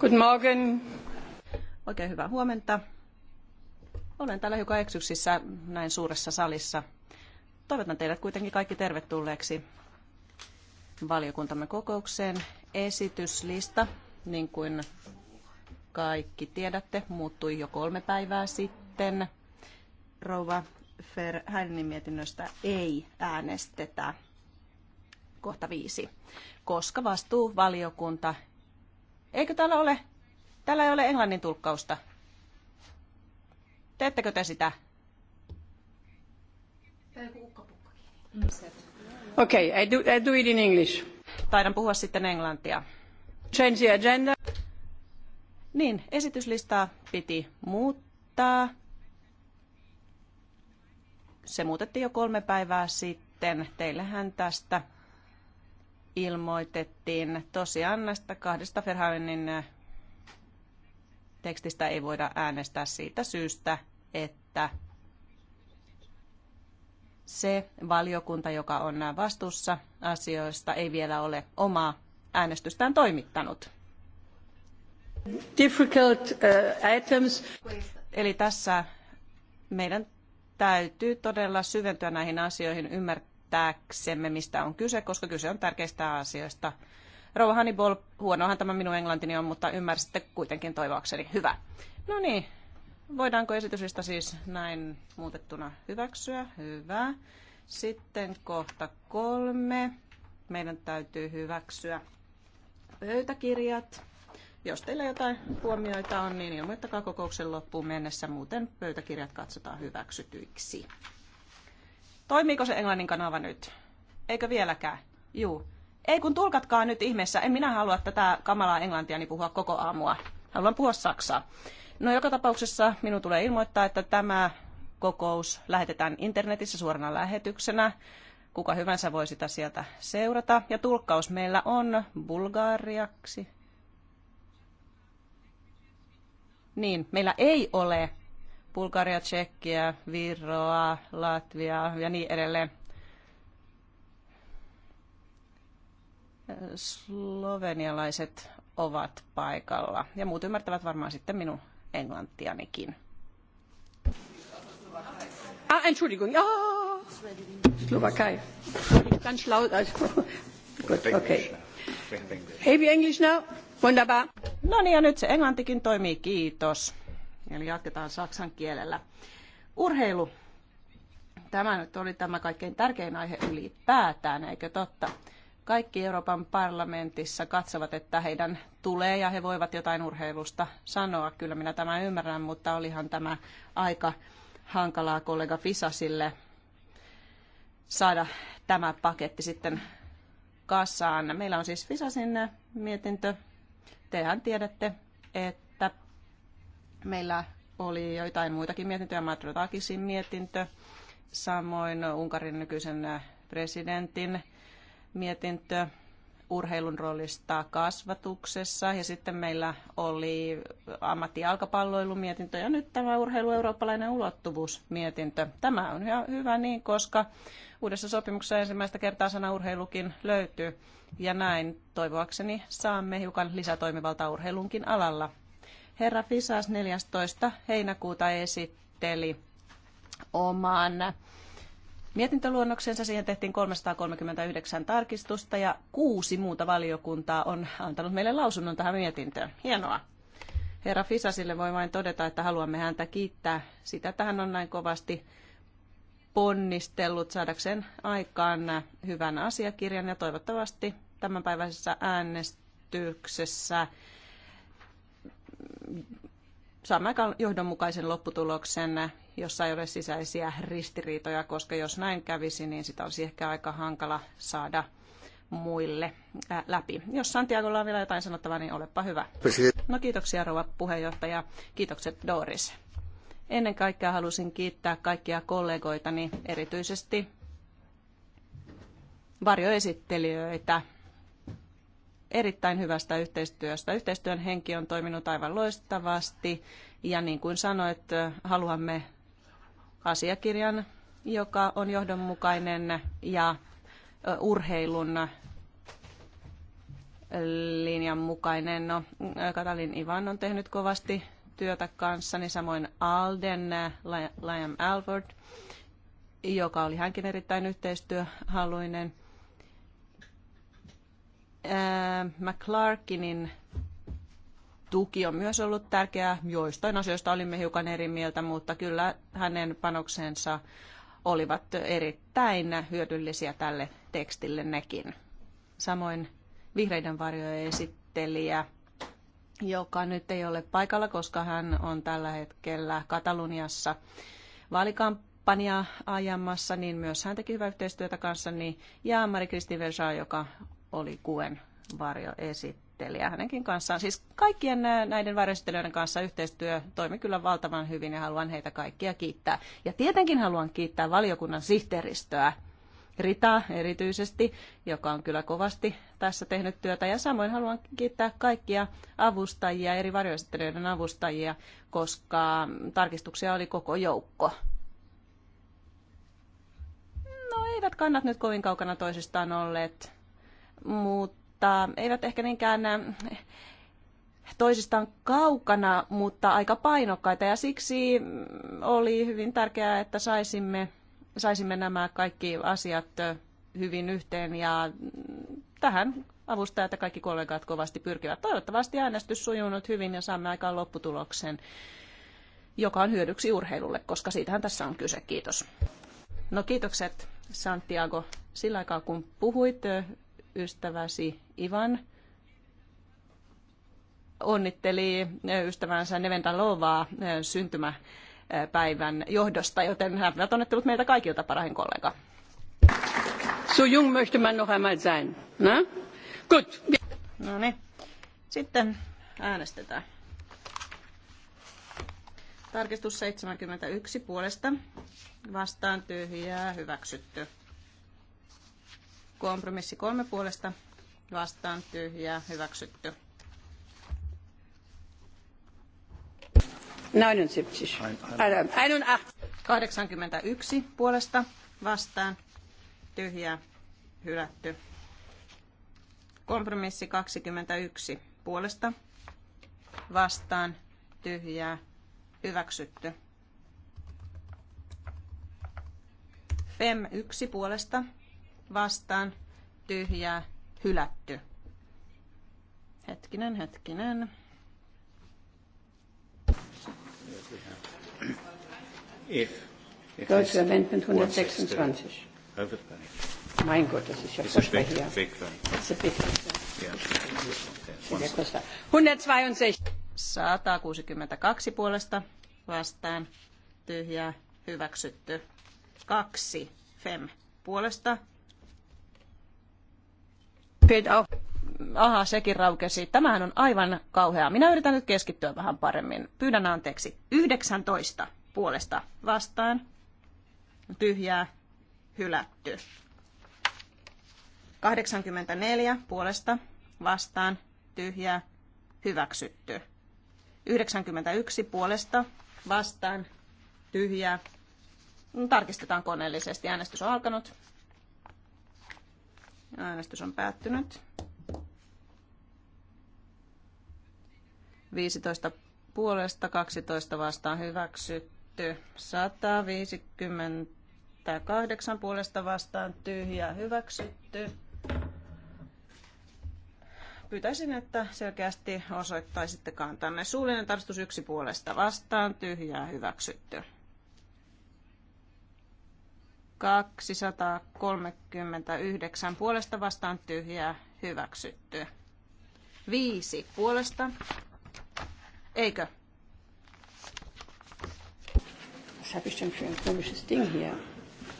Guten Morgen. Oikein hyvää huomenta. Olen täällä hiukan eksyksissä näin suuressa salissa. Toivotan teidät kuitenkin kaikki tervetulleeksi valiokuntamme kokoukseen. Esityslista, niin kuin kaikki tiedätte, muuttui jo kolme päivää sitten. Rouva Ferhäinin mietinnöstä ei äänestetä kohta viisi, koska vastuuvaliokunta Eikö täällä ole? Täällä ei ole englannin tulkkausta. Teettekö te sitä? Okei, okay, I, do, I do it in English. Taidan puhua sitten englantia. Change the agenda. Niin, esityslistaa piti muuttaa. Se muutettiin jo kolme päivää sitten. Teillähän tästä ilmoitettiin. Tosiaan näistä kahdesta Verhaenin eh, tekstistä ei voida äänestää siitä syystä, että se valiokunta, joka on vastuussa asioista, ei vielä ole omaa äänestystään toimittanut. Difficult, uh, items. Eli tässä meidän täytyy todella syventyä näihin asioihin, ymmärtää, ymmärtääksemme, mistä on kyse, koska kyse on tärkeistä asioista. Rouva Hannibal, huonohan tämä minun englantini on, mutta ymmärsitte kuitenkin toivoakseni. Hyvä. No niin, voidaanko esityslista siis näin muutettuna hyväksyä? Hyvä. Sitten kohta kolme. Meidän täytyy hyväksyä pöytäkirjat. Jos teillä jotain huomioita on, niin ilmoittakaa kokouksen loppuun mennessä, muuten pöytäkirjat katsotaan hyväksytyiksi. Toimiiko se englannin kanava nyt? Eikö vieläkään? Juu. Ei kun tulkatkaa nyt ihmeessä, en minä halua tätä kamalaa englantia puhua koko aamua. Haluan puhua saksaa. No joka tapauksessa minun tulee ilmoittaa, että tämä kokous lähetetään internetissä suorana lähetyksenä. Kuka hyvänsä voi sitä sieltä seurata. Ja tulkkaus meillä on bulgaariaksi. Niin, meillä ei ole Bulgaria, Tsekkiä, Virroa, Latviaa ja niin edelleen. Slovenialaiset ovat paikalla ja muut ymmärtävät varmaan sitten minun englantianikin. Ah, Entschuldigung. Ja. Ah! Slowakei. Ganz laut. okay. Hey, English now. Wunderbar. No niin, ja nyt se englantikin toimii. Kiitos. Eli jatketaan saksan kielellä. Urheilu. Tämä nyt oli tämä kaikkein tärkein aihe ylipäätään, eikö totta? Kaikki Euroopan parlamentissa katsovat, että heidän tulee ja he voivat jotain urheilusta sanoa. Kyllä minä tämä ymmärrän, mutta olihan tämä aika hankalaa kollega Fisasille saada tämä paketti sitten kasaan. Meillä on siis Fisasin mietintö. Tehän tiedätte, että Meillä oli joitain muitakin mietintöjä, Matrotakisin mietintö, samoin Unkarin nykyisen presidentin mietintö urheilun roolista kasvatuksessa ja sitten meillä oli mietintö ja nyt tämä urheilu eurooppalainen ulottuvuus mietintö. Tämä on hyvä niin, koska uudessa sopimuksessa ensimmäistä kertaa sana urheilukin löytyy ja näin toivoakseni saamme hiukan lisätoimivaltaa urheilunkin alalla. Herra Fisas 14. heinäkuuta esitteli oman mietintöluonnoksensa. Siihen tehtiin 339 tarkistusta ja kuusi muuta valiokuntaa on antanut meille lausunnon tähän mietintöön. Hienoa. Herra Fisasille voi vain todeta, että haluamme häntä kiittää sitä, tähän on näin kovasti ponnistellut saadakseen aikaan hyvän asiakirjan ja toivottavasti tämänpäiväisessä äänestyksessä saamme aika johdonmukaisen lopputuloksen, jossa ei ole sisäisiä ristiriitoja, koska jos näin kävisi, niin sitä olisi ehkä aika hankala saada muille äh, läpi. Jos Santiagolla on vielä jotain sanottavaa, niin olepa hyvä. No kiitoksia rouva puheenjohtaja. Kiitokset Doris. Ennen kaikkea halusin kiittää kaikkia kollegoitani, erityisesti varjoesittelijöitä erittäin hyvästä yhteistyöstä. Yhteistyön henki on toiminut aivan loistavasti ja niin kuin sanoit, haluamme asiakirjan, joka on johdonmukainen ja urheilun linjan mukainen. No, Katalin Ivan on tehnyt kovasti työtä kanssani, samoin Alden, Liam Alford, joka oli hänkin erittäin yhteistyöhaluinen. Äh, McClarkinin tuki on myös ollut tärkeää. Joistain asioista olimme hiukan eri mieltä, mutta kyllä hänen panoksensa olivat erittäin hyödyllisiä tälle tekstille nekin. Samoin vihreiden esittelijä, joka nyt ei ole paikalla, koska hän on tällä hetkellä Kataluniassa vaalikampanjaa ajamassa, niin myös hän teki hyvää yhteistyötä niin Ja Mari-Kristin joka oli Kuen varjoesittelijä hänenkin kanssaan. Siis kaikkien näiden varjoesittelijöiden kanssa yhteistyö toimi kyllä valtavan hyvin ja haluan heitä kaikkia kiittää. Ja tietenkin haluan kiittää valiokunnan sihteeristöä, Rita erityisesti, joka on kyllä kovasti tässä tehnyt työtä. Ja samoin haluan kiittää kaikkia avustajia, eri varjoesittelijöiden avustajia, koska tarkistuksia oli koko joukko. No eivät kannat nyt kovin kaukana toisistaan olleet mutta eivät ehkä niinkään äh, toisistaan kaukana, mutta aika painokkaita. Ja siksi mm, oli hyvin tärkeää, että saisimme, saisimme nämä kaikki asiat äh, hyvin yhteen. Ja mm, tähän avustajat ja kaikki kollegat kovasti pyrkivät. Toivottavasti äänestys sujunut hyvin ja saamme aikaan lopputuloksen, joka on hyödyksi urheilulle, koska siitähän tässä on kyse. Kiitos. No kiitokset Santiago. Sillä aikaa kun puhuit, ystäväsi Ivan onnitteli ystävänsä Neventa Lovaa syntymäpäivän johdosta, joten on onnittelut meiltä kaikilta parhain kollega. So jung möchte man noch einmal sein. Na? Gut. No niin. Sitten äänestetään. Tarkistus 71 puolesta. Vastaan tyhjää hyväksytty. Kompromissi kolme puolesta vastaan tyhjää hyväksytty. 79. 81 puolesta vastaan tyhjää hylätty. Kompromissi 21 puolesta vastaan tyhjää hyväksytty. FEM 1 puolesta vastaan tyhjää hylätty. Hetkinen, hetkinen. If. if Deutsche Amendment 126. mein Gott, das ist ja furchtbar hier. Big thing. It's a big thing. Yeah. 162. 162 puolesta vastaan tyhjää hyväksytty. Kaksi fem puolesta Oh. Aha, sekin raukesi. Tämähän on aivan kauheaa. Minä yritän nyt keskittyä vähän paremmin. Pyydän anteeksi. 19 puolesta vastaan. Tyhjää. Hylätty. 84 puolesta vastaan. Tyhjää. Hyväksytty. 91 puolesta vastaan. Tyhjää. Tarkistetaan koneellisesti. Äänestys on alkanut. Äänestys on päättynyt. 15 puolesta, 12 vastaan hyväksytty, 158 puolesta vastaan tyhjä hyväksytty. Pyytäisin, että selkeästi osoittaisitte kantanne. Suullinen tarkistus yksi puolesta vastaan, tyhjää hyväksytty. 239 puolesta vastaan tyhjää hyväksytty. 5 puolesta. Eikö? Was habe ich denn für ein komisches Ding hier?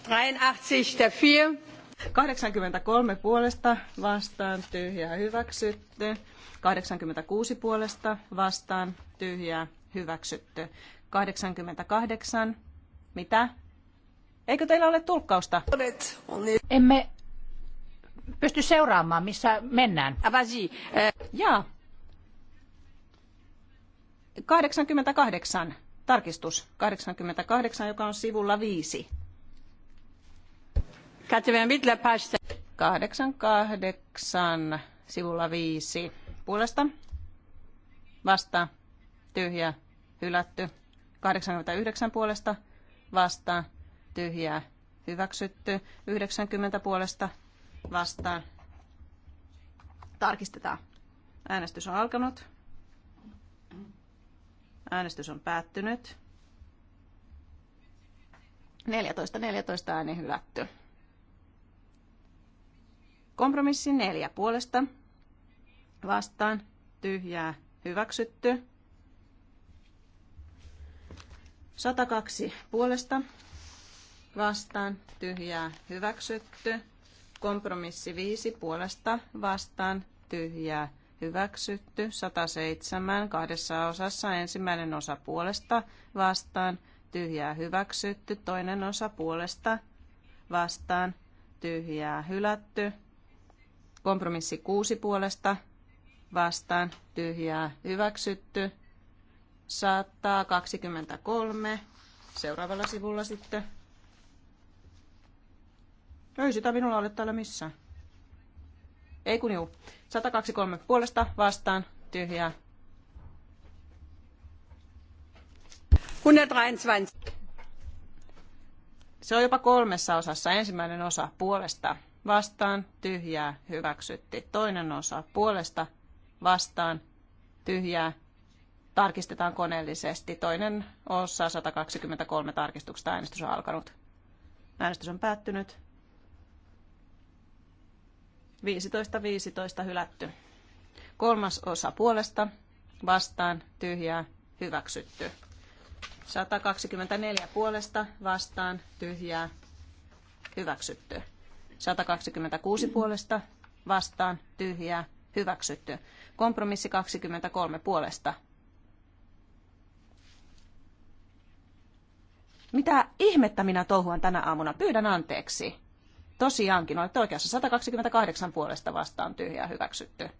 83 4. 83 puolesta vastaan tyhjää hyväksytty. 86 puolesta vastaan tyhjää hyväksytty. 88. Mitä? Eikö teillä ole tulkkausta? Emme pysty seuraamaan, missä mennään. Avasi. Ah, euh, Jaa. 88. Tarkistus. 88, joka on sivulla 5. 88, sivulla 5. Puolesta. Vasta. Tyhjä. Hylätty. 89 puolesta. Vastaan tyhjää hyväksytty. 90 puolesta vastaan. Tarkistetaan. Äänestys on alkanut. Äänestys on päättynyt. 14, 14 ääni hylätty. Kompromissi 4 puolesta. Vastaan. Tyhjää. Hyväksytty. 102 puolesta vastaan tyhjää hyväksytty. Kompromissi 5 puolesta vastaan tyhjää hyväksytty. 107 kahdessa osassa ensimmäinen osa puolesta vastaan tyhjää hyväksytty. Toinen osa puolesta vastaan tyhjää hylätty. Kompromissi 6 puolesta vastaan tyhjää hyväksytty. 123 seuraavalla sivulla sitten ei sitä minulla ole täällä missään. Ei kun juu. 123 puolesta vastaan tyhjää. 123. Se on jopa kolmessa osassa. Ensimmäinen osa puolesta vastaan tyhjää hyväksytti. Toinen osa puolesta vastaan tyhjää tarkistetaan koneellisesti. Toinen osa 123 tarkistuksesta äänestys on alkanut. Äänestys on päättynyt. 15, 15 hylätty. Kolmas osa puolesta, vastaan, tyhjää, hyväksytty. 124 puolesta, vastaan, tyhjää, hyväksytty. 126 puolesta, vastaan, tyhjää, hyväksytty. Kompromissi 23 puolesta. Mitä ihmettä minä touhuan tänä aamuna? Pyydän anteeksi. Tosiaankin, olette oikeassa. 128 puolesta vastaan tyhjää hyväksytty.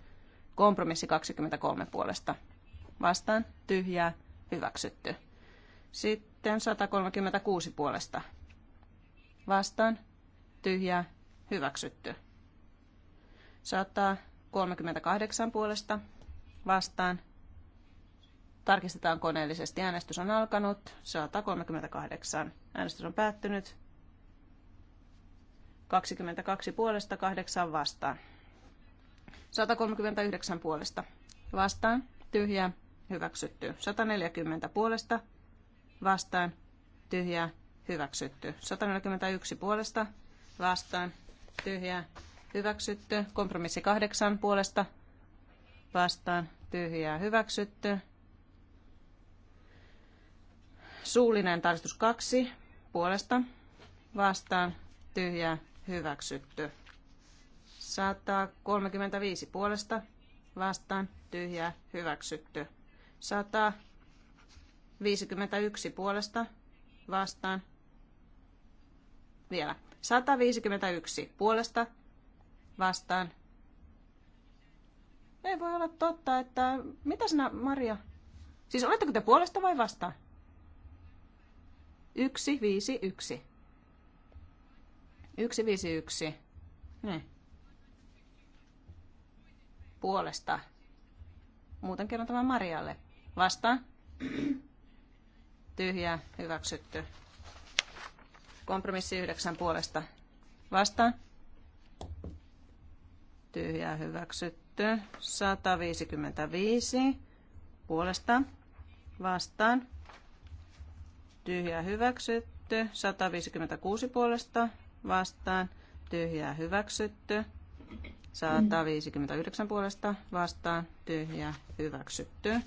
Kompromissi 23 puolesta vastaan tyhjää hyväksytty. Sitten 136 puolesta vastaan tyhjää hyväksytty. 138 puolesta vastaan. Tarkistetaan koneellisesti. Äänestys on alkanut. 138. Äänestys on päättynyt. 22 puolesta, 8 vastaan. 139 puolesta. Vastaan. Tyhjää. Hyväksytty. 140 puolesta. Vastaan. Tyhjää. Hyväksytty. 141 puolesta. Vastaan. Tyhjää. Hyväksytty. Kompromissi 8 puolesta. Vastaan. Tyhjää. Hyväksytty. Suullinen tarkistus 2 puolesta. Vastaan. Tyhjää hyväksytty. 135 puolesta vastaan tyhjää hyväksytty. 151 puolesta vastaan vielä. 151 puolesta vastaan. Ei voi olla totta, että mitä sinä Maria? Siis oletteko te puolesta vai vastaan? 151. 151. Hmm. Niin. Puolesta. Muuten kerron tämän Marialle. vasta tyhjä Hyväksytty. Kompromissi 9 puolesta. vasta tyhjä Hyväksytty. 155. Puolesta. Vastaan. tyhjä Hyväksytty. 156 puolesta vastaan, tyhjää hyväksytty. 159 puolesta vastaan, tyhjää hyväksytty.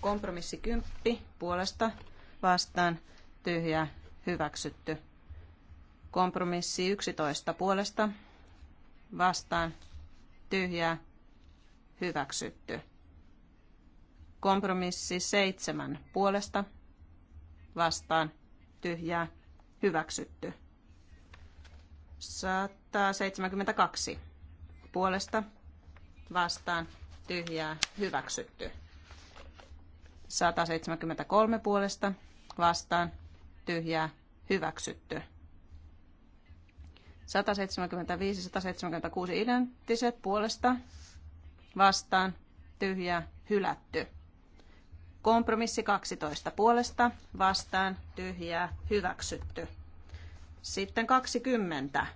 Kompromissi 10 puolesta vastaan, tyhjää hyväksytty. Kompromissi 11 puolesta vastaan, tyhjää hyväksytty. Kompromissi 7 puolesta vastaan, tyhjää hyväksytty. 172 puolesta vastaan tyhjää hyväksytty. 173 puolesta vastaan tyhjää hyväksytty. 175, 176 identtiset puolesta vastaan tyhjää hylätty. Kompromissi 12 puolesta vastaan tyhjää hyväksytty. Sitten 20.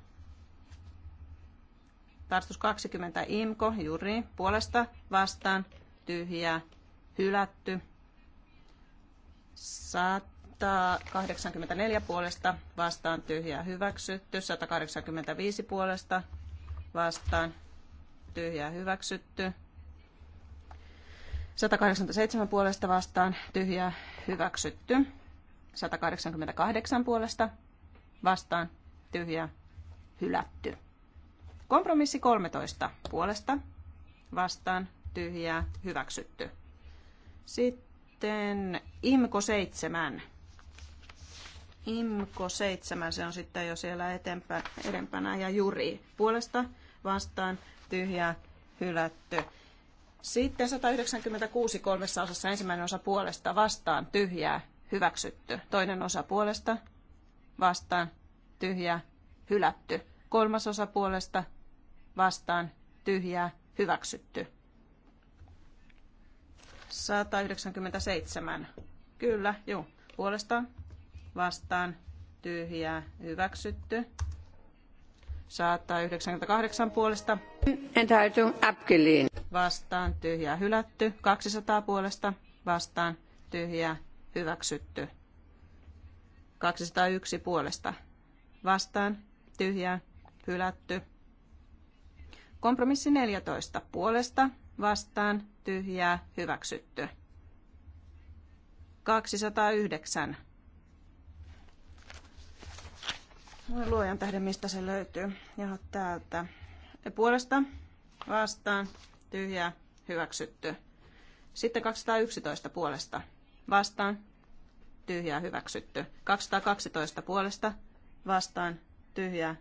Tarstus 20 Imko, juuri puolesta, vastaan, tyhjä, hylätty. 184 puolesta, vastaan, tyhjä, hyväksytty. 185 puolesta, vastaan, tyhjä, hyväksytty. 187 puolesta vastaan, tyhjä, hyväksytty. 188 puolesta vastaan tyhjää hylätty. Kompromissi 13 puolesta vastaan tyhjää hyväksytty. Sitten IMKO 7. IMKO 7, se on sitten jo siellä etempänä, edempänä ja juri puolesta vastaan tyhjää hylätty. Sitten 196 kolmessa osassa ensimmäinen osa puolesta vastaan tyhjää hyväksytty. Toinen osa puolesta vastaan tyhjää hylätty. Kolmas osa puolesta vastaan tyhjää hyväksytty. 197. Kyllä, juu. Puolesta vastaan tyhjää hyväksytty. 198 puolesta. Enthaltung abgelehnt. Vastaan tyhjää hylätty. 200 puolesta vastaan tyhjää hyväksytty. 201 puolesta. Vastaan. Tyhjää. Hylätty. Kompromissi 14 puolesta. Vastaan. Tyhjää. Hyväksytty. 209. Voi luojan tähden, mistä se löytyy. Jaha, täältä. puolesta. Vastaan. Tyhjää. Hyväksytty. Sitten 211 puolesta. Vastaan tyhjää hyväksytty. 212 puolesta vastaan tyhjää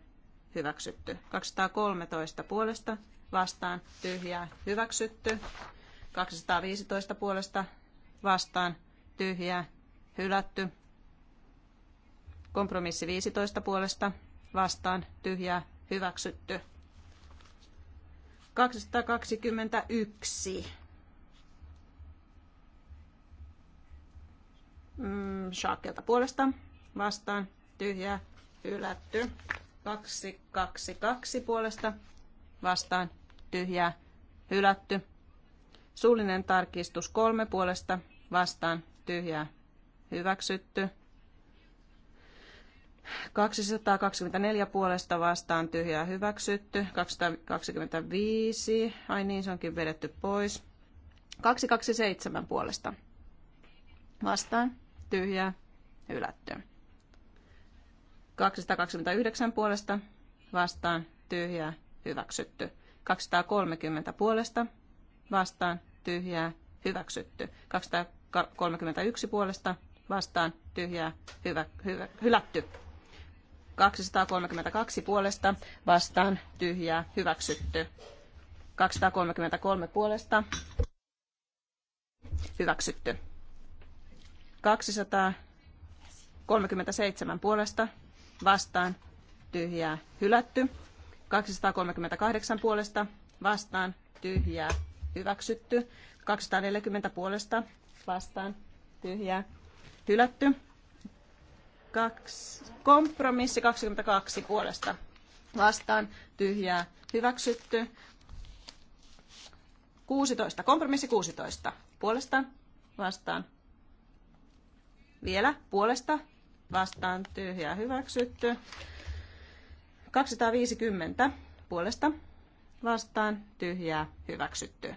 hyväksytty. 213 puolesta vastaan tyhjää hyväksytty. 215 puolesta vastaan tyhjää hylätty. Kompromissi 15 puolesta vastaan tyhjää hyväksytty. 221 mm, Shakkelta puolesta vastaan tyhjää hylätty. 2 puolesta vastaan tyhjää hylätty. Suullinen tarkistus kolme puolesta vastaan tyhjää hyväksytty. 224 puolesta vastaan tyhjää hyväksytty. 225, ai niin se onkin vedetty pois. 227 puolesta vastaan tyhjää, hylätty. 229 puolesta vastaan tyhjää, hyväksytty. 230 puolesta vastaan tyhjää, hyväksytty. 231 puolesta vastaan tyhjää, hyvä, hyvä, hylätty. 232 puolesta vastaan tyhjää, hyväksytty. 233 puolesta hyväksytty. 237 puolesta vastaan tyhjää hylätty. 238 puolesta vastaan tyhjää hyväksytty. 240 puolesta vastaan tyhjää hylätty. Kaksi, kompromissi 22 puolesta vastaan tyhjää hyväksytty. 16. Kompromissi 16 puolesta vastaan vielä puolesta vastaan tyhjää hyväksytty. 250 puolesta vastaan tyhjää hyväksytty.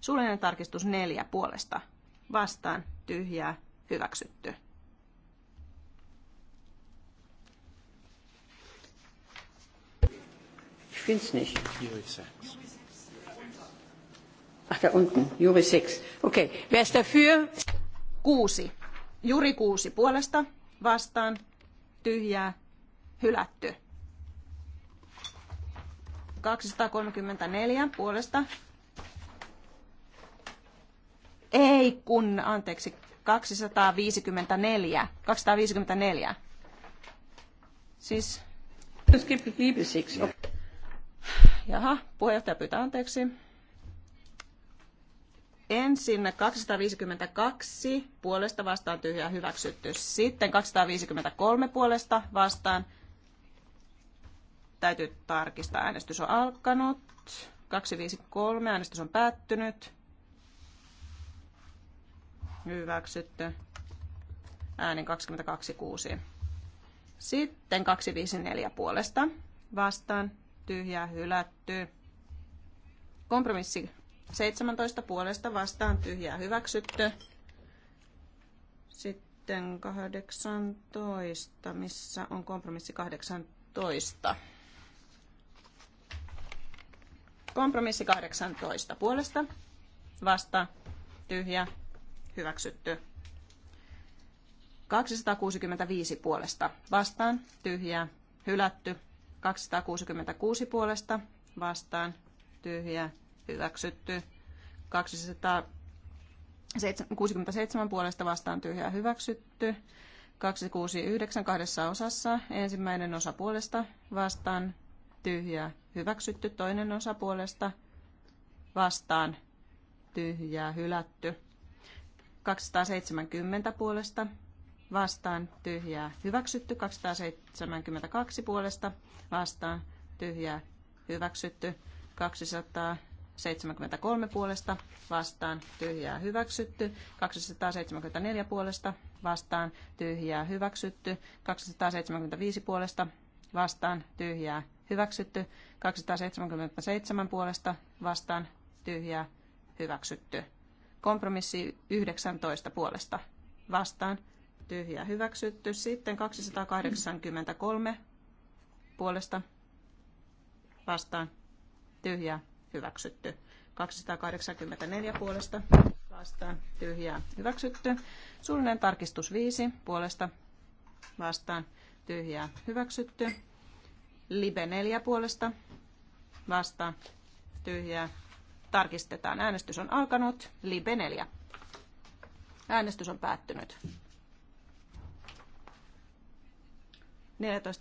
Suullinen tarkistus 4 puolesta vastaan tyhjää hyväksytty. Ich finde es nicht. Ach, da unten, Juri 6. Okay, wer ist dafür? Kuusi Juri kuusi puolesta vastaan tyhjää hylätty. 234 puolesta. Ei kun, anteeksi, 254. 254. Siis... Jaha, puheenjohtaja pyytää anteeksi. Ensin 252 puolesta vastaan tyhjää hyväksytty. Sitten 253 puolesta vastaan. Täytyy tarkistaa. Äänestys on alkanut. 253. Äänestys on päättynyt. Hyväksytty. Äänin 22.6. Sitten 254 puolesta vastaan. Tyhjää hylätty. Kompromissi 17 puolesta vastaan tyhjää hyväksytty. Sitten 18, missä on kompromissi 18. Kompromissi 18 puolesta vasta tyhjä hyväksytty. 265 puolesta vastaan tyhjä hylätty. 266 puolesta vastaan tyhjä hyväksytty. 267 puolesta vastaan tyhjää hyväksytty. 269 kahdessa osassa. Ensimmäinen osa puolesta vastaan tyhjää hyväksytty. Toinen osa puolesta vastaan tyhjää hylätty. 270 puolesta vastaan tyhjää hyväksytty. 272 puolesta vastaan tyhjää hyväksytty. 200 273 puolesta vastaan tyhjää hyväksytty, 274 puolesta vastaan tyhjää hyväksytty, 275 puolesta vastaan tyhjää hyväksytty, 277 puolesta vastaan tyhjää hyväksytty. Kompromissi 19 puolesta vastaan tyhjää hyväksytty. Sitten 283 puolesta vastaan tyhjää hyväksytty. 284 puolesta vastaan tyhjää hyväksytty. Suullinen tarkistus 5 puolesta vastaan tyhjää hyväksytty. Libe 4 puolesta vastaan tyhjää tarkistetaan. Äänestys on alkanut. Libe 4. Äänestys on päättynyt.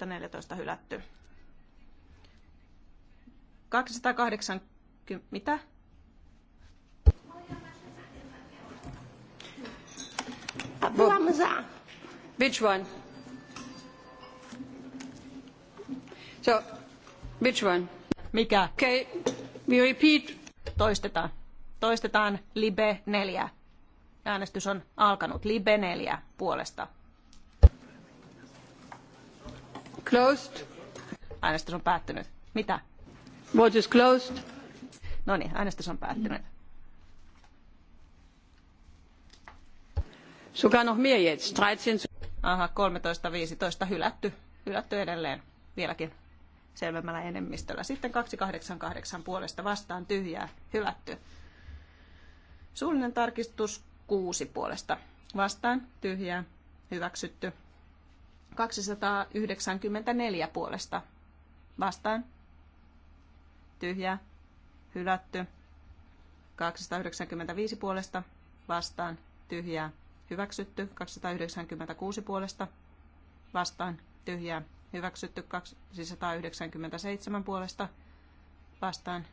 14.14 14 hylätty. 280 Ky- Mitä? Which one? So, which one? Mikä? Okay, we repeat. Toistetaan. Toistetaan Libe 4. Äänestys on alkanut. Libe 4 puolesta. Closed. Äänestys on päättynyt. Mitä? Vote is closed. No niin, äänestys on päättynyt. Sogar noch mehr jetzt. 13. Aha, 13.15 hylätty. Hylätty edelleen. Vieläkin selvemmällä enemmistöllä. Sitten 288 puolesta vastaan tyhjää. Hylätty. Suullinen tarkistus 6 puolesta. Vastaan tyhjää. Hyväksytty. 294 puolesta. Vastaan tyhjää hylätty. 295 puolesta vastaan tyhjää hyväksytty. 296 puolesta vastaan tyhjää hyväksytty. 297 puolesta vastaan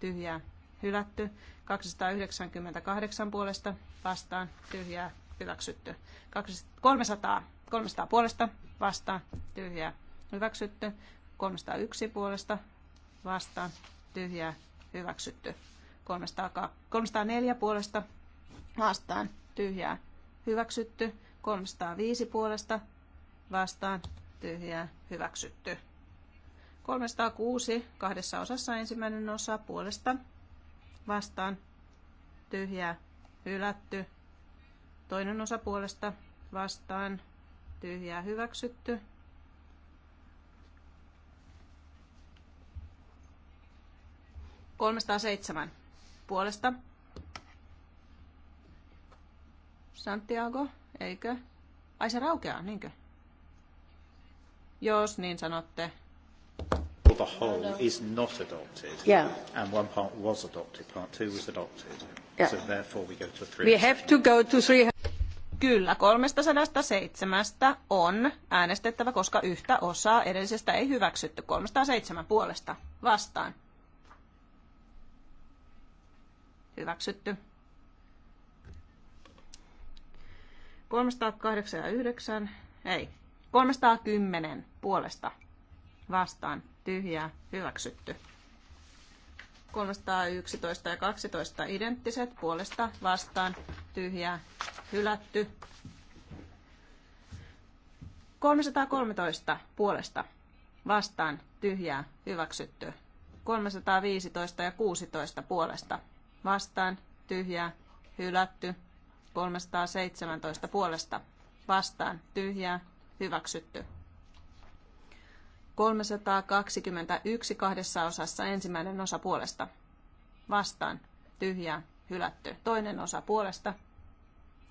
tyhjää hylätty. 298 puolesta vastaan tyhjää hyväksytty. 300, 300 puolesta vastaan tyhjää hyväksytty. 301 puolesta vastaan tyhjää hyväksytty. 304 puolesta vastaan tyhjää hyväksytty. 305 puolesta vastaan tyhjää hyväksytty. 306 kahdessa osassa ensimmäinen osa puolesta vastaan tyhjää hylätty. Toinen osa puolesta vastaan tyhjää hyväksytty. 307 puolesta. Santiago, eikö? Ai se raukeaa, niinkö? Jos niin sanotte. Well, The whole is not adopted. Yeah. And one part was adopted, part two was adopted. Yeah. So therefore we go to three. We have to go to three. Kyllä, 307 on äänestettävä, koska yhtä osaa edellisestä ei hyväksytty. 307 puolesta vastaan. Hyväksytty. 389, ei, 310 puolesta vastaan tyhjää hyväksytty. 311 ja 12 identtiset puolesta vastaan tyhjää hylätty. 313 puolesta vastaan tyhjää hyväksytty. 315 ja 16 puolesta vastaan tyhjää hylätty. 317 puolesta vastaan tyhjää hyväksytty. 321 kahdessa osassa ensimmäinen osa puolesta vastaan tyhjää hylätty. Toinen osa puolesta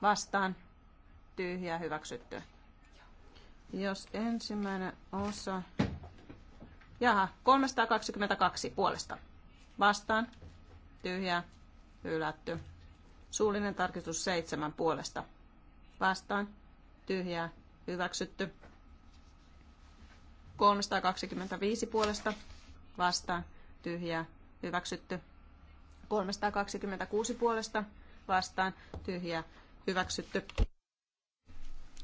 vastaan tyhjää hyväksytty. Jos ensimmäinen osa... Jaha, 322 puolesta. Vastaan. Tyhjää hylätty. Suullinen tarkistus seitsemän puolesta. Vastaan. Tyhjää. Hyväksytty. 325 puolesta. Vastaan. Tyhjää. Hyväksytty. 326 puolesta. Vastaan. Tyhjää. Hyväksytty.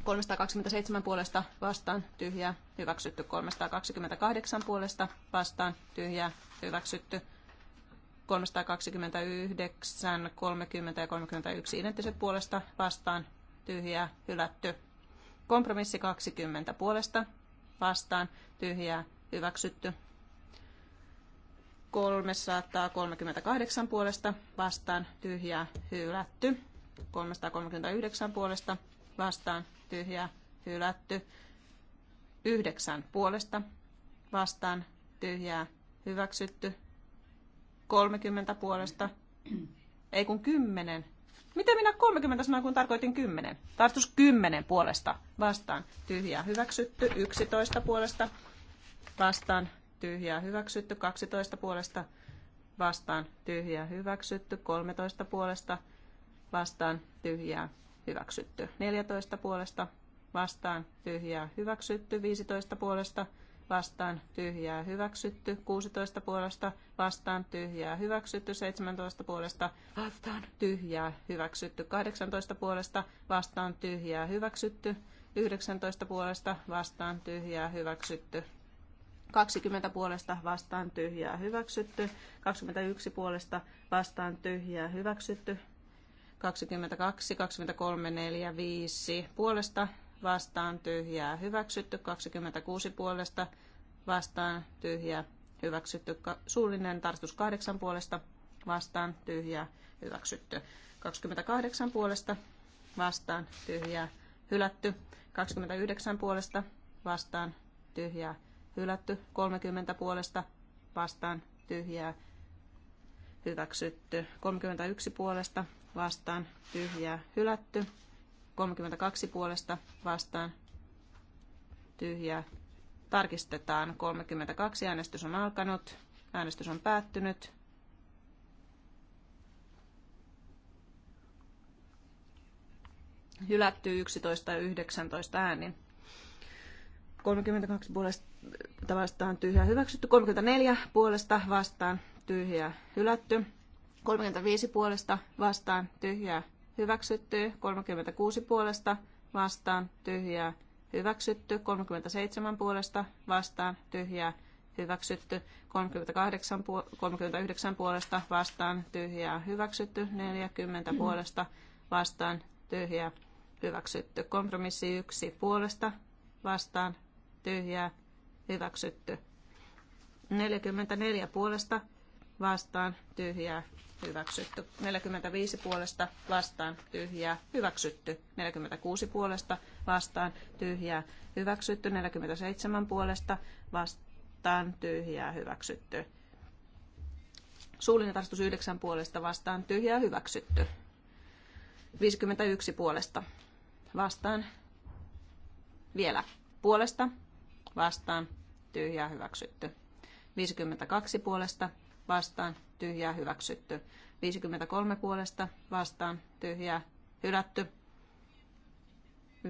327 puolesta vastaan tyhjää, hyväksytty 328 puolesta vastaan tyhjää, hyväksytty 329, 30 ja 31 identtiset puolesta vastaan, tyhjää, hylätty. Kompromissi 20 puolesta vastaan, tyhjää, hyväksytty. 338 puolesta vastaan, tyhjää, hylätty. 339 puolesta vastaan, tyhjää, hylätty. 9 puolesta vastaan, tyhjää, hyväksytty. 30 puolesta. Ei kun 10. Miten minä 30 sanoin, kun tarkoitin 10? Tartus 10 puolesta vastaan. Tyhjää hyväksytty. 11 puolesta vastaan. Tyhjää hyväksytty. 12 puolesta vastaan. Tyhjää hyväksytty. 13 puolesta vastaan. Tyhjää hyväksytty. 14 puolesta vastaan. Tyhjää hyväksytty. 15 puolesta vastaan vastaan tyhjää hyväksytty, 16 puolesta vastaan tyhjää hyväksytty, 17 puolesta vastaan tyhjää hyväksytty, 18 puolesta vastaan tyhjää hyväksytty, 19 puolesta vastaan tyhjää hyväksytty. 20 puolesta vastaan tyhjää hyväksytty, 21 puolesta vastaan tyhjää hyväksytty, 22, 23, 4, 5 puolesta vastaan tyhjää hyväksytty, 26 puolesta vastaan tyhjää hyväksytty, suullinen tarkistus 8 puolesta vastaan tyhjää hyväksytty, 28 puolesta vastaan tyhjää hylätty, 29 puolesta vastaan tyhjää hylätty, 30 puolesta vastaan tyhjää hyväksytty, 31 puolesta vastaan tyhjää hylätty, 32 puolesta vastaan tyhjää. Tarkistetaan 32. Äänestys on alkanut. Äänestys on päättynyt. Hylätty 11 ja 19 äänin. 32 puolesta vastaan tyhjä hyväksytty, 34 puolesta vastaan tyhjä hylätty, 35 puolesta vastaan tyhjä hyväksytty, 36 puolesta vastaan tyhjää hyväksytty, 37 puolesta vastaan tyhjää hyväksytty, 38, 39 puolesta vastaan tyhjää hyväksytty, 40 puolesta vastaan tyhjää hyväksytty, kompromissi 1 puolesta vastaan tyhjää hyväksytty, 44 puolesta vastaan tyhjää hyväksytty. 45 puolesta vastaan tyhjää hyväksytty. 46 puolesta vastaan tyhjää hyväksytty. 47 puolesta vastaan tyhjää hyväksytty. Suullinen tarkistus 9 puolesta vastaan tyhjää hyväksytty. 51 puolesta vastaan vielä puolesta vastaan tyhjää hyväksytty. 52 puolesta vastaan tyhjää hyväksytty. 53 puolesta vastaan tyhjää hylätty.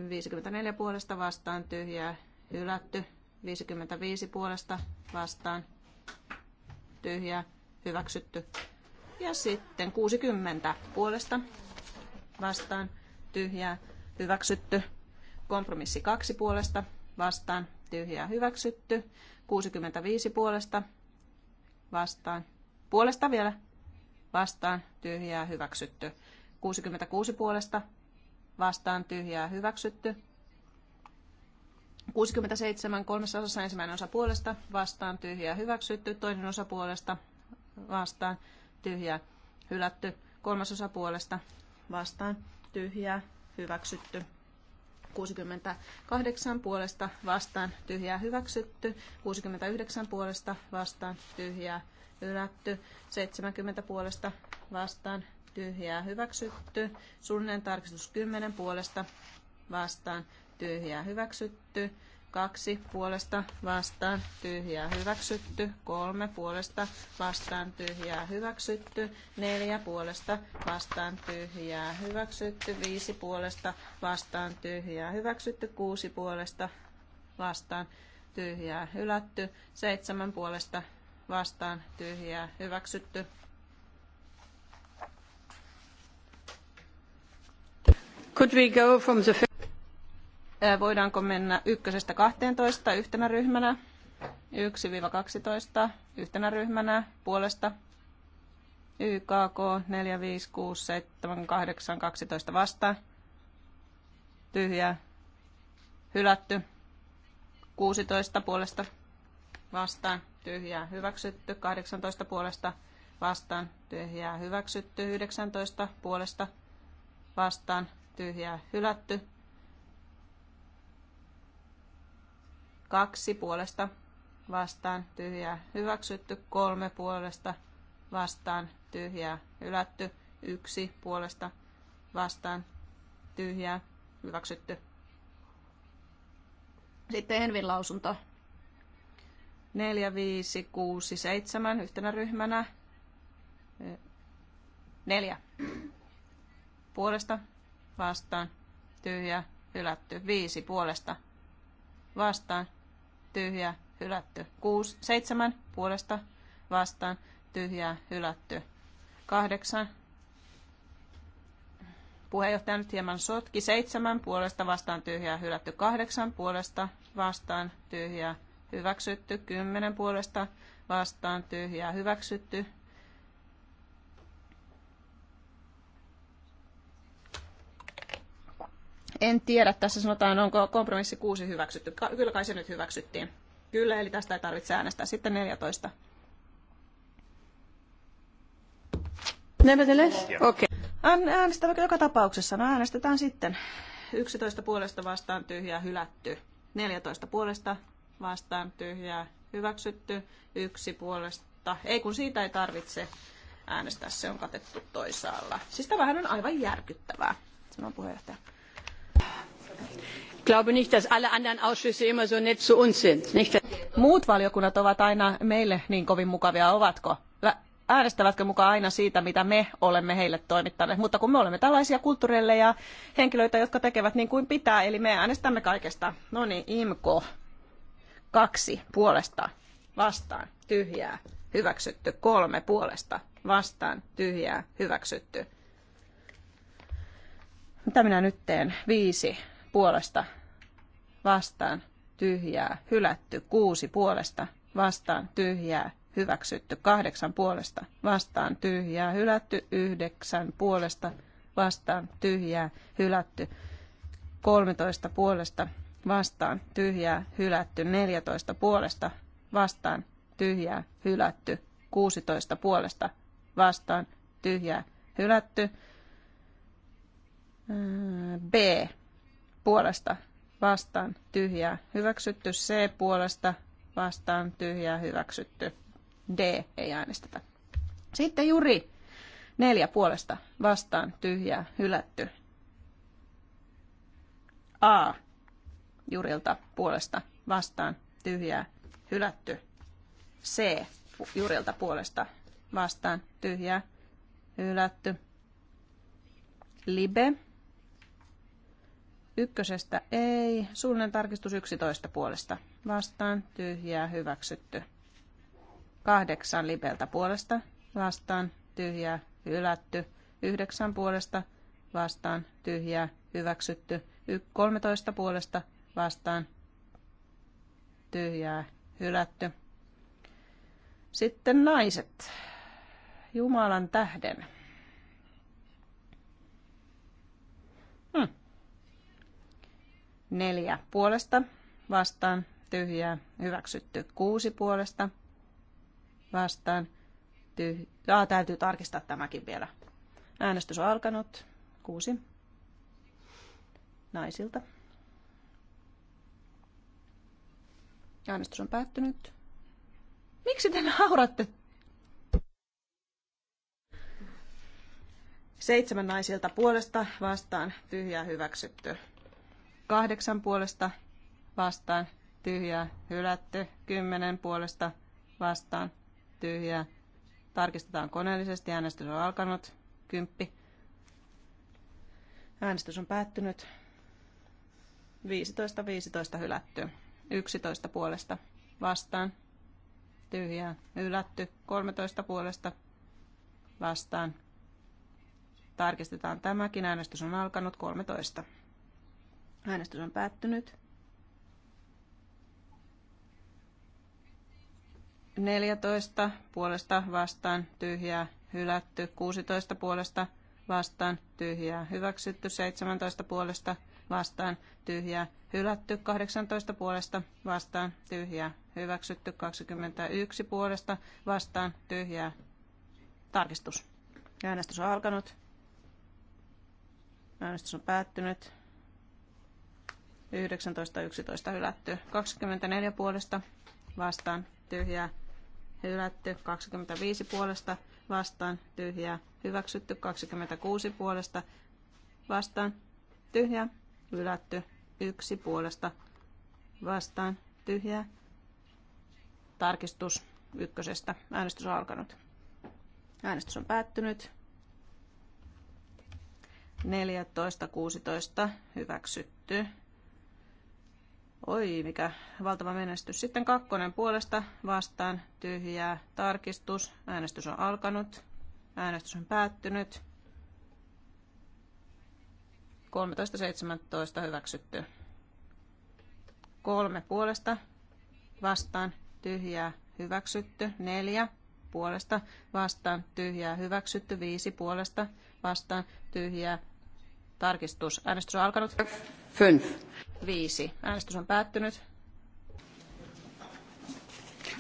54 puolesta vastaan tyhjää hylätty. 55 puolesta vastaan tyhjää hyväksytty. Ja sitten 60 puolesta vastaan tyhjää hyväksytty. Kompromissi 2 puolesta vastaan tyhjää hyväksytty. 65 puolesta vastaan. Puolesta vielä vastaan tyhjää hyväksytty. 66 puolesta vastaan tyhjää hyväksytty. 67 kolmessa osassa ensimmäinen osa puolesta vastaan tyhjää hyväksytty, toinen osa puolesta vastaan tyhjää hylätty, kolmas osa puolesta vastaan tyhjää hyväksytty. 68 puolesta vastaan tyhjää hyväksytty, 69 puolesta vastaan tyhjää hylätty, 70 puolesta vastaan tyhjää hyväksytty, suunnilleen tarkistus 10 puolesta vastaan tyhjää hyväksytty, kaksi puolesta vastaan tyhjää hyväksytty, kolme puolesta vastaan tyhjää hyväksytty, neljä puolesta vastaan tyhjää hyväksytty, viisi puolesta vastaan tyhjää hyväksytty, kuusi puolesta vastaan tyhjää hylätty, seitsemän puolesta vastaan tyhjää hyväksytty. Could we go from the Voidaanko mennä ykkösestä 12 yhtenä ryhmänä? 1-12 yhtenä ryhmänä puolesta. YKK 4, 5, 6, 7, 8, 12 vasta, tyhjä, Hylätty. 16 puolesta vastaan. Tyhjää. Hyväksytty. 18 puolesta vastaan. Tyhjää. Hyväksytty. 19 puolesta vastaan. Tyhjää. Hylätty. Kaksi puolesta vastaan tyhjää hyväksytty. Kolme puolesta vastaan tyhjää hylätty. Yksi puolesta vastaan tyhjää hyväksytty. Sitten Envin lausunto. 4, 5, 6, 7 yhtenä ryhmänä. 4. Puolesta vastaan. Tyhjä, hylätty. 5 Puolesta vastaan tyhjä, hylätty. 6, 7 puolesta vastaan, tyhjä, hylätty. 8. Puheenjohtaja nyt hieman sotki. 7 puolesta vastaan, tyhjä, hylätty. 8 puolesta vastaan, tyhjä, hyväksytty. 10 puolesta vastaan, tyhjä, hyväksytty. En tiedä, tässä sanotaan, onko kompromissi 6 hyväksytty. Kyllä kai se nyt hyväksyttiin. Kyllä, eli tästä ei tarvitse äänestää. Sitten 14. Nevertheless? Okei. Okay. Äänestäväkö joka tapauksessa? No äänestetään sitten. 11 puolesta vastaan tyhjää hylätty. 14 puolesta vastaan tyhjää hyväksytty. Yksi puolesta. Ei kun siitä ei tarvitse äänestää, se on katettu toisaalla. Siis tämähän on aivan järkyttävää, sanoo puheenjohtaja. Ich glaube nicht, dass alle anderen Ausschüsse immer so nett zu uns sind. Muut valiokunnat ovat aina meille niin kovin mukavia, ovatko? äänestävätkö muka aina siitä, mitä me olemme heille toimittaneet. Mutta kun me olemme tällaisia kulttuureille henkilöitä, jotka tekevät niin kuin pitää, eli me äänestämme kaikesta. No niin, imco Kaksi puolesta vastaan tyhjää hyväksytty. Kolme puolesta vastaan tyhjää hyväksytty. Mitä minä nyt teen? Viisi puolesta vastaan tyhjää, hylätty, kuusi puolesta vastaan tyhjää, hyväksytty, kahdeksan puolesta vastaan tyhjää, hylätty, yhdeksän puolesta vastaan tyhjää, hylätty, 13 puolesta vastaan tyhjää, hylätty, 14 puolesta vastaan tyhjää, hylätty, 16 puolesta vastaan tyhjää, hylätty, B puolesta vastaan tyhjää hyväksytty, C puolesta vastaan tyhjää hyväksytty, D ei äänestetä. Sitten Juri, neljä puolesta vastaan tyhjää hylätty. A Jurilta puolesta vastaan tyhjää hylätty. C Jurilta puolesta vastaan tyhjää hylätty. Libe Ykkösestä ei. Suullinen tarkistus 11 puolesta. Vastaan. Tyhjää. Hyväksytty. Kahdeksan lipeltä puolesta. Vastaan. Tyhjää. Hylätty. Yhdeksän puolesta. Vastaan. Tyhjää. Hyväksytty. Y- 13 puolesta. Vastaan. Tyhjää. Hylätty. Sitten naiset. Jumalan tähden. Neljä puolesta vastaan tyhjää hyväksytty. Kuusi puolesta vastaan tyhjää. Ah, täytyy tarkistaa tämäkin vielä. Äänestys on alkanut. Kuusi. Naisilta. Äänestys on päättynyt. Miksi te nauratte? Seitsemän naisilta puolesta vastaan tyhjää hyväksytty. Kahdeksan puolesta vastaan tyhjää hylätty. Kymmenen puolesta vastaan tyhjää. Tarkistetaan koneellisesti. Äänestys on alkanut. Kymppi. Äänestys on päättynyt. 15, 15 hylätty. 11 puolesta vastaan. Tyhjää. Hylätty. 13 puolesta vastaan. Tarkistetaan tämäkin. Äänestys on alkanut 13. Äänestys on päättynyt. 14 puolesta vastaan tyhjää hylätty, 16 puolesta vastaan tyhjää hyväksytty, 17 puolesta vastaan tyhjää hylätty, 18 puolesta vastaan tyhjää hyväksytty, 21 puolesta vastaan tyhjää tarkistus. Äänestys on alkanut. Äänestys on päättynyt. 19-11 hylätty. 24 puolesta vastaan tyhjää hylätty. 25 puolesta vastaan tyhjää hyväksytty. 26 puolesta vastaan tyhjää hylätty. 1 puolesta vastaan tyhjää. Tarkistus ykkösestä. Äänestys on alkanut. Äänestys on päättynyt. 14.16 hyväksytty. Oi, mikä valtava menestys. Sitten kakkonen puolesta vastaan tyhjää tarkistus. Äänestys on alkanut. Äänestys on päättynyt. 13.17 hyväksytty. Kolme puolesta vastaan tyhjää hyväksytty. Neljä puolesta vastaan tyhjää hyväksytty. Viisi puolesta vastaan tyhjää tarkistus. Äänestys on alkanut. Fünf. 105. Äänestys on päättynyt.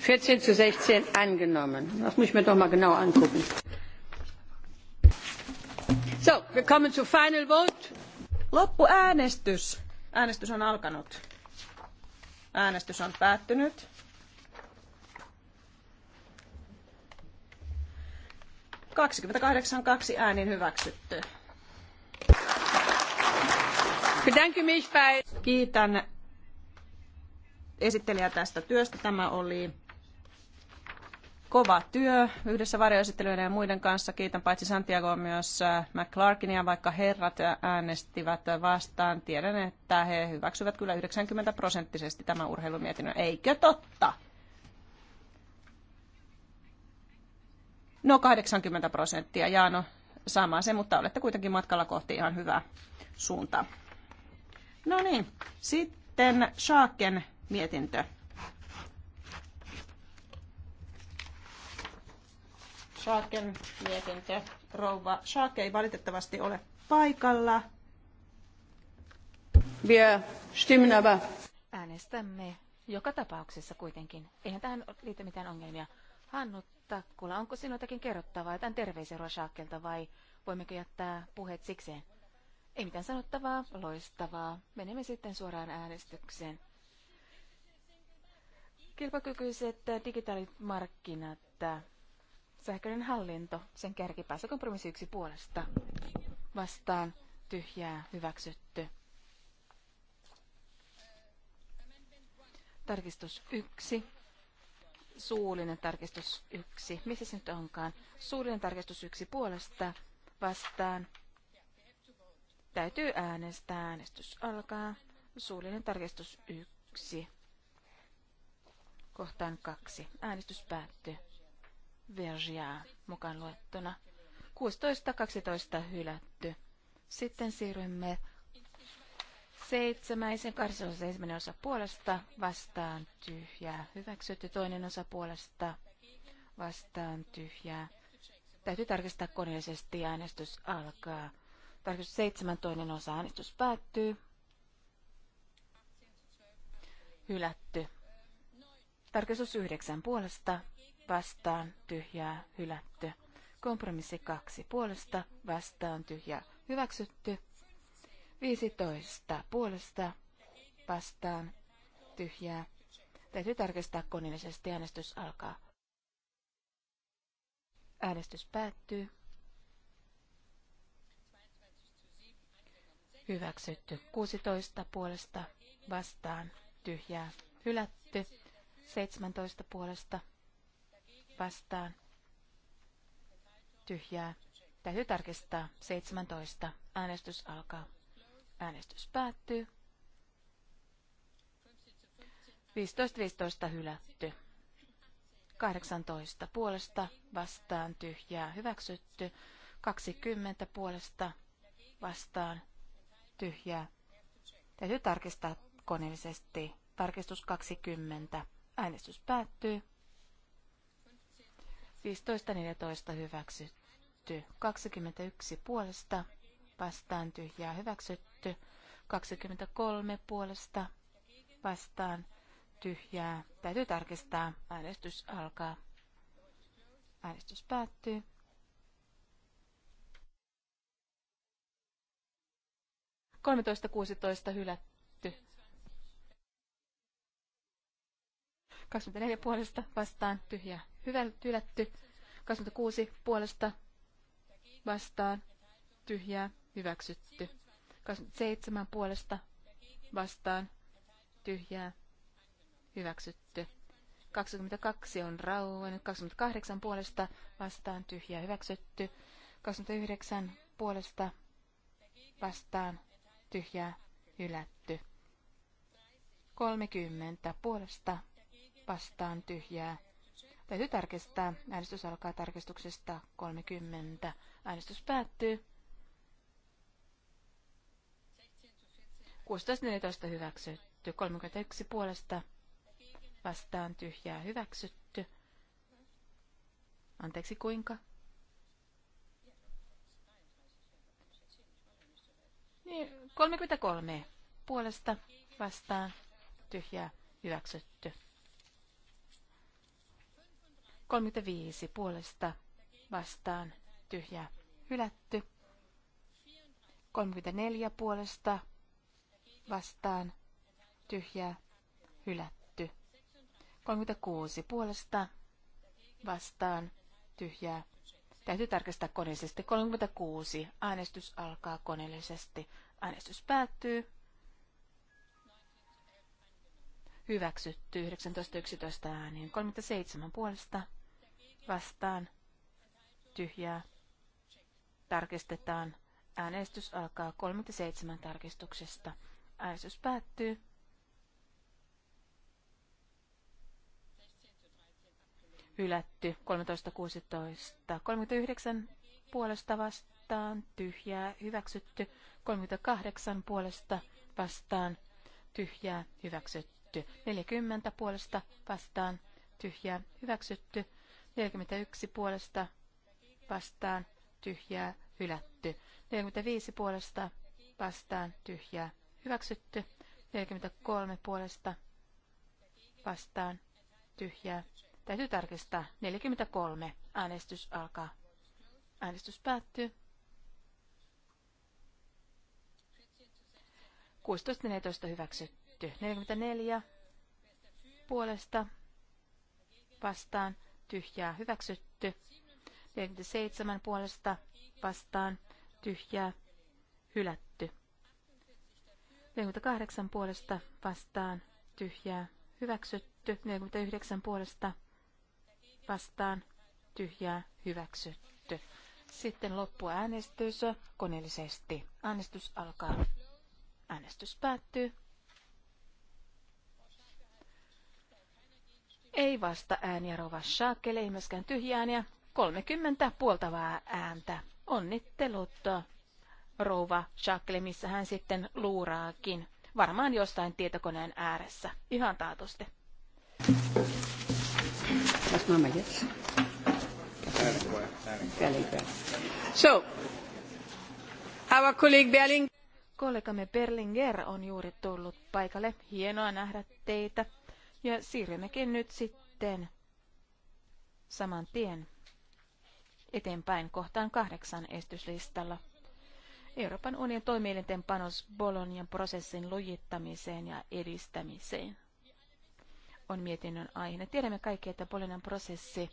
14 zu 16 angenommen. Das muss ich mir doch mal genau angucken. So, wir kommen zu final vote. Loppuäänestys. Äänestys on alkanut. Äänestys on päättynyt. Kaksikymmentäkahdeksan kaksi äänin hyväksytty. Kiitän esittelijä tästä työstä. Tämä oli kova työ yhdessä varjoesittelyiden ja muiden kanssa. Kiitän paitsi Santiago myös äh, McClarkinia, vaikka herrat äänestivät vastaan. Tiedän, että he hyväksyvät kyllä 90 prosenttisesti tämän urheilumietinnön. Eikö totta? No 80 prosenttia, Jaano, sama se, mutta olette kuitenkin matkalla kohti ihan hyvää suuntaa. No niin, sitten Saaken mietintö. Saaken mietintö. Rouva Saake ei valitettavasti ole paikalla. Wir stimmen aber. Äänestämme joka tapauksessa kuitenkin. Eihän tähän liity mitään ongelmia. Hannu Takkula, onko sinultakin kerrottavaa, jotain terveisiä Ruoshakkelta vai voimmeko jättää puheet sikseen? Ei mitään sanottavaa, loistavaa. Menemme sitten suoraan äänestykseen. Kilpakykyiset markkinat, sähköinen hallinto, sen kärkipäässä kompromissi yksi puolesta. Vastaan tyhjää hyväksytty. Tarkistus yksi. Suullinen tarkistus yksi. Missä se nyt onkaan? Suullinen tarkistus yksi puolesta vastaan Täytyy äänestää. Äänestys alkaa. Suullinen tarkistus 1. Kohtaan 2. Äänestys päättyy. Vergia mukaan luettuna. 16.12 hylätty. Sitten siirrymme seitsemäisen kahdeksan ensimmäinen osa puolesta vastaan tyhjää. Hyväksytty toinen osa puolesta vastaan tyhjää. Täytyy tarkistaa koneellisesti äänestys alkaa. Tarkistus 7 toinen osa äänestys päättyy. Hylätty. Tarkistus 9 puolesta vastaan tyhjää hylätty. Kompromissi 2 puolesta vastaan tyhjää hyväksytty. 15 puolesta vastaan tyhjää. Täytyy tarkistaa koneellisesti. Äänestys alkaa. Äänestys päättyy. hyväksytty. 16 puolesta vastaan tyhjää hylätty. 17 puolesta vastaan tyhjää. Täytyy tarkistaa 17. Äänestys alkaa. Äänestys päättyy. 15 15 hylätty. 18 puolesta vastaan tyhjää hyväksytty. 20 puolesta vastaan tyhjää. Täytyy tarkistaa koneellisesti. Tarkistus 20. Äänestys päättyy. 15.14 hyväksytty. 21 puolesta vastaan tyhjää hyväksytty. 23 puolesta vastaan tyhjää. Täytyy tarkistaa. Äänestys alkaa. Äänestys päättyy. 13.16 hylätty. 24 puolesta vastaan tyhjä hylätty. 26 puolesta vastaan tyhjää hyväksytty. 27 puolesta vastaan tyhjää hyväksytty. 22 on rauennut, 28 puolesta vastaan tyhjää hyväksytty, 29 puolesta vastaan tyhjä, hylätty. 30 puolesta vastaan tyhjää. Täytyy tarkistaa. Äänestys alkaa tarkistuksesta 30. Äänestys päättyy. 16.14 hyväksytty. 31 puolesta vastaan tyhjää hyväksytty. Anteeksi, kuinka? 33 niin, puolesta vastaan tyhjää hyväksytty. 35 puolesta vastaan tyhjää hylätty. 34 puolesta vastaan tyhjää hylätty. 36 puolesta vastaan tyhjää Täytyy tarkistaa koneellisesti. 36. Äänestys alkaa koneellisesti. Äänestys päättyy. Hyväksytty 19.11 ääniin. 37 puolesta vastaan. Tyhjää. Tarkistetaan. Äänestys alkaa 37 tarkistuksesta. Äänestys päättyy. hylätty 13.16. 39 puolesta vastaan vastaan, tyhjää, hyväksytty. 38 puolesta vastaan, tyhjää, hyväksytty. 40 puolesta vastaan, tyhjää, hyväksytty. 41 puolesta vastaan, tyhjää, hylätty. 45 puolesta vastaan, tyhjää, hyväksytty. 43 puolesta vastaan, tyhjää. Täytyy tarkistaa. 43. Äänestys alkaa. Äänestys päättyy. 16.14 hyväksytty. 44 puolesta vastaan tyhjää hyväksytty. 47 puolesta vastaan tyhjää hylätty. 48 puolesta vastaan tyhjää hyväksytty. 49 puolesta vastaan tyhjää hyväksytty. Sitten loppuäänestys koneellisesti. Äänestys alkaa. Äänestys päättyy. Ei vasta ääniä Rova Schakele, ei myöskään tyhjääniä. 30 puoltavaa ääntä. Onnittelut Rouva Schakele, missä hän sitten luuraakin. Varmaan jostain tietokoneen ääressä. Ihan taatusti. So, our colleague Berling. Kollegamme Berlinger on juuri tullut paikalle. Hienoa nähdä teitä. Ja siirrymmekin nyt sitten saman tien eteenpäin kohtaan kahdeksan estyslistalla. Euroopan unionin toimielinten panos Bolonian prosessin lujittamiseen ja edistämiseen on mietinnön aihe. Tiedämme kaikki, että Bolonian prosessi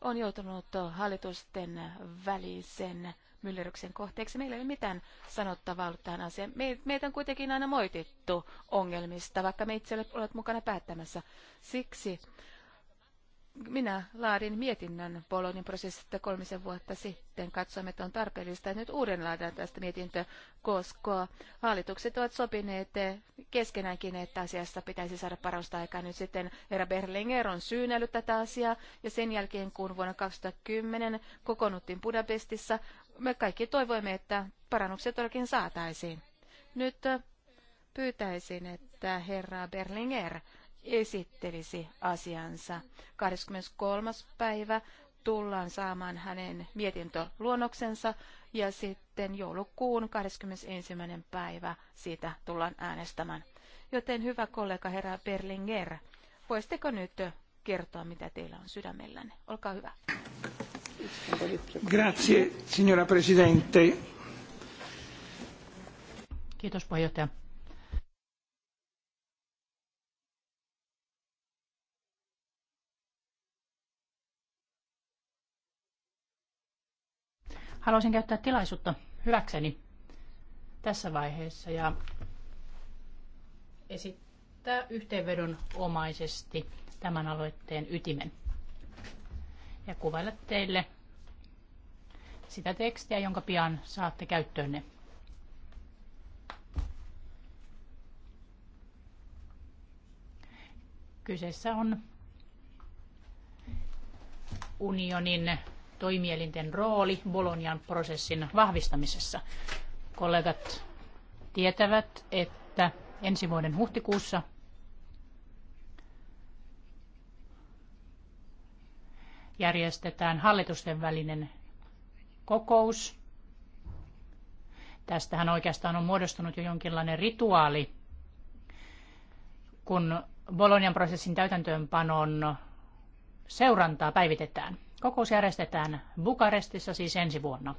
on joutunut hallitusten välisen myllerryksen kohteeksi. Meillä ei ole mitään sanottavaa ollut tähän asiaan. Me, meitä on kuitenkin aina moitittu ongelmista, vaikka me itse olet mukana päättämässä. Siksi minä laadin mietinnön Bolognin prosessista kolmisen vuotta sitten. Katsoimme, että on tarpeellista, että nyt uuden tästä mietintö, koska hallitukset ovat sopineet keskenäänkin, että asiassa pitäisi saada parasta aikaa. Nyt sitten Herra Berlinger on syynellyt tätä asiaa, ja sen jälkeen, kun vuonna 2010 kokoonnuttiin Budapestissa, me kaikki toivoimme, että parannuksia todellakin saataisiin. Nyt äh, pyytäisin, että herra Berlinger esittelisi asiansa. 23. päivä tullaan saamaan hänen mietintöluonnoksensa ja sitten joulukuun 21. päivä siitä tullaan äänestämään. Joten hyvä kollega herra Berlinger, voisitteko nyt kertoa, mitä teillä on sydämellänne? Olkaa hyvä arvoisa puhemies Kiitos Haluaisin käyttää tilaisuutta hyväkseni tässä vaiheessa ja esittää yhteenvedonomaisesti tämän aloitteen ytimen ja kuvailla teille sitä tekstiä, jonka pian saatte käyttöönne. Kyseessä on unionin toimielinten rooli Bolonian prosessin vahvistamisessa. Kollegat tietävät, että ensi vuoden huhtikuussa järjestetään hallitusten välinen kokous. Tästähän oikeastaan on muodostunut jo jonkinlainen rituaali, kun Bolonian prosessin täytäntöönpanon seurantaa päivitetään. Kokous järjestetään Bukarestissa siis ensi vuonna.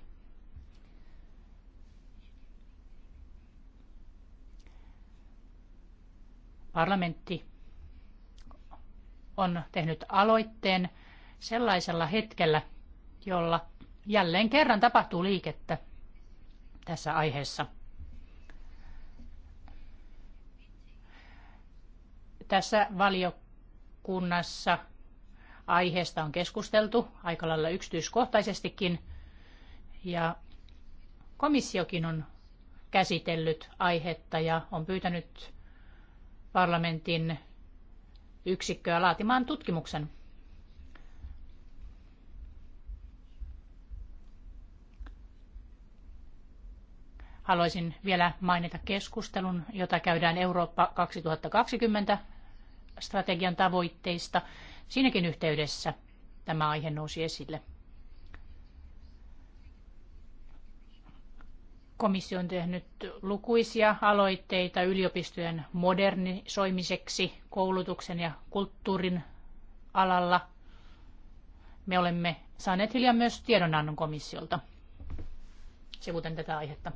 Parlamentti on tehnyt aloitteen sellaisella hetkellä, jolla jälleen kerran tapahtuu liikettä tässä aiheessa. Tässä valiokunnassa aiheesta on keskusteltu aika lailla yksityiskohtaisestikin ja komissiokin on käsitellyt aihetta ja on pyytänyt parlamentin yksikköä laatimaan tutkimuksen Haluaisin vielä mainita keskustelun, jota käydään Eurooppa 2020 strategian tavoitteista. Siinäkin yhteydessä tämä aihe nousi esille. Komissio on tehnyt lukuisia aloitteita yliopistojen modernisoimiseksi koulutuksen ja kulttuurin alalla. Me olemme saaneet hiljaa myös tiedonannon komissiolta. sivuten tätä aihetta.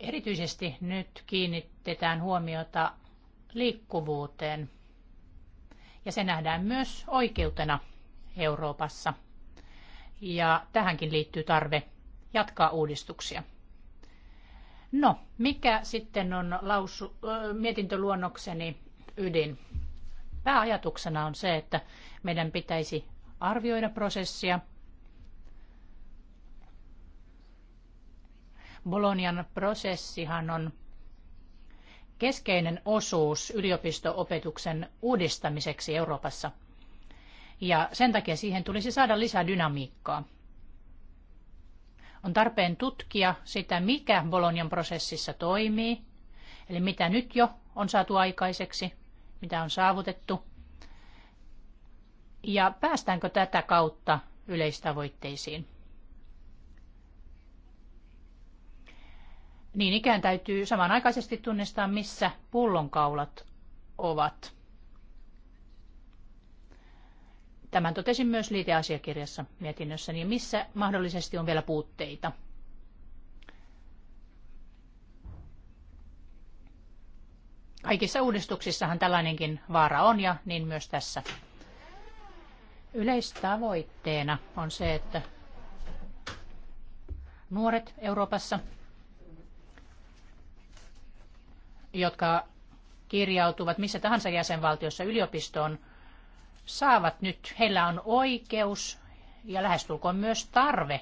Erityisesti nyt kiinnitetään huomiota liikkuvuuteen ja se nähdään myös oikeutena Euroopassa. Ja tähänkin liittyy tarve jatkaa uudistuksia. No, mikä sitten on lausu, mietintöluonnokseni ydin? Pääajatuksena on se, että meidän pitäisi arvioida prosessia – Bolonian prosessihan on keskeinen osuus yliopistoopetuksen uudistamiseksi Euroopassa. Ja sen takia siihen tulisi saada lisää dynamiikkaa. On tarpeen tutkia sitä, mikä Bolonian prosessissa toimii, eli mitä nyt jo on saatu aikaiseksi, mitä on saavutettu, ja päästäänkö tätä kautta yleistavoitteisiin. Niin ikään täytyy samanaikaisesti tunnistaa, missä pullonkaulat ovat. Tämän totesin myös liiteasiakirjassa mietinnössä, niin missä mahdollisesti on vielä puutteita. Kaikissa uudistuksissahan tällainenkin vaara on ja niin myös tässä. Yleistavoitteena on se, että nuoret Euroopassa jotka kirjautuvat missä tahansa jäsenvaltiossa yliopistoon, saavat nyt, heillä on oikeus ja lähestulkoon myös tarve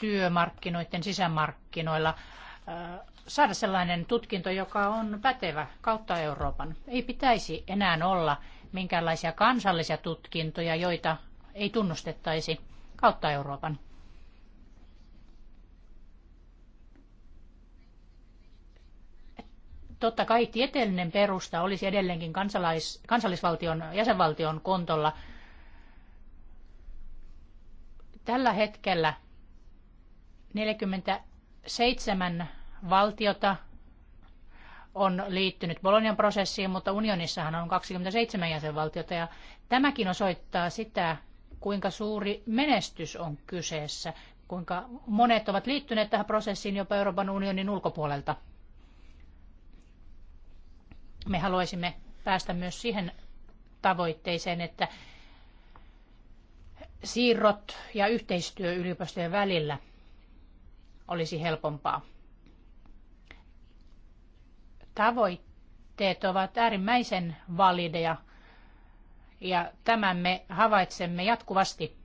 työmarkkinoiden sisämarkkinoilla äh, saada sellainen tutkinto, joka on pätevä kautta Euroopan. Ei pitäisi enää olla minkäänlaisia kansallisia tutkintoja, joita ei tunnustettaisi kautta Euroopan. Totta kai tieteellinen perusta olisi edelleenkin kansalais, kansallisvaltion, jäsenvaltion kontolla. Tällä hetkellä 47 valtiota on liittynyt Bolonian prosessiin, mutta unionissahan on 27 jäsenvaltiota ja tämäkin osoittaa sitä, kuinka suuri menestys on kyseessä, kuinka monet ovat liittyneet tähän prosessiin jopa Euroopan unionin ulkopuolelta. Me haluaisimme päästä myös siihen tavoitteeseen, että siirrot ja yhteistyö yliopistojen välillä olisi helpompaa. Tavoitteet ovat äärimmäisen valideja ja tämän me havaitsemme jatkuvasti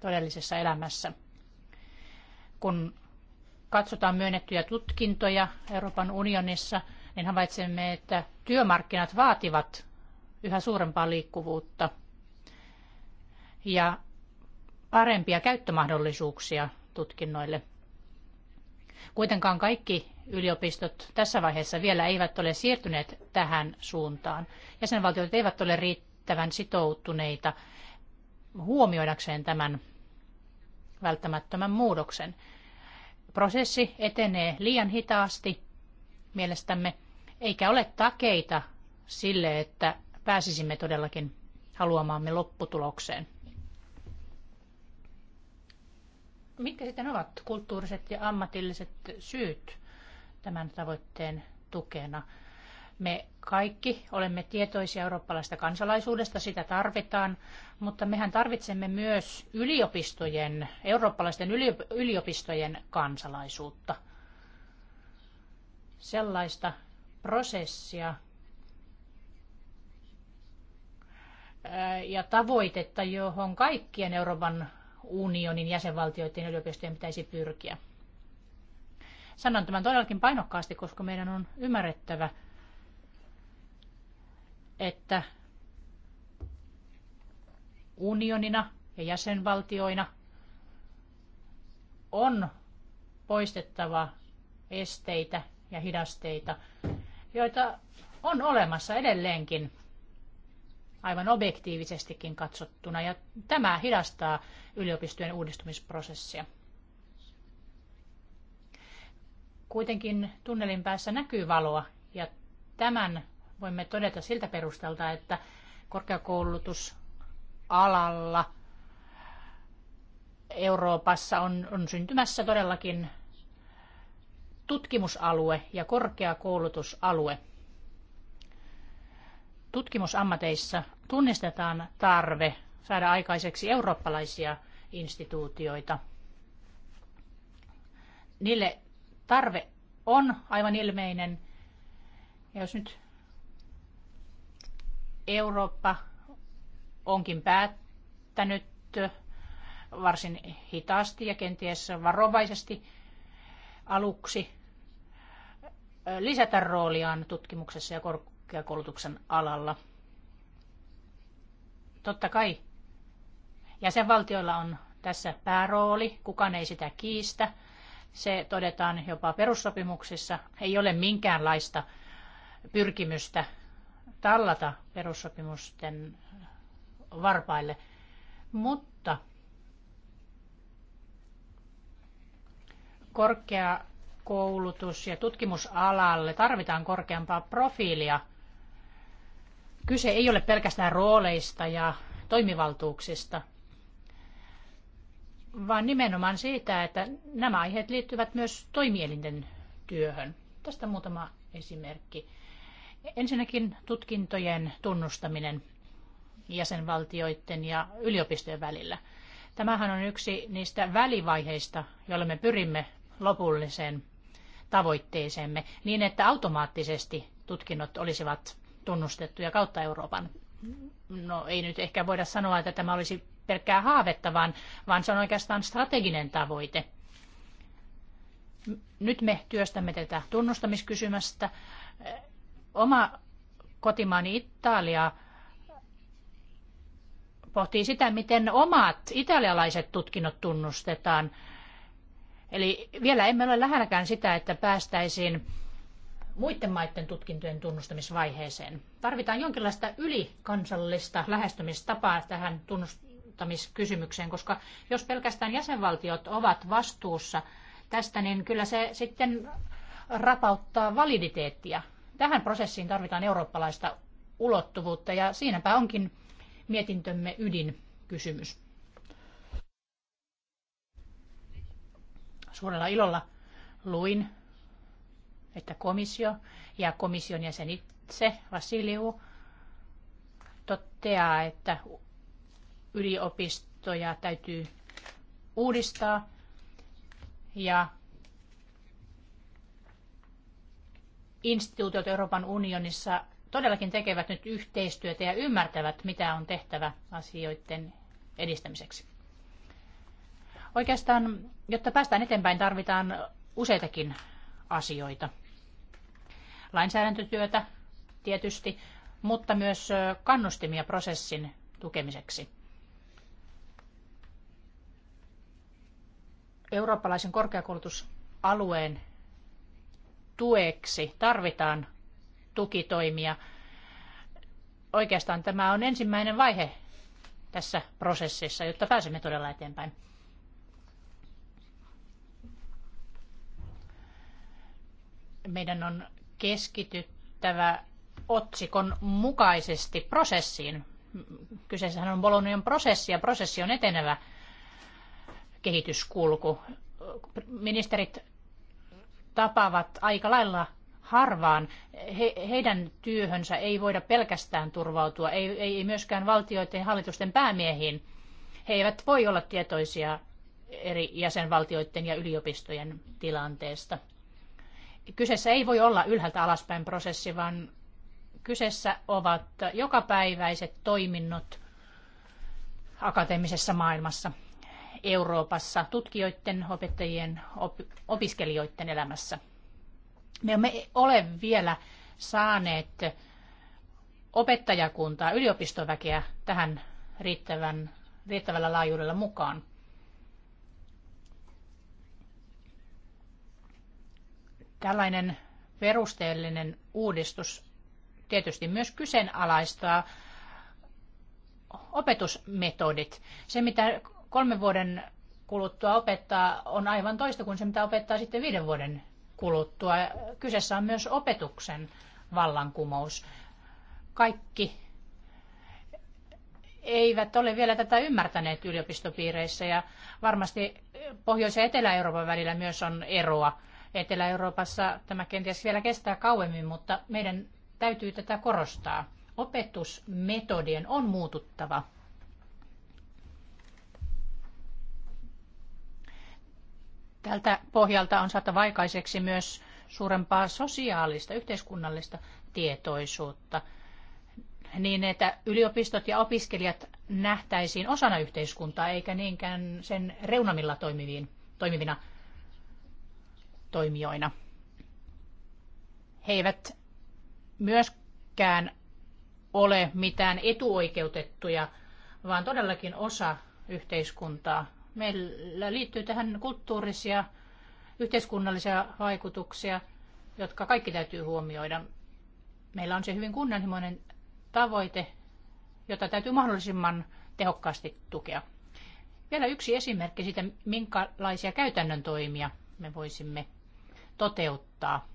todellisessa elämässä. Kun katsotaan myönnettyjä tutkintoja Euroopan unionissa – niin havaitsemme, että työmarkkinat vaativat yhä suurempaa liikkuvuutta ja parempia käyttömahdollisuuksia tutkinnoille. Kuitenkaan kaikki yliopistot tässä vaiheessa vielä eivät ole siirtyneet tähän suuntaan. Jäsenvaltiot eivät ole riittävän sitoutuneita huomioidakseen tämän välttämättömän muutoksen. Prosessi etenee liian hitaasti mielestämme, eikä ole takeita sille, että pääsisimme todellakin haluamaamme lopputulokseen. Mitkä sitten ovat kulttuuriset ja ammatilliset syyt tämän tavoitteen tukena? Me kaikki olemme tietoisia eurooppalaista kansalaisuudesta, sitä tarvitaan, mutta mehän tarvitsemme myös yliopistojen, eurooppalaisten yliopistojen kansalaisuutta – sellaista prosessia ja tavoitetta, johon kaikkien Euroopan unionin jäsenvaltioiden yliopistojen pitäisi pyrkiä. Sanon tämän todellakin painokkaasti, koska meidän on ymmärrettävä, että unionina ja jäsenvaltioina on poistettava esteitä ja hidasteita, joita on olemassa edelleenkin aivan objektiivisestikin katsottuna, ja tämä hidastaa yliopistojen uudistumisprosessia. Kuitenkin tunnelin päässä näkyy valoa, ja tämän voimme todeta siltä perustalta, että korkeakoulutusalalla Euroopassa on, on syntymässä todellakin tutkimusalue ja korkeakoulutusalue. Tutkimusammateissa tunnistetaan tarve saada aikaiseksi eurooppalaisia instituutioita. Niille tarve on aivan ilmeinen. Ja jos nyt Eurooppa onkin päättänyt varsin hitaasti ja kenties varovaisesti aluksi lisätä rooliaan tutkimuksessa ja korkeakoulutuksen alalla. Totta kai jäsenvaltioilla on tässä päärooli, kukaan ei sitä kiistä. Se todetaan jopa perussopimuksissa. Ei ole minkäänlaista pyrkimystä tallata perussopimusten varpaille. Mutta korkea koulutus- ja tutkimusalalle tarvitaan korkeampaa profiilia. Kyse ei ole pelkästään rooleista ja toimivaltuuksista, vaan nimenomaan siitä, että nämä aiheet liittyvät myös toimielinten työhön. Tästä muutama esimerkki. Ensinnäkin tutkintojen tunnustaminen jäsenvaltioiden ja yliopistojen välillä. Tämähän on yksi niistä välivaiheista, joilla me pyrimme lopulliseen tavoitteeseemme niin, että automaattisesti tutkinnot olisivat tunnustettuja kautta Euroopan. No ei nyt ehkä voida sanoa, että tämä olisi pelkkää haavetta, vaan, vaan se on oikeastaan strateginen tavoite. Nyt me työstämme tätä tunnustamiskysymystä. Oma kotimaani Italia pohtii sitä, miten omat italialaiset tutkinnot tunnustetaan – Eli vielä emme ole lähelläkään sitä, että päästäisiin muiden maiden tutkintojen tunnustamisvaiheeseen. Tarvitaan jonkinlaista ylikansallista lähestymistapaa tähän tunnustamiskysymykseen, koska jos pelkästään jäsenvaltiot ovat vastuussa tästä, niin kyllä se sitten rapauttaa validiteettia. Tähän prosessiin tarvitaan eurooppalaista ulottuvuutta ja siinäpä onkin mietintömme ydinkysymys. Suurella ilolla luin, että komissio ja komission jäsen itse, Vasiliu, toteaa, että yliopistoja täytyy uudistaa ja instituutiot Euroopan unionissa todellakin tekevät nyt yhteistyötä ja ymmärtävät, mitä on tehtävä asioiden edistämiseksi. Oikeastaan, jotta päästään eteenpäin, tarvitaan useitakin asioita. Lainsäädäntötyötä tietysti, mutta myös kannustimia prosessin tukemiseksi. Eurooppalaisen korkeakoulutusalueen tueksi tarvitaan tukitoimia. Oikeastaan tämä on ensimmäinen vaihe tässä prosessissa, jotta pääsemme todella eteenpäin. meidän on keskityttävä otsikon mukaisesti prosessiin. Kyseessähän on Bolonian prosessi ja prosessi on etenevä kehityskulku. Ministerit tapaavat aika lailla harvaan. He, heidän työhönsä ei voida pelkästään turvautua, ei, ei myöskään valtioiden ja hallitusten päämiehiin. He eivät voi olla tietoisia eri jäsenvaltioiden ja yliopistojen tilanteesta. Kyseessä ei voi olla ylhäältä alaspäin prosessi, vaan kyseessä ovat jokapäiväiset toiminnot akateemisessa maailmassa, Euroopassa, tutkijoiden, opettajien, opiskelijoiden elämässä. Me emme ole vielä saaneet opettajakuntaa, yliopistoväkeä tähän riittävän, riittävällä laajuudella mukaan. Tällainen perusteellinen uudistus tietysti myös kyseenalaistaa opetusmetodit. Se, mitä kolmen vuoden kuluttua opettaa, on aivan toista kuin se, mitä opettaa sitten viiden vuoden kuluttua. Kyseessä on myös opetuksen vallankumous. Kaikki eivät ole vielä tätä ymmärtäneet yliopistopiireissä ja varmasti Pohjois- ja Etelä-Euroopan välillä myös on eroa. Etelä-Euroopassa tämä kenties vielä kestää kauemmin, mutta meidän täytyy tätä korostaa. Opetusmetodien on muututtava. Tältä pohjalta on saatava vaikaiseksi myös suurempaa sosiaalista, yhteiskunnallista tietoisuutta niin, että yliopistot ja opiskelijat nähtäisiin osana yhteiskuntaa eikä niinkään sen reunamilla toimivina toimijoina. He eivät myöskään ole mitään etuoikeutettuja, vaan todellakin osa yhteiskuntaa. Meillä liittyy tähän kulttuurisia, yhteiskunnallisia vaikutuksia, jotka kaikki täytyy huomioida. Meillä on se hyvin kunnianhimoinen tavoite, jota täytyy mahdollisimman tehokkaasti tukea. Vielä yksi esimerkki siitä, minkälaisia käytännön toimia me voisimme toteuttaa,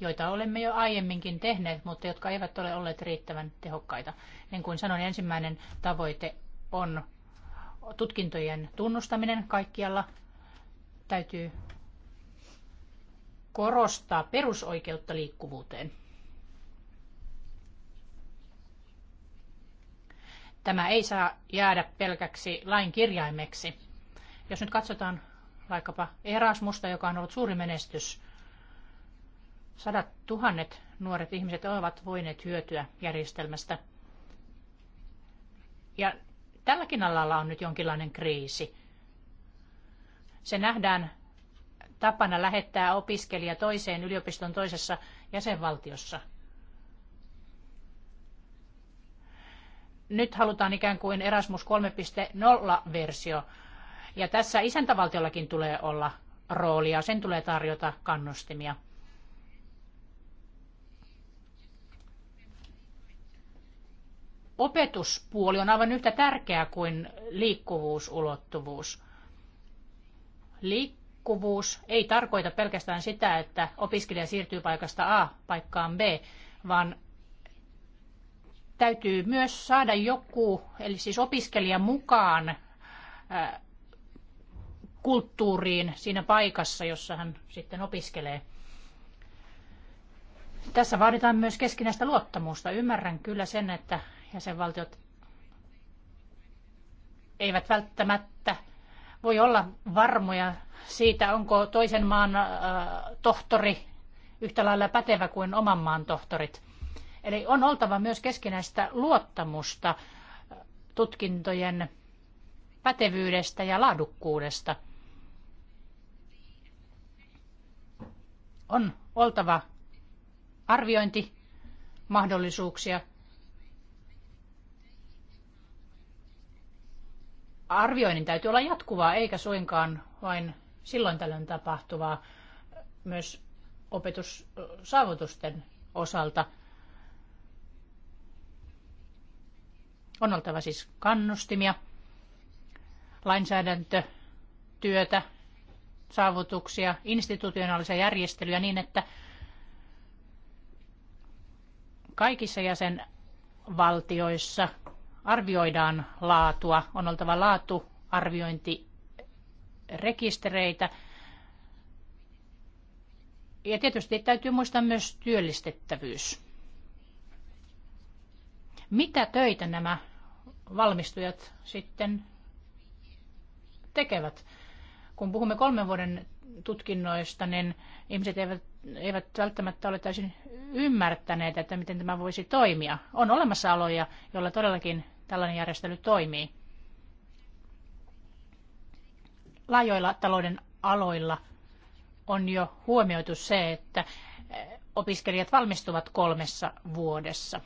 joita olemme jo aiemminkin tehneet, mutta jotka eivät ole olleet riittävän tehokkaita. Niin kuin sanoin, ensimmäinen tavoite on tutkintojen tunnustaminen kaikkialla. Täytyy korostaa perusoikeutta liikkuvuuteen. Tämä ei saa jäädä pelkäksi lain kirjaimeksi. Jos nyt katsotaan vaikkapa Erasmusta, joka on ollut suuri menestys, Sadat tuhannet nuoret ihmiset ovat voineet hyötyä järjestelmästä. Ja tälläkin alalla on nyt jonkinlainen kriisi. Se nähdään tapana lähettää opiskelija toiseen yliopiston toisessa jäsenvaltiossa. Nyt halutaan ikään kuin Erasmus 3.0-versio. Ja tässä isäntävaltiollakin tulee olla roolia, sen tulee tarjota kannustimia. opetuspuoli on aivan yhtä tärkeä kuin liikkuvuusulottuvuus. Liikkuvuus ei tarkoita pelkästään sitä, että opiskelija siirtyy paikasta A paikkaan B, vaan täytyy myös saada joku, eli siis opiskelija mukaan kulttuuriin siinä paikassa, jossa hän sitten opiskelee. Tässä vaaditaan myös keskinäistä luottamusta. Ymmärrän kyllä sen, että jäsenvaltiot eivät välttämättä voi olla varmoja siitä, onko toisen maan tohtori yhtä lailla pätevä kuin oman maan tohtorit. Eli on oltava myös keskinäistä luottamusta tutkintojen pätevyydestä ja laadukkuudesta. On oltava arviointimahdollisuuksia arvioinnin täytyy olla jatkuvaa, eikä suinkaan vain silloin tällöin tapahtuvaa myös opetussaavutusten osalta. On oltava siis kannustimia, lainsäädäntötyötä, saavutuksia, institutionaalisia järjestelyjä niin, että kaikissa jäsenvaltioissa arvioidaan laatua. On oltava laatuarviointirekistereitä. Ja tietysti täytyy muistaa myös työllistettävyys. Mitä töitä nämä valmistujat sitten tekevät? Kun puhumme kolmen vuoden tutkinnoista, niin ihmiset eivät, eivät välttämättä ole täysin ymmärtäneet, että miten tämä voisi toimia. On olemassa aloja, joilla todellakin tällainen järjestely toimii. Laajoilla talouden aloilla on jo huomioitu se, että eh, opiskelijat valmistuvat kolmessa vuodessa.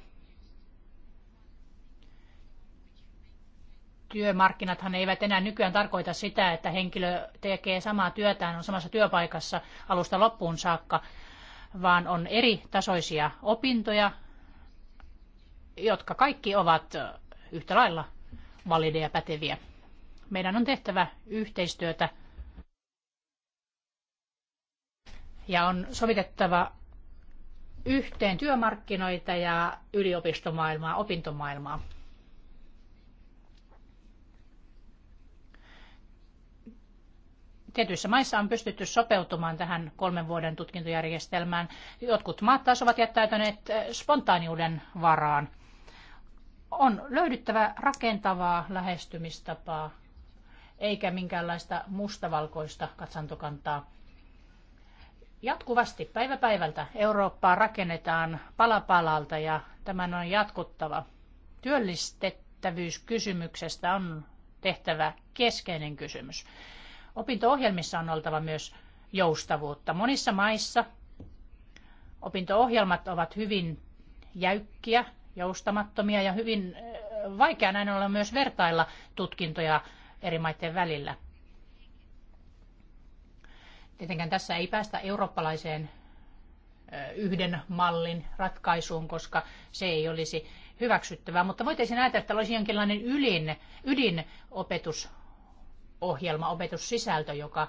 työmarkkinathan eivät enää nykyään tarkoita sitä, että henkilö tekee samaa työtään, on samassa työpaikassa alusta loppuun saakka, vaan on eri tasoisia opintoja, jotka kaikki ovat eh, yhtä lailla valideja päteviä. Meidän on tehtävä yhteistyötä ja on sovitettava yhteen työmarkkinoita ja yliopistomaailmaa, opintomaailmaa. Tietyissä maissa on pystytty sopeutumaan tähän kolmen vuoden tutkintojärjestelmään. Jotkut maat taas ovat jättäytyneet spontaaniuden varaan – on löydyttävä rakentavaa lähestymistapaa, eikä minkäänlaista mustavalkoista katsantokantaa. Jatkuvasti päivä päivältä Eurooppaa rakennetaan pala palalta ja tämän on jatkuttava. Työllistettävyyskysymyksestä on tehtävä keskeinen kysymys. Opinto-ohjelmissa on oltava myös joustavuutta. Monissa maissa opinto-ohjelmat ovat hyvin jäykkiä, joustamattomia ja hyvin äh, vaikea näin ollen myös vertailla tutkintoja eri maiden välillä. Tietenkään tässä ei päästä eurooppalaiseen äh, yhden mallin ratkaisuun, koska se ei olisi hyväksyttävää, mutta voitaisiin ajatella, että olisi jonkinlainen ylin, ydinopetusohjelma, opetussisältö, joka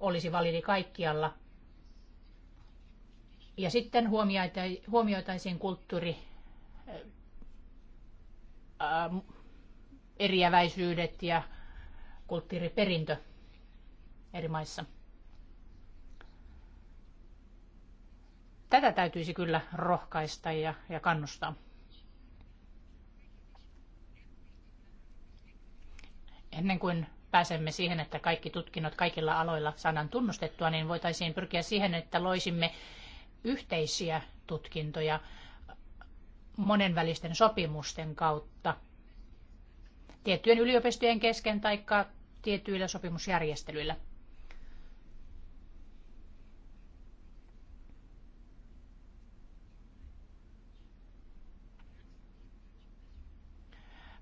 olisi validi kaikkialla. Ja sitten huomioitaisiin kulttuuri Ähm, eriäväisyydet ja kulttuuriperintö eri maissa. Tätä täytyisi kyllä rohkaista ja, ja kannustaa. Ennen kuin pääsemme siihen, että kaikki tutkinnot kaikilla aloilla saadaan tunnustettua, niin voitaisiin pyrkiä siihen, että loisimme yhteisiä tutkintoja monenvälisten sopimusten kautta tiettyjen yliopistojen kesken tai tietyillä sopimusjärjestelyillä.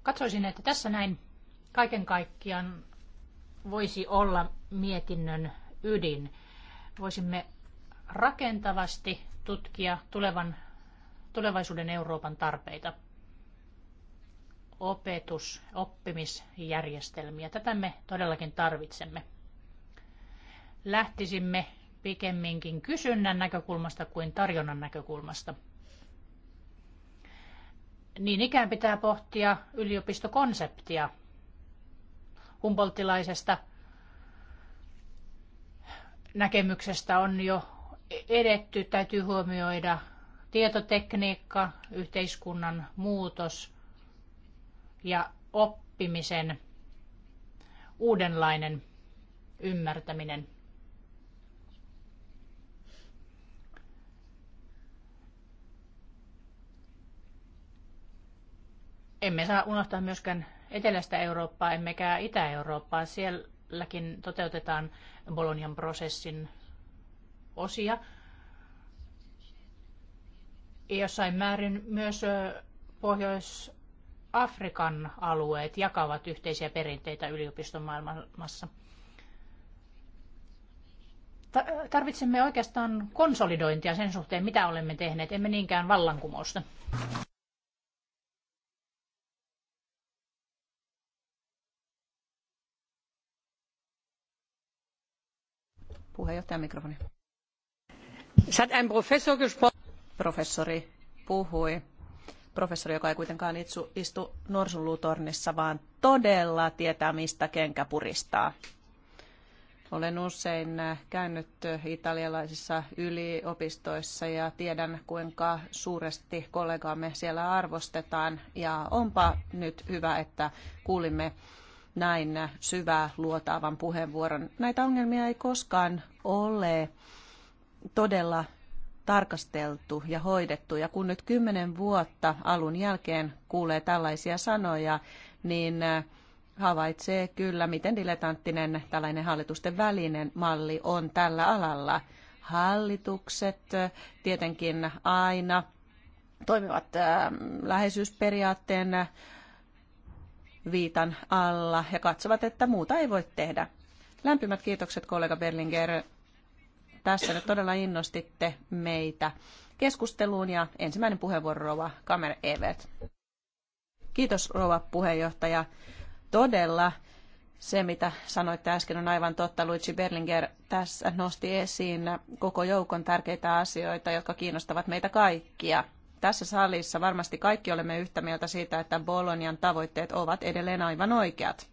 Katsoisin, että tässä näin kaiken kaikkiaan voisi olla mietinnön ydin. Voisimme rakentavasti tutkia tulevan tulevaisuuden Euroopan tarpeita. Opetus, oppimisjärjestelmiä, tätä me todellakin tarvitsemme. Lähtisimme pikemminkin kysynnän näkökulmasta kuin tarjonnan näkökulmasta. Niin ikään pitää pohtia yliopistokonseptia humboldtilaisesta näkemyksestä on jo edetty, täytyy huomioida Tietotekniikka, yhteiskunnan muutos ja oppimisen uudenlainen ymmärtäminen. Emme saa unohtaa myöskään etelästä Eurooppaa, emmekä Itä-Eurooppaa. Sielläkin toteutetaan Bolonian prosessin osia jossain määrin myös Pohjois-Afrikan alueet jakavat yhteisiä perinteitä yliopiston maailmassa. Tarvitsemme oikeastaan konsolidointia sen suhteen, mitä olemme tehneet, emme niinkään vallankumousta. Puheenjohtaja mikrofoni. Es hat ein Professor gesprochen professori puhui. Professori, joka ei kuitenkaan itsu, istu norsunluutornissa, vaan todella tietää, mistä kenkä puristaa. Olen usein käynyt italialaisissa yliopistoissa ja tiedän, kuinka suuresti kollegaamme siellä arvostetaan. Ja onpa nyt hyvä, että kuulimme näin syvää luotaavan puheenvuoron. Näitä ongelmia ei koskaan ole todella tarkasteltu ja hoidettu. Ja kun nyt kymmenen vuotta alun jälkeen kuulee tällaisia sanoja, niin äh, havaitsee kyllä, miten diletanttinen tällainen hallitusten välinen malli on tällä alalla. Hallitukset äh, tietenkin aina toimivat äh, läheisyysperiaatteen viitan alla ja katsovat, että muuta ei voi tehdä. Lämpimät kiitokset kollega Berlinger tässä nyt todella innostitte meitä keskusteluun ja ensimmäinen puheenvuoro Rova Kamer Evert. Kiitos Rova puheenjohtaja. Todella se, mitä sanoitte äsken, on aivan totta. Luigi Berlinger tässä nosti esiin koko joukon tärkeitä asioita, jotka kiinnostavat meitä kaikkia. Tässä salissa varmasti kaikki olemme yhtä mieltä siitä, että Bolonian tavoitteet ovat edelleen aivan oikeat.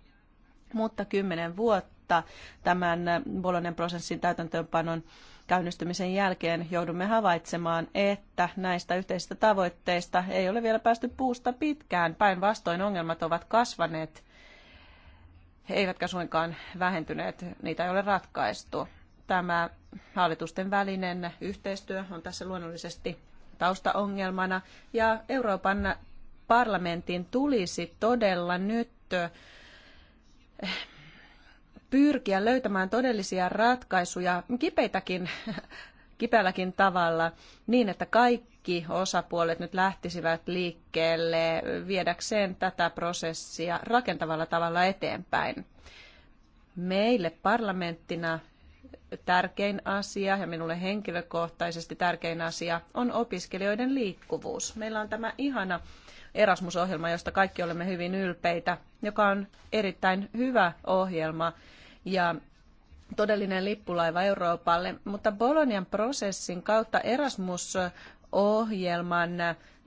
Mutta kymmenen vuotta mutta tämän Bolonen prosessin täytäntöönpanon käynnistymisen jälkeen joudumme havaitsemaan, että näistä yhteisistä tavoitteista ei ole vielä päästy puusta pitkään. Päinvastoin ongelmat ovat kasvaneet, eivätkä suinkaan vähentyneet, niitä ei ole ratkaistu. Tämä hallitusten välinen yhteistyö on tässä luonnollisesti taustaongelmana, ja Euroopan parlamentin tulisi todella nyt pyrkiä löytämään todellisia ratkaisuja, kipeitäkin, kipeälläkin tavalla, niin että kaikki osapuolet nyt lähtisivät liikkeelle viedäkseen tätä prosessia rakentavalla tavalla eteenpäin. Meille parlamenttina tärkein asia ja minulle henkilökohtaisesti tärkein asia on opiskelijoiden liikkuvuus. Meillä on tämä ihana Erasmus-ohjelma, josta kaikki olemme hyvin ylpeitä, joka on erittäin hyvä ohjelma ja todellinen lippulaiva Euroopalle, mutta Bolonian prosessin kautta Erasmus ohjelman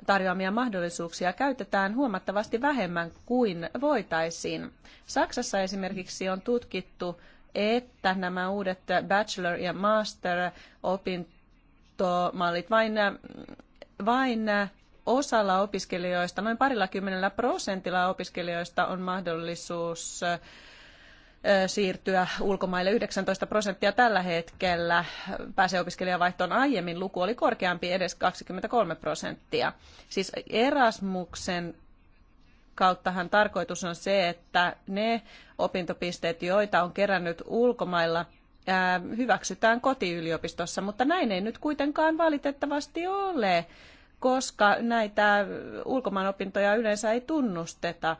tarjoamia mahdollisuuksia käytetään huomattavasti vähemmän kuin voitaisiin. Saksassa esimerkiksi on tutkittu, että nämä uudet bachelor- ja master-opintomallit vain, vain osalla opiskelijoista, noin parilla kymmenellä prosentilla opiskelijoista on mahdollisuus siirtyä ulkomaille 19 prosenttia tällä hetkellä. Pääseopiskelijavaihtoon aiemmin luku oli korkeampi, edes 23 prosenttia. Siis Erasmuksen kauttahan tarkoitus on se, että ne opintopisteet, joita on kerännyt ulkomailla, hyväksytään kotiyliopistossa, mutta näin ei nyt kuitenkaan valitettavasti ole, koska näitä ulkomaanopintoja yleensä ei tunnusteta.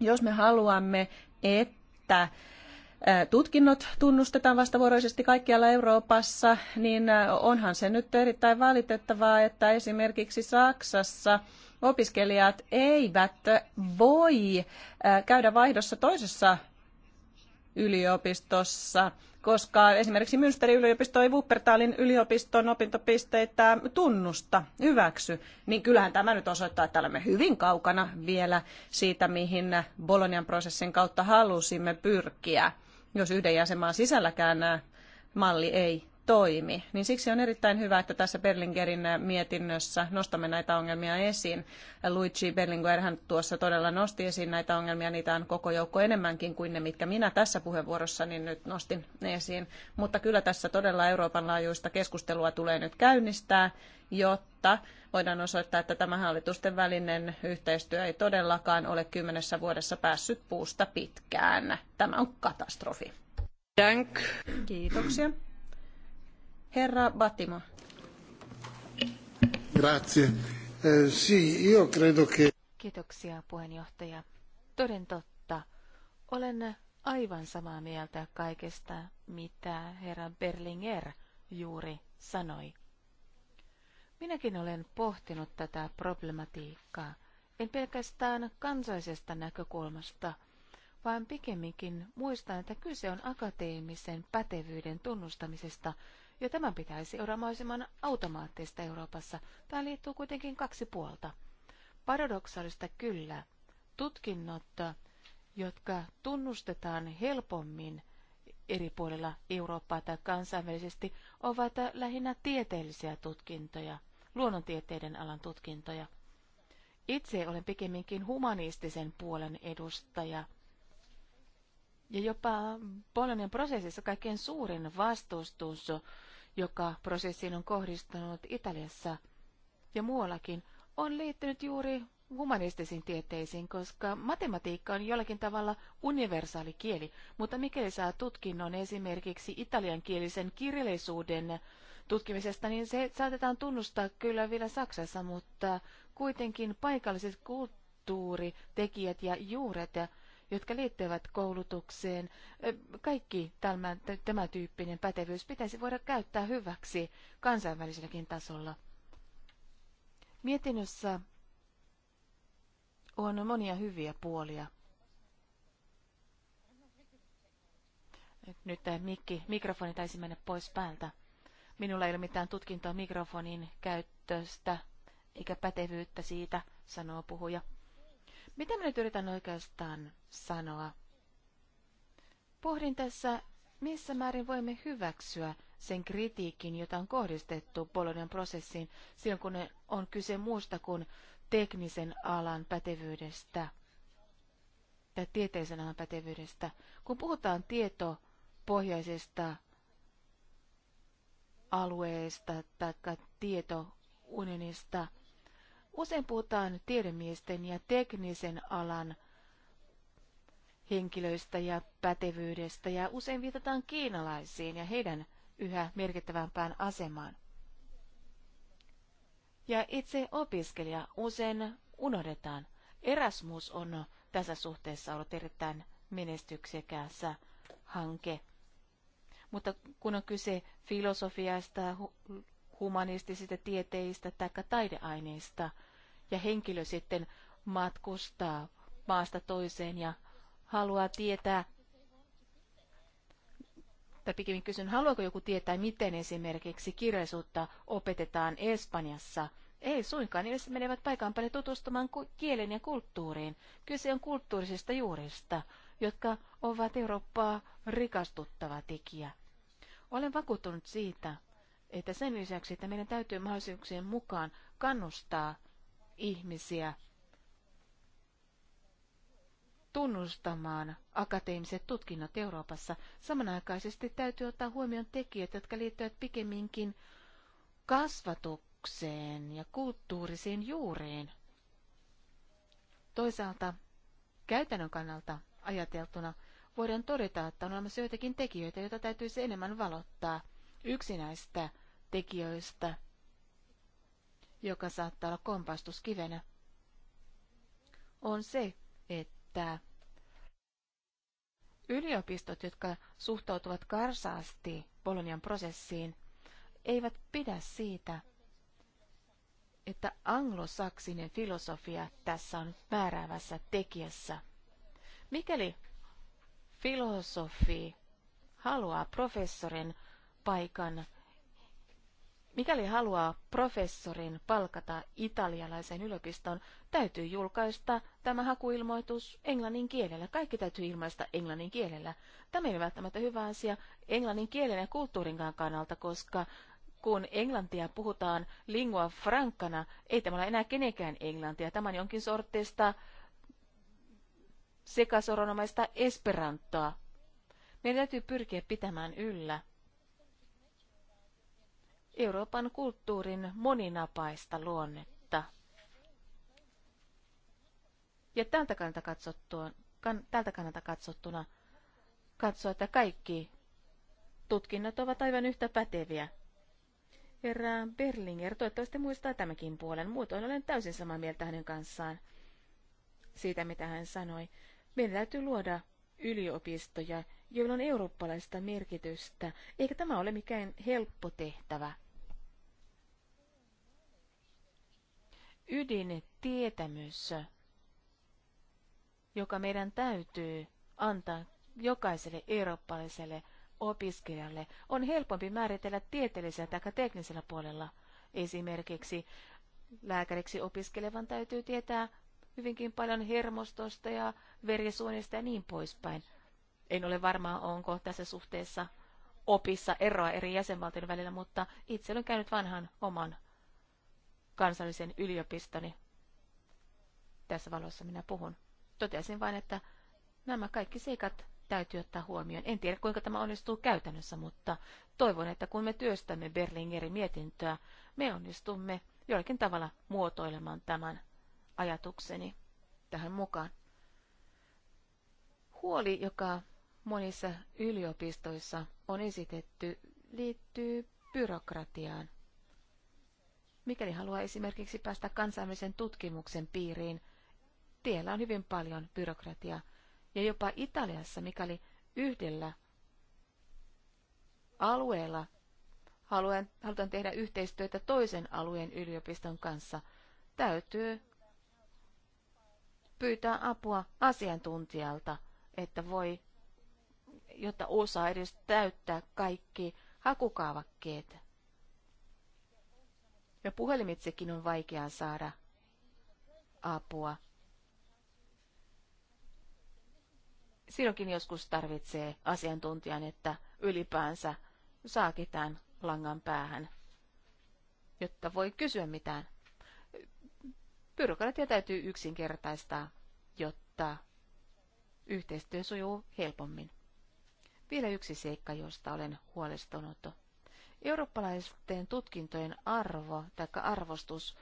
Jos me haluamme, että että tutkinnot tunnustetaan vastavuoroisesti kaikkialla Euroopassa, niin onhan se nyt erittäin valitettavaa, että esimerkiksi Saksassa opiskelijat eivät voi käydä vaihdossa toisessa yliopistossa koska esimerkiksi Münsterin yliopisto ei Wuppertalin yliopiston opintopisteitä tunnusta, hyväksy, niin kyllähän tämä nyt osoittaa, että olemme hyvin kaukana vielä siitä, mihin Bolonian prosessin kautta halusimme pyrkiä, jos yhden jäsenmaan sisälläkään malli ei toimi. Niin siksi on erittäin hyvä, että tässä Berlingerin mietinnössä nostamme näitä ongelmia esiin. Luigi Berlinguer hän tuossa todella nosti esiin näitä ongelmia. Niitä on koko joukko enemmänkin kuin ne, mitkä minä tässä niin nyt nostin esiin. Mutta kyllä tässä todella Euroopan laajuista keskustelua tulee nyt käynnistää, jotta voidaan osoittaa, että tämä hallitusten välinen yhteistyö ei todellakaan ole kymmenessä vuodessa päässyt puusta pitkään. Tämä on katastrofi. Dank. Kiitoksia. Herra Batimo. Grazie. Eh, sì, io credo che... Kiitoksia puheenjohtaja. Toden totta. Olen aivan samaa mieltä kaikesta, mitä herra Berlinger juuri sanoi. Minäkin olen pohtinut tätä problematiikkaa, en pelkästään kansallisesta näkökulmasta, vaan pikemminkin muistan, että kyse on akateemisen pätevyyden tunnustamisesta ja tämän pitäisi olla mahdollisimman automaattista Euroopassa. tämä liittyy kuitenkin kaksi puolta. Paradoksaalista kyllä. Tutkinnot, jotka tunnustetaan helpommin eri puolilla Eurooppaa tai kansainvälisesti, ovat lähinnä tieteellisiä tutkintoja, luonnontieteiden alan tutkintoja. Itse olen pikemminkin humanistisen puolen edustaja. Ja jopa Bolonian prosessissa kaikkein suurin vastustus joka prosessiin on kohdistunut Italiassa ja muuallakin, on liittynyt juuri humanistisiin tieteisiin, koska matematiikka on jollakin tavalla universaali kieli, mutta mikäli saa tutkinnon esimerkiksi italiankielisen kirjallisuuden tutkimisesta, niin se saatetaan tunnustaa kyllä vielä Saksassa, mutta kuitenkin paikalliset kulttuuritekijät ja juuret jotka liittyvät koulutukseen. Kaikki tämä, tämä tyyppinen pätevyys pitäisi voida käyttää hyväksi kansainväliselläkin tasolla. Mietinnössä on monia hyviä puolia. Nyt tämä mikki, mikrofoni taisi mennä pois päältä. Minulla ei ole mitään tutkintoa mikrofonin käyttöstä eikä pätevyyttä siitä, sanoo puhuja. Mitä minä nyt yritän oikeastaan sanoa? Pohdin tässä, missä määrin voimme hyväksyä sen kritiikin, jota on kohdistettu Bolonian prosessiin silloin, kun on kyse muusta kuin teknisen alan pätevyydestä tai tieteellisen alan pätevyydestä. Kun puhutaan tietopohjaisesta alueesta tai tietounionista, Usein puhutaan tiedemiesten ja teknisen alan henkilöistä ja pätevyydestä ja usein viitataan kiinalaisiin ja heidän yhä merkittävämpään asemaan. Ja itse opiskelija usein unohdetaan. Erasmus on tässä suhteessa ollut erittäin menestyksekäs hanke. Mutta kun on kyse filosofiasta, humanistisista tieteistä tai taideaineista, ja henkilö sitten matkustaa maasta toiseen ja haluaa tietää, tai pikemmin kysyn, haluaako joku tietää, miten esimerkiksi kirjallisuutta opetetaan Espanjassa? Ei suinkaan, niin ihmiset menevät paikan päälle tutustumaan kielen ja kulttuuriin. Kyse on kulttuurisista juurista, jotka ovat Eurooppaa rikastuttava tekijä. Olen vakuuttunut siitä, että sen lisäksi, että meidän täytyy mahdollisuuksien mukaan kannustaa ihmisiä tunnustamaan akateemiset tutkinnot Euroopassa. Samanaikaisesti täytyy ottaa huomioon tekijät, jotka liittyvät pikemminkin kasvatukseen ja kulttuurisiin juuriin. Toisaalta käytännön kannalta ajateltuna voidaan todeta, että on olemassa joitakin tekijöitä, joita täytyisi enemmän valottaa. Yksi näistä tekijöistä – joka saattaa olla kompastuskivenä, on se, että yliopistot, jotka suhtautuvat karsaasti Bolonian prosessiin, eivät pidä siitä, että anglosaksinen filosofia tässä on määräävässä tekijässä. Mikäli filosofi haluaa professorin paikan Mikäli haluaa professorin palkata italialaisen yliopiston, täytyy julkaista tämä hakuilmoitus englannin kielellä. Kaikki täytyy ilmaista englannin kielellä. Tämä ei ole välttämättä hyvä asia englannin kielen ja kulttuurinkaan kannalta, koska kun englantia puhutaan lingua frankkana, ei tämä ole enää kenenkään englantia. Tämä on jonkin sortista sekasoronomaista esperantoa. Meidän täytyy pyrkiä pitämään yllä Euroopan kulttuurin moninapaista luonnetta. Ja tältä kannalta, katsottua, kan, tältä kannalta katsottuna katsoa, että kaikki tutkinnot ovat aivan yhtä päteviä. Herra Berlinger toivottavasti muistaa tämäkin puolen, muutoin olen täysin samaa mieltä hänen kanssaan siitä, mitä hän sanoi. Meidän täytyy luoda yliopistoja, joilla on eurooppalaista merkitystä, eikä tämä ole mikään helppo tehtävä. ydintietämys, joka meidän täytyy antaa jokaiselle eurooppalaiselle opiskelijalle, on helpompi määritellä tieteellisellä tai teknisellä puolella. Esimerkiksi lääkäriksi opiskelevan täytyy tietää hyvinkin paljon hermostosta ja verisuonista ja niin poispäin. En ole varma, onko tässä suhteessa opissa eroa eri jäsenvaltioiden välillä, mutta itse olen käynyt vanhan oman kansallisen yliopistoni. Tässä valossa minä puhun. Totesin vain, että nämä kaikki seikat täytyy ottaa huomioon. En tiedä, kuinka tämä onnistuu käytännössä, mutta toivon, että kun me työstämme Berlingerin mietintöä, me onnistumme jollakin tavalla muotoilemaan tämän ajatukseni tähän mukaan. Huoli, joka monissa yliopistoissa on esitetty, liittyy byrokratiaan. Mikäli haluaa esimerkiksi päästä kansainvälisen tutkimuksen piiriin, tiellä on hyvin paljon byrokratiaa. Ja jopa Italiassa, mikäli yhdellä alueella haluan, halutaan tehdä yhteistyötä toisen alueen yliopiston kanssa, täytyy pyytää apua asiantuntijalta, että voi, jotta osaa edes täyttää kaikki hakukaavakkeet ja puhelimitsekin on vaikeaa saada apua. Silloinkin joskus tarvitsee asiantuntijan, että ylipäänsä saakitään langan päähän, jotta voi kysyä mitään. Byrokratia täytyy yksinkertaistaa, jotta yhteistyö sujuu helpommin. Vielä yksi seikka, josta olen huolestunut. Eurooppalaisten tutkintojen arvo tai arvostus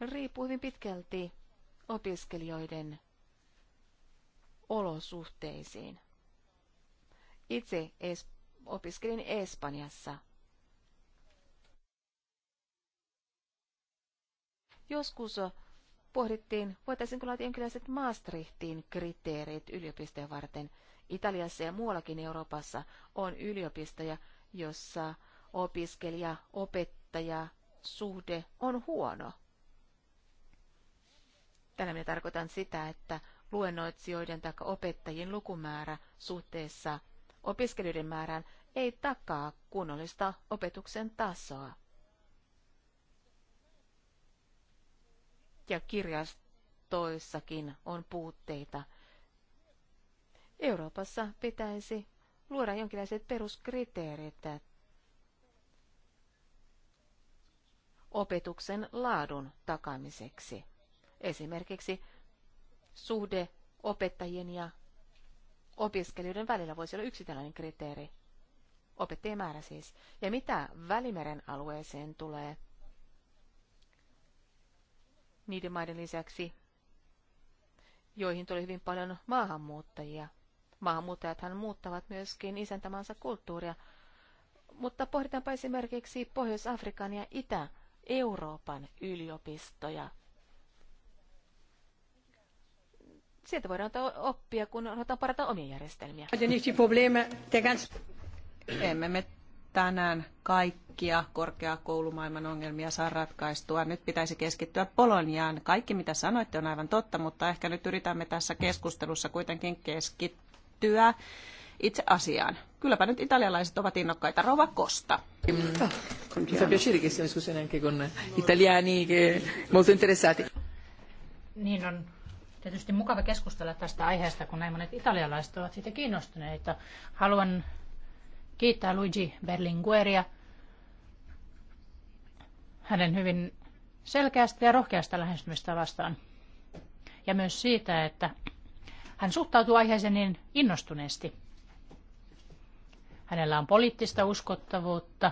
riippuu hyvin pitkälti opiskelijoiden olosuhteisiin. Itse es- opiskelin Espanjassa. Joskus pohdittiin, voitaisiinko laittaa jonkinlaiset Maastrichtin kriteerit yliopistojen varten. Italiassa ja muuallakin Euroopassa on yliopistoja, jossa opiskelija-opettaja suhde on huono. Tällä minä tarkoitan sitä, että luennoitsijoiden tai opettajien lukumäärä suhteessa opiskelijoiden määrään ei takaa kunnollista opetuksen tasoa. Ja kirjastoissakin on puutteita. Euroopassa pitäisi luoda jonkinlaiset peruskriteerit opetuksen laadun takamiseksi. Esimerkiksi suhde opettajien ja opiskelijoiden välillä voisi olla yksi tällainen kriteeri. Opettajien määrä siis. Ja mitä Välimeren alueeseen tulee? Niiden maiden lisäksi, joihin tuli hyvin paljon maahanmuuttajia. Maahanmuuttajathan muuttavat myöskin isäntämaansa kulttuuria. Mutta pohditaanpa esimerkiksi Pohjois-Afrikan ja Itä- Euroopan yliopistoja. Sieltä voidaan oppia, kun halutaan parata omia järjestelmiä. Emme me tänään kaikkia korkeakoulumaailman ongelmia saa ratkaistua. Nyt pitäisi keskittyä Poloniaan. Kaikki mitä sanoitte on aivan totta, mutta ehkä nyt yritämme tässä keskustelussa kuitenkin keskittyä itse asiaan. Kylläpä nyt italialaiset ovat innokkaita. Rova Kosta. Mm. Mi fa piacere che sia una discussione anche con italiani che molto interessati. Niin on tietysti mukava keskustella tästä aiheesta, kun näin monet italialaiset ovat siitä kiinnostuneita. Haluan kiittää Luigi Berlingueria hänen hyvin selkeästä ja rohkeasta lähestymistä vastaan. Ja myös siitä, että hän suhtautuu aiheeseen niin innostuneesti. Hänellä on poliittista uskottavuutta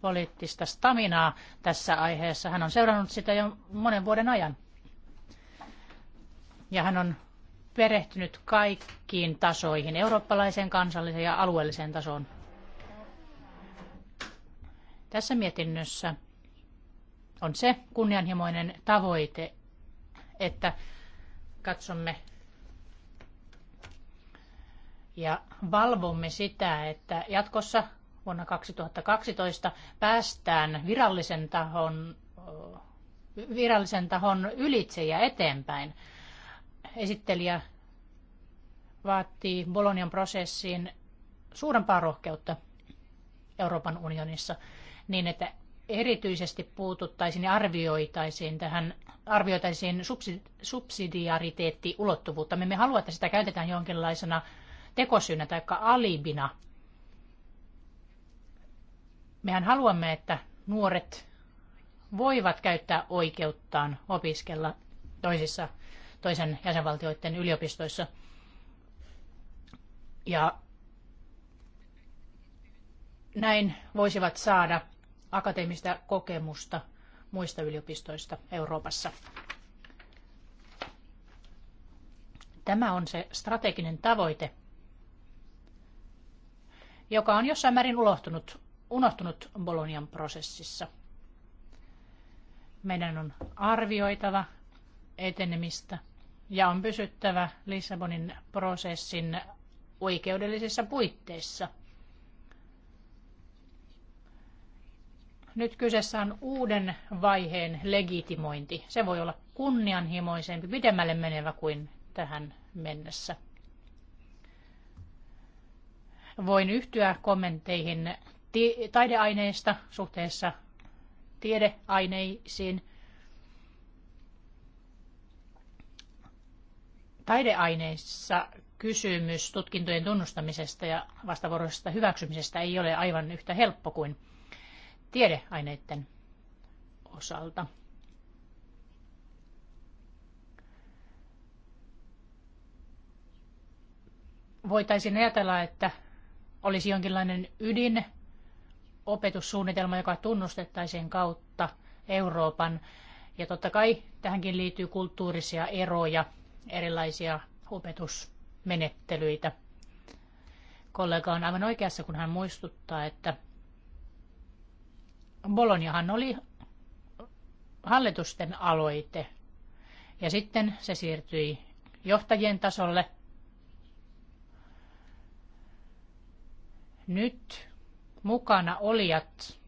poliittista staminaa tässä aiheessa. Hän on seurannut sitä jo monen vuoden ajan. Ja hän on perehtynyt kaikkiin tasoihin, eurooppalaiseen, kansalliseen ja alueelliseen tasoon. Tässä mietinnössä on se kunnianhimoinen tavoite, että katsomme ja valvomme sitä, että jatkossa vuonna 2012 päästään virallisen tahon, virallisen tahon ylitse ja eteenpäin. Esittelijä vaatii Bolonian prosessiin suurempaa rohkeutta Euroopan unionissa niin, että erityisesti puututtaisiin ja arvioitaisiin tähän arvioitaisiin subsidiariteettiulottuvuutta. Me emme halua, että sitä käytetään jonkinlaisena tekosyynä tai alibina Mehän haluamme, että nuoret voivat käyttää oikeuttaan opiskella toisissa, toisen jäsenvaltioiden yliopistoissa. Ja näin voisivat saada akateemista kokemusta muista yliopistoista Euroopassa. Tämä on se strateginen tavoite, joka on jossain määrin ulohtunut unohtunut Bolonian prosessissa. Meidän on arvioitava etenemistä ja on pysyttävä Lissabonin prosessin oikeudellisissa puitteissa. Nyt kyseessä on uuden vaiheen legitimointi. Se voi olla kunnianhimoisempi, pidemmälle menevä kuin tähän mennessä. Voin yhtyä kommentteihin taideaineista suhteessa tiedeaineisiin. Taideaineissa kysymys tutkintojen tunnustamisesta ja vastavuoroisesta hyväksymisestä ei ole aivan yhtä helppo kuin tiedeaineiden osalta. Voitaisiin ajatella, että olisi jonkinlainen ydin opetussuunnitelma, joka tunnustettaisiin kautta Euroopan. Ja totta kai tähänkin liittyy kulttuurisia eroja, erilaisia opetusmenettelyitä. Kollega on aivan oikeassa, kun hän muistuttaa, että Boloniahan oli hallitusten aloite. Ja sitten se siirtyi johtajien tasolle. Nyt mukana olijat,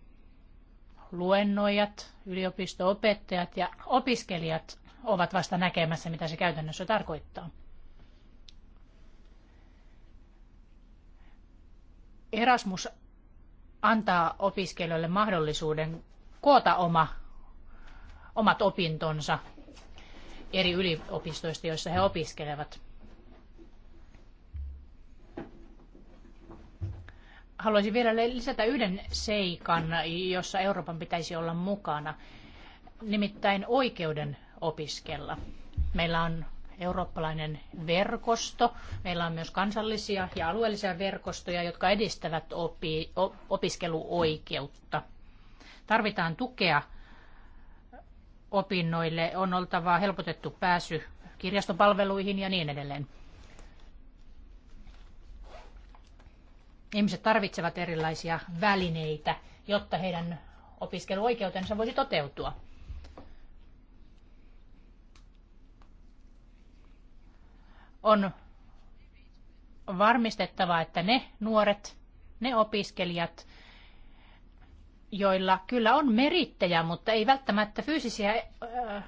luennoijat, yliopistoopettajat ja opiskelijat ovat vasta näkemässä, mitä se käytännössä tarkoittaa. Erasmus antaa opiskelijoille mahdollisuuden koota oma, omat opintonsa eri yliopistoista, joissa he opiskelevat. haluaisin vielä lisätä yhden seikan, jossa Euroopan pitäisi olla mukana, nimittäin oikeuden opiskella. Meillä on eurooppalainen verkosto. Meillä on myös kansallisia ja alueellisia verkostoja, jotka edistävät opi, opiskeluoikeutta. Tarvitaan tukea opinnoille, on oltava helpotettu pääsy kirjastopalveluihin ja niin edelleen. Ihmiset tarvitsevat erilaisia välineitä, jotta heidän opiskeluoikeutensa voisi toteutua. On varmistettava, että ne nuoret, ne opiskelijat, joilla kyllä on merittejä, mutta ei välttämättä fyysisiä äh,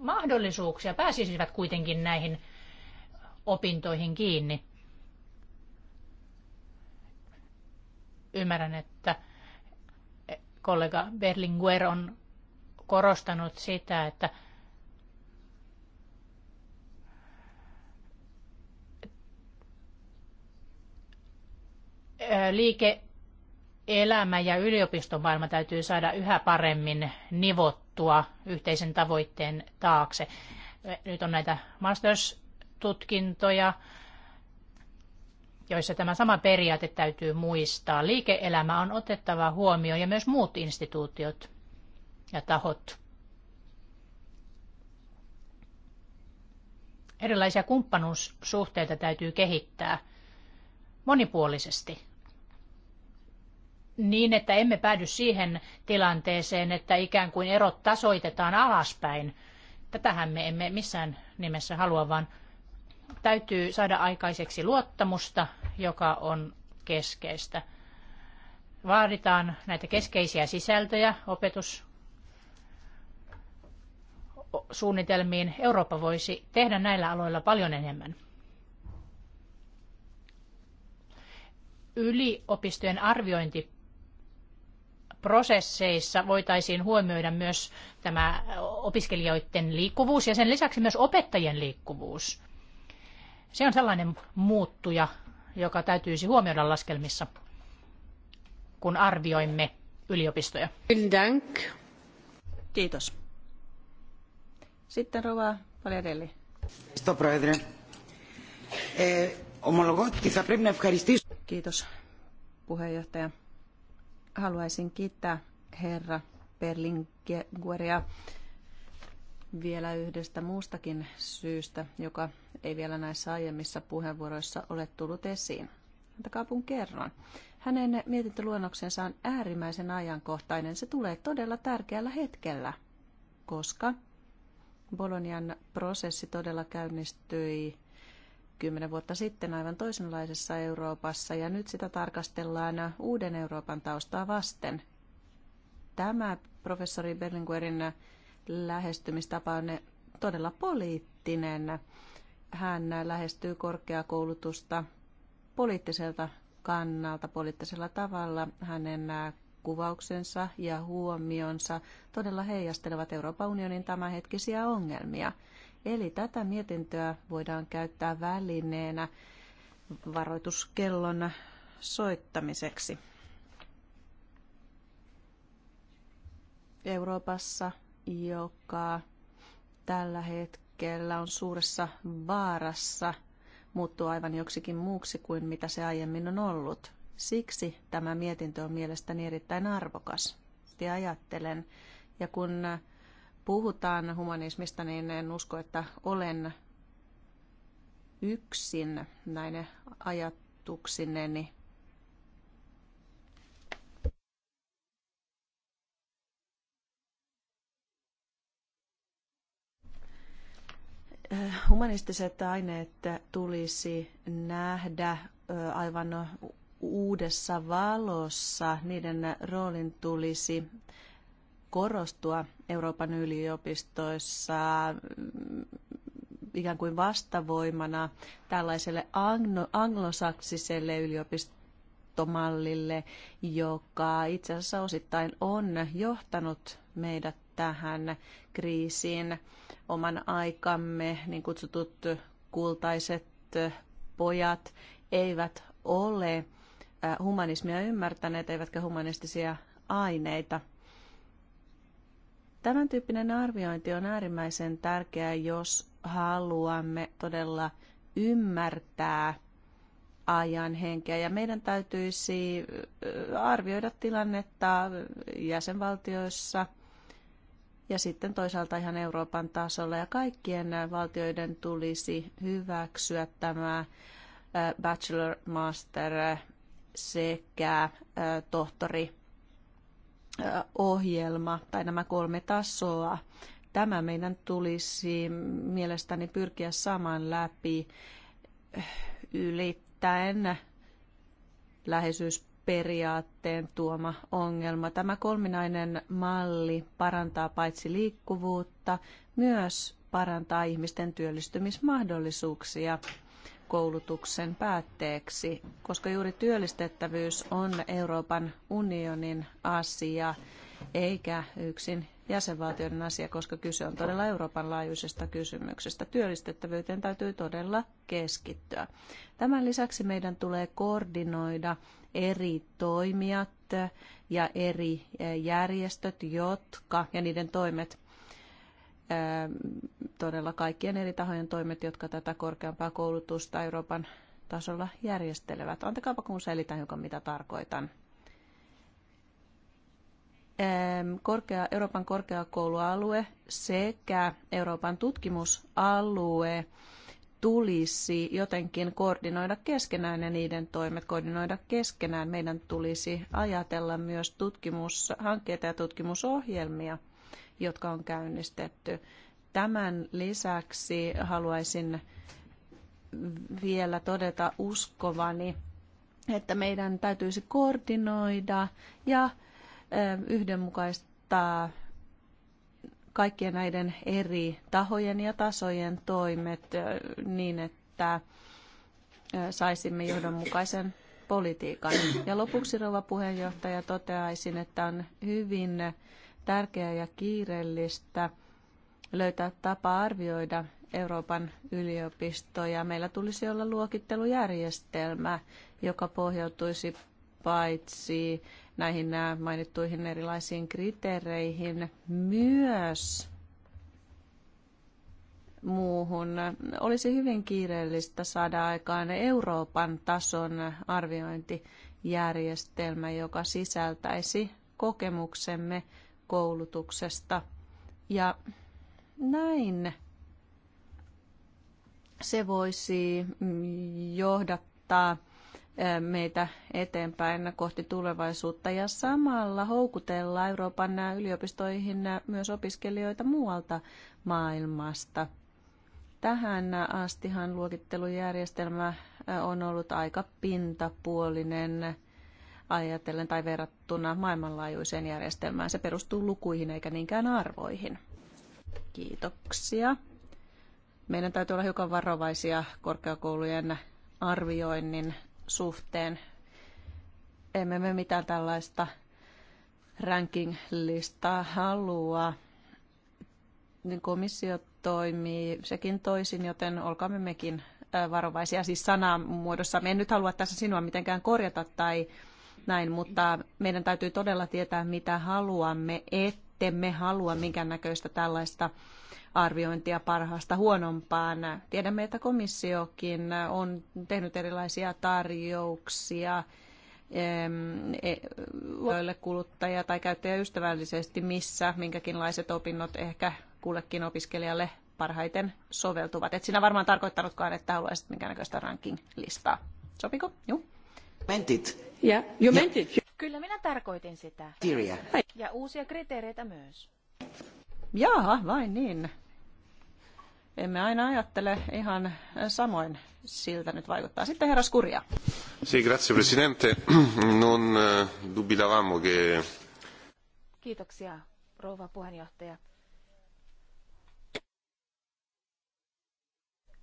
mahdollisuuksia, pääsisivät kuitenkin näihin opintoihin kiinni. Ymmärrän, että kollega Berlinguer on korostanut sitä, että liike-elämä ja yliopistomaailma täytyy saada yhä paremmin nivottua yhteisen tavoitteen taakse. Nyt on näitä masters-tutkintoja, joissa tämä sama periaate täytyy muistaa. Liike-elämä on otettava huomioon ja myös muut instituutiot ja tahot. Erilaisia kumppanuussuhteita täytyy kehittää monipuolisesti niin, että emme päädy siihen tilanteeseen, että ikään kuin erot tasoitetaan alaspäin. Tätähän me emme missään nimessä halua, vaan Täytyy saada aikaiseksi luottamusta, joka on keskeistä. Vaaditaan näitä keskeisiä sisältöjä opetus suunnitelmiin. Eurooppa voisi tehdä näillä aloilla paljon enemmän. Yliopistojen arviointi prosesseissa voitaisiin huomioida myös tämä opiskelijoiden liikkuvuus ja sen lisäksi myös opettajien liikkuvuus. Se on sellainen muuttuja, joka täytyisi huomioida laskelmissa, kun arvioimme yliopistoja. Dank. Kiitos. Sitten Rova Paljadelli. Kiitos puheenjohtaja. Haluaisin kiittää herra Berlingueria vielä yhdestä muustakin syystä, joka ei vielä näissä aiemmissa puheenvuoroissa ole tullut esiin. Antakaapun kerran. Hänen mietintöluonnoksensa on äärimmäisen ajankohtainen. Se tulee todella tärkeällä hetkellä, koska Bolonian prosessi todella käynnistyi kymmenen vuotta sitten aivan toisenlaisessa Euroopassa ja nyt sitä tarkastellaan uuden Euroopan taustaa vasten. Tämä professori Berlinguerin lähestymistapa on todella poliittinen. Hän lähestyy korkeakoulutusta poliittiselta kannalta, poliittisella tavalla. Hänen kuvauksensa ja huomionsa todella heijastelevat Euroopan unionin tämänhetkisiä ongelmia. Eli tätä mietintöä voidaan käyttää välineenä varoituskellon soittamiseksi. Euroopassa joka tällä hetkellä on suuressa vaarassa muuttua aivan joksikin muuksi kuin mitä se aiemmin on ollut. Siksi tämä mietintö on mielestäni erittäin arvokas. Sitä ajattelen. Ja kun puhutaan humanismista, niin en usko, että olen yksin näine ajatuksineni. Äh, humanistiset aineet tulisi nähdä äh, aivan uudessa valossa. Niiden roolin tulisi korostua Euroopan yliopistoissa mm, ikään kuin vastavoimana tällaiselle anglo- anglosaksiselle yliopistomallille, joka itse asiassa osittain on johtanut meidät tähän kriisiin. Oman aikamme niin kutsutut kultaiset pojat eivät ole humanismia ymmärtäneet, eivätkä humanistisia aineita. Tämän tyyppinen arviointi on äärimmäisen tärkeää, jos haluamme todella ymmärtää ajan henkeä. Ja meidän täytyisi arvioida tilannetta jäsenvaltioissa ja sitten toisaalta ihan Euroopan tasolla. Ja kaikkien valtioiden tulisi hyväksyä tämä bachelor, master sekä tohtori ohjelma tai nämä kolme tasoa. Tämä meidän tulisi mielestäni pyrkiä saman läpi ylittäen läheisyys periaatteen tuoma ongelma. Tämä kolminainen malli parantaa paitsi liikkuvuutta, myös parantaa ihmisten työllistymismahdollisuuksia koulutuksen päätteeksi, koska juuri työllistettävyys on Euroopan unionin asia, eikä yksin jäsenvaltioiden asia, koska kyse on todella Euroopan laajuisesta kysymyksestä. Työllistettävyyteen täytyy todella keskittyä. Tämän lisäksi meidän tulee koordinoida eri toimijat ja eri eh, järjestöt, jotka ja niiden toimet eh, todella kaikkien eri tahojen toimet, jotka tätä korkeampaa koulutusta Euroopan tasolla järjestelevät. Antakaapa kun selitän hiukan, mitä tarkoitan korkea, Euroopan korkeakoulualue sekä Euroopan tutkimusalue tulisi jotenkin koordinoida keskenään ja niiden toimet koordinoida keskenään. Meidän tulisi ajatella myös tutkimushankkeita ja tutkimusohjelmia, jotka on käynnistetty. Tämän lisäksi haluaisin vielä todeta uskovani, että meidän täytyisi koordinoida ja yhdenmukaistaa kaikkien näiden eri tahojen ja tasojen toimet niin, että saisimme johdonmukaisen politiikan. Ja lopuksi, rouva puheenjohtaja, toteaisin, että on hyvin tärkeää ja kiireellistä löytää tapa arvioida Euroopan yliopistoja. Meillä tulisi olla luokittelujärjestelmä, joka pohjautuisi paitsi näihin äh, mainittuihin erilaisiin kriteereihin myös muuhun. Olisi hyvin kiireellistä saada aikaan Euroopan tason arviointijärjestelmä, joka sisältäisi kokemuksemme koulutuksesta. Ja näin se voisi johdattaa meitä eteenpäin kohti tulevaisuutta ja samalla houkutella Euroopan yliopistoihin myös opiskelijoita muualta maailmasta. Tähän astihan luokittelujärjestelmä on ollut aika pintapuolinen ajatellen tai verrattuna maailmanlaajuiseen järjestelmään. Se perustuu lukuihin eikä niinkään arvoihin. Kiitoksia. Meidän täytyy olla hiukan varovaisia korkeakoulujen arvioinnin suhteen. Emme me mitään tällaista ranking-listaa halua. Niin komissio toimii sekin toisin, joten olkaamme mekin varovaisia. Siis sanan muodossa. Me en nyt halua tässä sinua mitenkään korjata tai näin, mutta meidän täytyy todella tietää, mitä haluamme, ettemme halua minkäännäköistä tällaista arviointia parhaasta huonompaan. Tiedämme, että komissiokin on tehnyt erilaisia tarjouksia joille e, kuluttaja- tai käyttäjäystävällisesti, missä minkäkinlaiset opinnot ehkä kullekin opiskelijalle parhaiten soveltuvat. Et sinä varmaan tarkoittanutkaan, että haluaisit minkäännäköistä ranking-listaa. Sopiko? Juu. Meant it. Yeah, you meant it. Kyllä minä tarkoitin sitä. Ja uusia kriteereitä myös. Jaa, vain niin emme aina ajattele ihan samoin siltä nyt vaikuttaa. Sitten herra Skuria. Sì, grazie presidente. Non eh, dubitavamo che... Kiitoksia, rouva puheenjohtaja.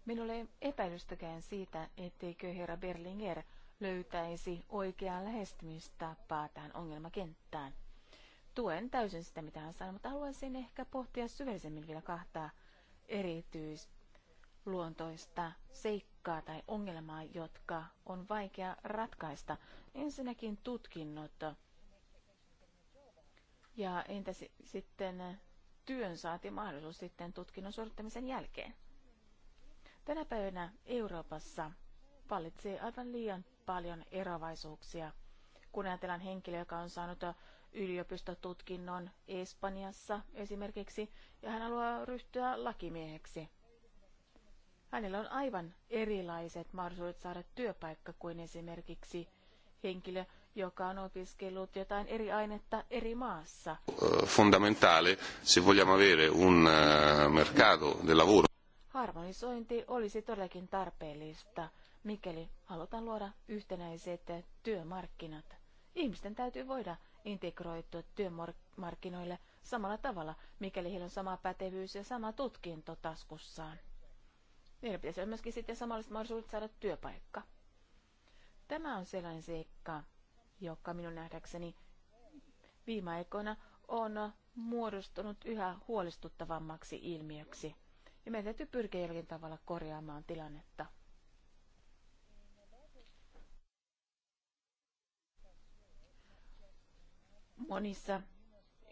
Minulle epäilystäkään siitä, etteikö herra Berlinger löytäisi oikeaa lähestymistapaa tähän ongelmakenttään. Tuen täysin sitä, mitä hän sanoi, mutta haluaisin ehkä pohtia syvällisemmin vielä kahtaa erityisluontoista seikkaa tai ongelmaa, jotka on vaikea ratkaista. Ensinnäkin tutkinnot ja entä sitten työn mahdollisuus sitten tutkinnon suorittamisen jälkeen. Tänä päivänä Euroopassa vallitsee aivan liian paljon eroavaisuuksia. Kun ajatellaan henkilö, joka on saanut yliopistotutkinnon Espanjassa esimerkiksi, ja hän haluaa ryhtyä lakimieheksi. Hänellä on aivan erilaiset mahdollisuudet saada työpaikka kuin esimerkiksi henkilö, joka on opiskellut jotain eri ainetta eri maassa. Fundamentale, se vogliamo avere un eh, mercato del lavoro. Harmonisointi olisi todellakin tarpeellista, mikäli halutaan luoda yhtenäiset työmarkkinat. Ihmisten täytyy voida integroitua työmarkkinoille samalla tavalla, mikäli heillä on sama pätevyys ja sama tutkinto taskussaan. Niillä pitäisi olla myöskin sitten samalliset mahdollisuudet saada työpaikka. Tämä on sellainen seikka, joka minun nähdäkseni viime aikoina on muodostunut yhä huolestuttavammaksi ilmiöksi. Ja meidän täytyy pyrkiä jollakin tavalla korjaamaan tilannetta. monissa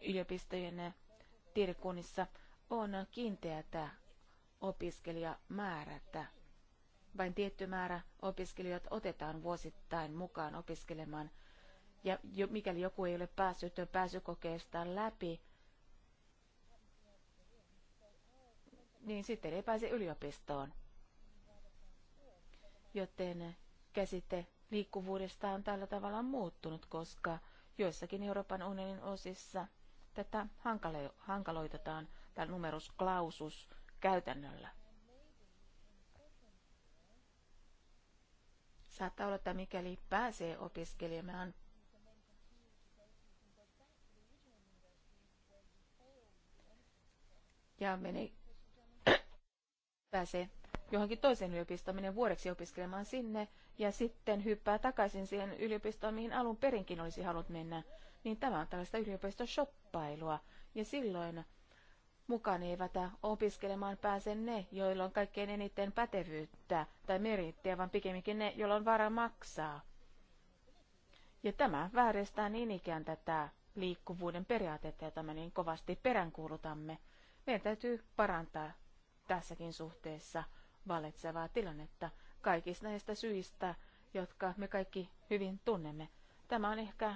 yliopistojen eh, tiedekunnissa on kiinteät eh, opiskelijamäärät. Vain tietty määrä opiskelijoita otetaan vuosittain mukaan opiskelemaan, ja jo, mikäli joku ei ole päässyt pääsykokeesta läpi, niin sitten ei pääse yliopistoon. Joten käsite liikkuvuudesta on tällä tavalla muuttunut, koska – Joissakin Euroopan unionin osissa tätä hankaloitetaan tämä numerusklausus käytännöllä. Saattaa olla, että mikäli pääsee opiskelemaan ja meni pääsee johonkin toiseen yliopistoon, menee vuodeksi opiskelemaan sinne, ja sitten hyppää takaisin siihen yliopistoon, mihin alun perinkin olisi halunnut mennä, niin tämä on tällaista yliopistoshoppailua. Ja silloin mukaan eivät opiskelemaan pääse ne, joilla on kaikkein eniten pätevyyttä tai merittiä, vaan pikemminkin ne, joilla on vara maksaa. Ja tämä vääristää niin ikään tätä liikkuvuuden periaatetta, jota me niin kovasti peräänkuulutamme. Meidän täytyy parantaa tässäkin suhteessa vallitsevaa tilannetta kaikista näistä syistä, jotka me kaikki hyvin tunnemme. Tämä on ehkä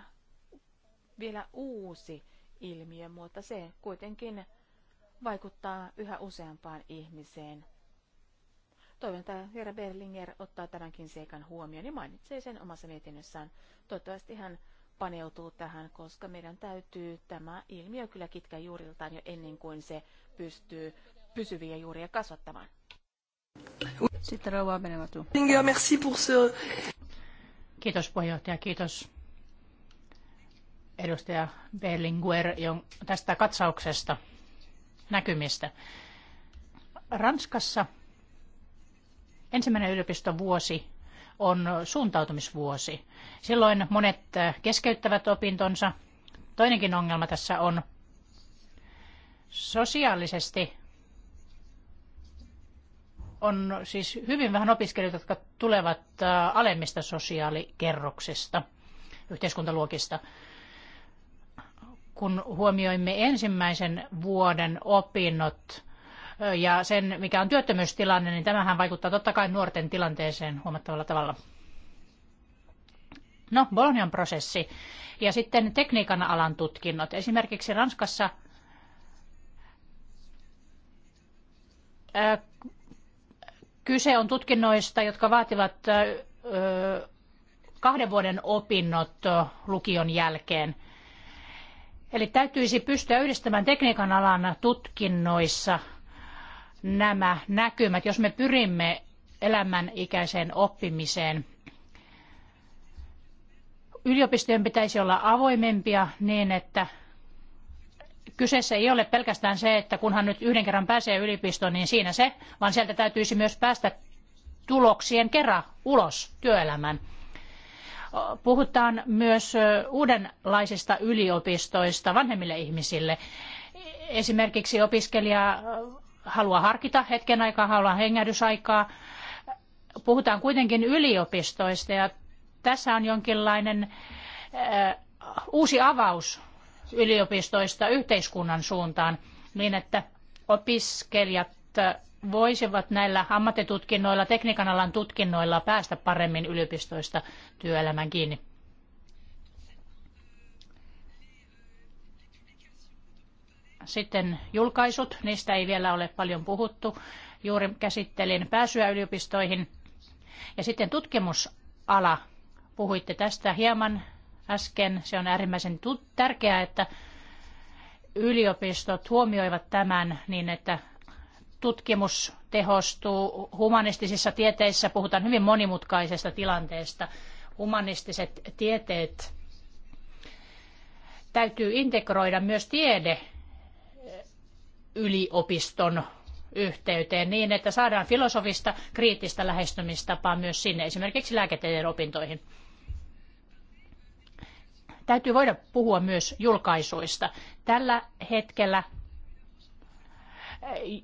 vielä uusi ilmiö, mutta se kuitenkin vaikuttaa yhä useampaan ihmiseen. Toivon, että herra Berlinger ottaa tämänkin seikan huomioon ja mainitsee sen omassa mietinnössään. Toivottavasti hän paneutuu tähän, koska meidän täytyy tämä ilmiö kyllä kitkä juuriltaan jo ennen kuin se pystyy pysyviä juuria kasvattamaan. Sitten rouva Benevatu. Merci pour ce... Kiitos puheenjohtaja, kiitos edustaja Berlinguer tästä katsauksesta, näkymistä. Ranskassa ensimmäinen yliopistovuosi on suuntautumisvuosi. Silloin monet keskeyttävät opintonsa. Toinenkin ongelma tässä on sosiaalisesti on siis hyvin vähän opiskelijoita, jotka tulevat alemmista sosiaalikerroksista, yhteiskuntaluokista. Kun huomioimme ensimmäisen vuoden opinnot ja sen, mikä on työttömyystilanne, niin tämähän vaikuttaa totta kai nuorten tilanteeseen huomattavalla tavalla. No, Bolognan prosessi ja sitten tekniikan alan tutkinnot. Esimerkiksi Ranskassa Kyse on tutkinnoista, jotka vaativat kahden vuoden opinnot lukion jälkeen. Eli täytyisi pystyä yhdistämään tekniikan alan tutkinnoissa nämä näkymät, jos me pyrimme elämänikäiseen oppimiseen. Yliopistojen pitäisi olla avoimempia niin, että kyseessä ei ole pelkästään se, että kunhan nyt yhden kerran pääsee yliopistoon, niin siinä se, vaan sieltä täytyisi myös päästä tuloksien kerran ulos työelämään. Puhutaan myös uudenlaisista yliopistoista vanhemmille ihmisille. Esimerkiksi opiskelija haluaa harkita hetken aikaa, haluaa hengähdysaikaa. Puhutaan kuitenkin yliopistoista ja tässä on jonkinlainen uusi avaus yliopistoista yhteiskunnan suuntaan niin, että opiskelijat voisivat näillä ammattitutkinnoilla, tekniikan alan tutkinnoilla päästä paremmin yliopistoista työelämään kiinni? Sitten julkaisut, niistä ei vielä ole paljon puhuttu. Juuri käsittelin pääsyä yliopistoihin. Ja sitten tutkimusala, puhuitte tästä hieman äsken. Se on äärimmäisen tärkeää, että yliopistot huomioivat tämän niin, että tutkimus tehostuu. Humanistisissa tieteissä puhutaan hyvin monimutkaisesta tilanteesta. Humanistiset tieteet täytyy integroida myös tiede yliopiston yhteyteen niin, että saadaan filosofista kriittistä lähestymistapaa myös sinne, esimerkiksi lääketieteen opintoihin. Täytyy voida puhua myös julkaisuista. Tällä hetkellä eh,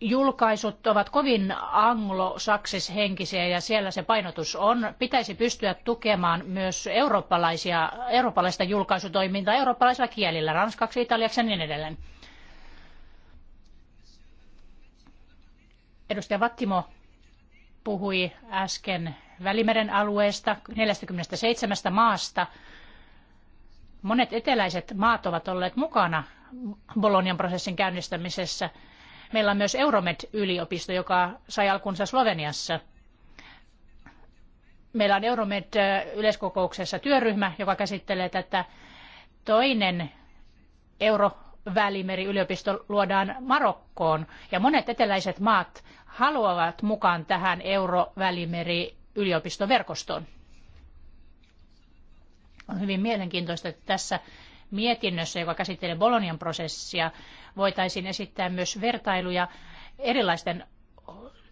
julkaisut ovat kovin anglosaksishenkisiä ja siellä se painotus on. Pitäisi pystyä tukemaan myös eurooppalaisia, eurooppalaista julkaisutoimintaa eurooppalaisilla kielillä, ranskaksi, italiaksi ja niin edelleen. Edustaja Vattimo puhui äsken Välimeren alueesta, 47 maasta. Monet eteläiset maat ovat olleet mukana Bolonian prosessin käynnistämisessä. Meillä on myös Euromed-yliopisto, joka sai alkunsa Sloveniassa. Meillä on Euromed-yleiskokouksessa työryhmä, joka käsittelee tätä. Toinen Eurovälimeri-yliopisto luodaan Marokkoon, ja monet eteläiset maat haluavat mukaan tähän Eurovälimeri-yliopistoverkostoon. On hyvin mielenkiintoista, että tässä mietinnössä, joka käsittelee Bolonian prosessia, voitaisiin esittää myös vertailuja erilaisten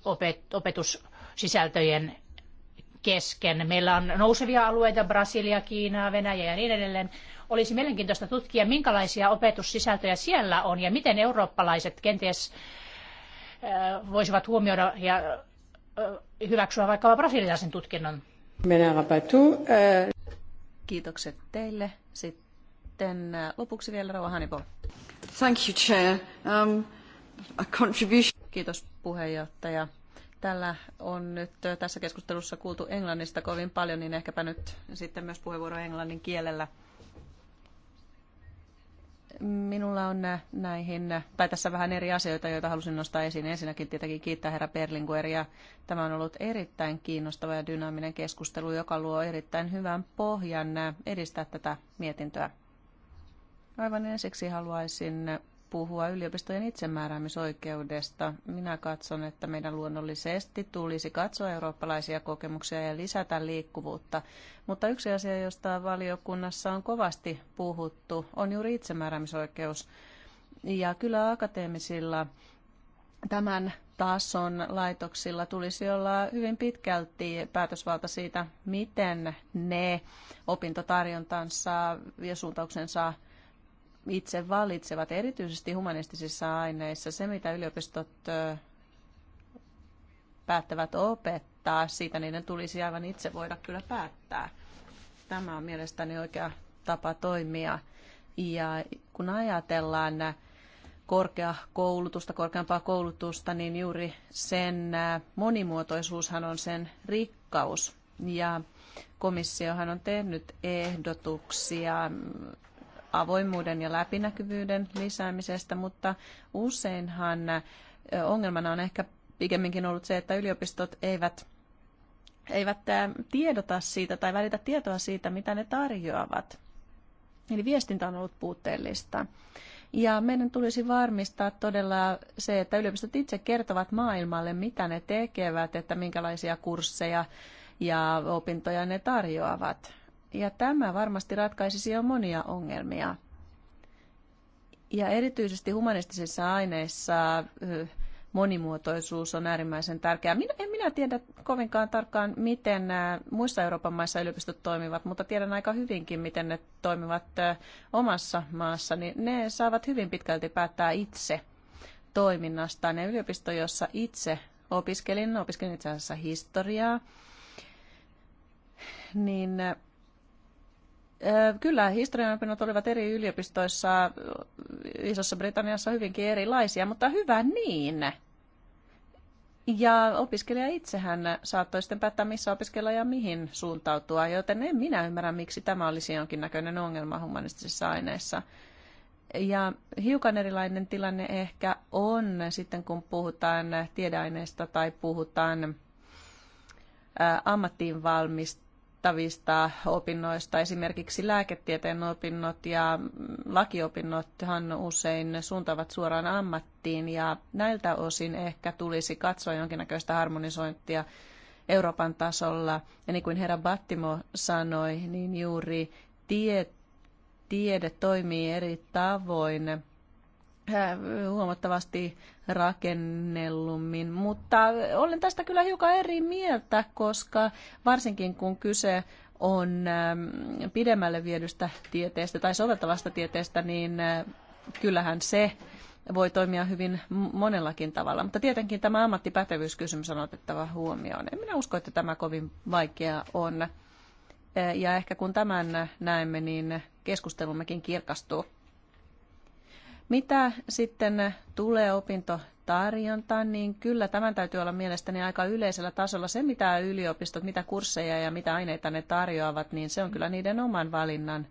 opet- opetussisältöjen kesken. Meillä on nousevia alueita, Brasilia, Kiinaa, Venäjä ja niin edelleen. Olisi mielenkiintoista tutkia, minkälaisia opetussisältöjä siellä on ja miten eurooppalaiset kenties äh, voisivat huomioida ja äh, hyväksyä vaikkapa brasilialaisen tutkinnon. Mennään Kiitokset teille. Sitten äh, lopuksi vielä Rauha Hanipo. Thank you, Chair. Um, a contribution... Kiitos puheenjohtaja. Tällä on nyt äh, tässä keskustelussa kuultu englannista kovin paljon, niin ehkäpä nyt sitten myös puheenvuoro englannin kielellä. Minulla on näihin, tai tässä vähän eri asioita, joita halusin nostaa esiin. Ensinnäkin tietenkin kiittää herra Perlingueria. Tämä on ollut erittäin kiinnostava ja dynaaminen keskustelu, joka luo erittäin hyvän pohjan edistää tätä mietintöä. Aivan ensiksi haluaisin puhua yliopistojen itsemääräämisoikeudesta. Minä katson, että meidän luonnollisesti tulisi katsoa eurooppalaisia kokemuksia ja lisätä liikkuvuutta. Mutta yksi asia, josta valiokunnassa on kovasti puhuttu, on juuri itsemääräämisoikeus. Ja kyllä akateemisilla tämän tason laitoksilla tulisi olla hyvin pitkälti päätösvalta siitä, miten ne opintotarjontansa ja suuntauksensa itse valitsevat, erityisesti humanistisissa aineissa, se mitä yliopistot päättävät opettaa, siitä niiden tulisi aivan itse voida kyllä päättää. Tämä on mielestäni oikea tapa toimia. Ja kun ajatellaan korkeakoulutusta, korkeampaa koulutusta, niin juuri sen monimuotoisuushan on sen rikkaus. Ja komissiohan on tehnyt ehdotuksia avoimuuden ja läpinäkyvyyden lisäämisestä, mutta useinhan ongelmana on ehkä pikemminkin ollut se, että yliopistot eivät eivät tiedota siitä tai välitä tietoa siitä, mitä ne tarjoavat. Eli viestintä on ollut puutteellista. Ja meidän tulisi varmistaa todella se, että yliopistot itse kertovat maailmalle, mitä ne tekevät, että minkälaisia kursseja ja opintoja ne tarjoavat. Ja tämä varmasti ratkaisisi jo monia ongelmia. Ja erityisesti humanistisissa aineissa monimuotoisuus on äärimmäisen tärkeää. Minä, en minä tiedä kovinkaan tarkkaan, miten muissa Euroopan maissa yliopistot toimivat, mutta tiedän aika hyvinkin, miten ne toimivat omassa maassa. Niin ne saavat hyvin pitkälti päättää itse toiminnastaan. Ne yliopisto, jossa itse opiskelin, opiskelin itse asiassa historiaa, niin Kyllä, opinnot olivat eri yliopistoissa Isossa Britanniassa hyvinkin erilaisia, mutta hyvä niin. Ja opiskelija itsehän saattoi sitten päättää, missä opiskella ja mihin suuntautua, joten en minä ymmärrä, miksi tämä olisi jonkinnäköinen ongelma humanistisissa aineissa. Ja hiukan erilainen tilanne ehkä on sitten, kun puhutaan tiedeaineista tai puhutaan ammattiin valmista mittavista opinnoista, esimerkiksi lääketieteen opinnot ja lakiopinnothan usein suuntaavat suoraan ammattiin ja näiltä osin ehkä tulisi katsoa jonkinnäköistä harmonisointia Euroopan tasolla. Ja niin kuin herra Battimo sanoi, niin juuri tie, tiede toimii eri tavoin huomattavasti rakennellummin, mutta olen tästä kyllä hiukan eri mieltä, koska varsinkin kun kyse on pidemmälle viedystä tieteestä tai soveltavasta tieteestä, niin kyllähän se voi toimia hyvin monellakin tavalla. Mutta tietenkin tämä ammattipätevyyskysymys on otettava huomioon. En minä usko, että tämä kovin vaikea on. Ja ehkä kun tämän näemme, niin keskustelummekin kirkastuu. Mitä sitten tulee opintotarjontaan, niin kyllä tämän täytyy olla mielestäni aika yleisellä tasolla. Se, mitä yliopistot, mitä kursseja ja mitä aineita ne tarjoavat, niin se on kyllä niiden oman valinnan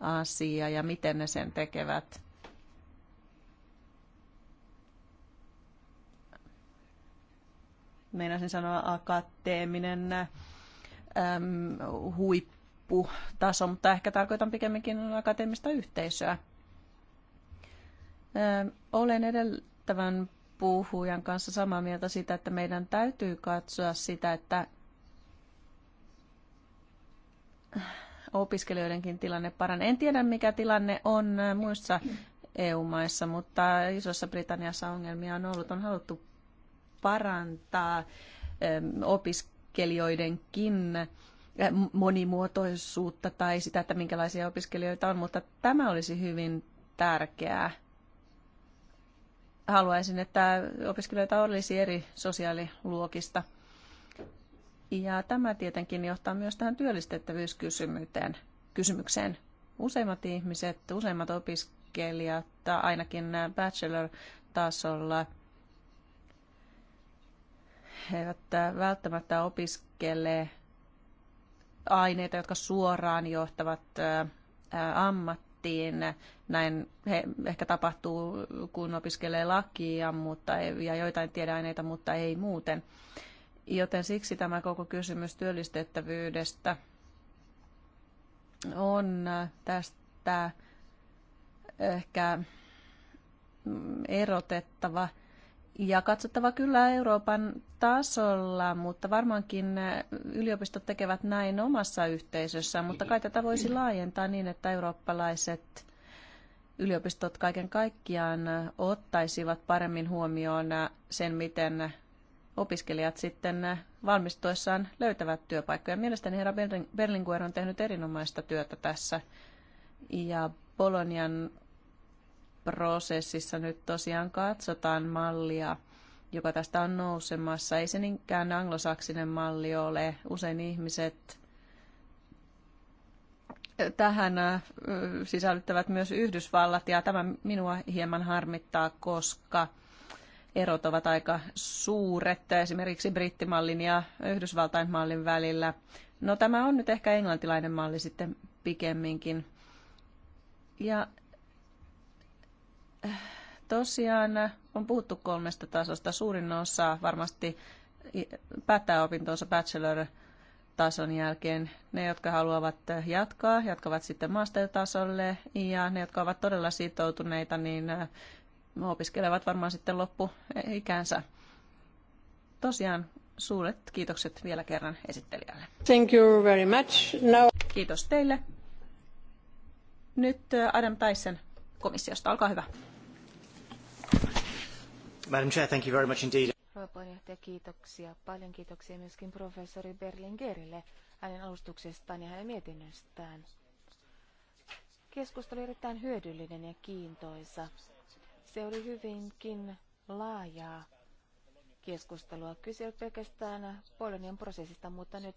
asia ja miten ne sen tekevät. Meinaisin sanoa akateeminen äm, huipputaso, mutta ehkä tarkoitan pikemminkin akateemista yhteisöä. Olen edeltävän puhujan kanssa samaa mieltä siitä, että meidän täytyy katsoa sitä, että opiskelijoidenkin tilanne paranee. En tiedä, mikä tilanne on muissa EU-maissa, mutta Isossa Britanniassa ongelmia on ollut. On haluttu parantaa opiskelijoidenkin monimuotoisuutta tai sitä, että minkälaisia opiskelijoita on, mutta tämä olisi hyvin tärkeää haluaisin, että opiskelijoita olisi eri sosiaaliluokista. Ja tämä tietenkin johtaa myös tähän työllistettävyyskysymykseen. Useimmat ihmiset, useimmat opiskelijat, ainakin bachelor-tasolla, he eivät välttämättä opiskele aineita, jotka suoraan johtavat ammattiin kotiin. Näin he, ehkä tapahtuu, kun opiskelee lakia mutta ei, ja joitain tiedeaineita, mutta ei muuten. Joten siksi tämä koko kysymys työllistettävyydestä on tästä ehkä erotettava – ja katsottava kyllä Euroopan tasolla, mutta varmaankin yliopistot tekevät näin omassa yhteisössään, mutta kai tätä voisi laajentaa niin, että eurooppalaiset yliopistot kaiken kaikkiaan ottaisivat paremmin huomioon sen, miten opiskelijat sitten valmistuessaan löytävät työpaikkoja. Mielestäni herra Berlinguer on tehnyt erinomaista työtä tässä ja Bolonian prosessissa nyt tosiaan katsotaan mallia, joka tästä on nousemassa. Ei se niinkään anglosaksinen malli ole. Usein ihmiset tähän äh, sisällyttävät myös Yhdysvallat ja tämä minua hieman harmittaa, koska erot ovat aika suuret esimerkiksi brittimallin ja Yhdysvaltain mallin välillä. No tämä on nyt ehkä englantilainen malli sitten pikemminkin. Ja Tosiaan on puhuttu kolmesta tasosta. Suurin osa varmasti päättää opintonsa bachelor tason jälkeen. Ne, jotka haluavat jatkaa, jatkavat sitten mastertasolle ja ne, jotka ovat todella sitoutuneita, niin opiskelevat varmaan sitten loppu ikänsä. Tosiaan suuret kiitokset vielä kerran esittelijälle. Thank you very much. Now... Kiitos teille. Nyt Adam Taisen komissiosta, olkaa hyvä. Madam Chair, thank you very much indeed. puheenjohtaja, kiitoksia. Paljon kiitoksia myöskin professori Berlingerille hänen alustuksestaan ja hänen mietinnöstään. Keskustelu oli erittäin hyödyllinen ja kiintoisa. Se oli hyvinkin laajaa keskustelua. Kyse ei pelkästään Polonian prosessista, mutta nyt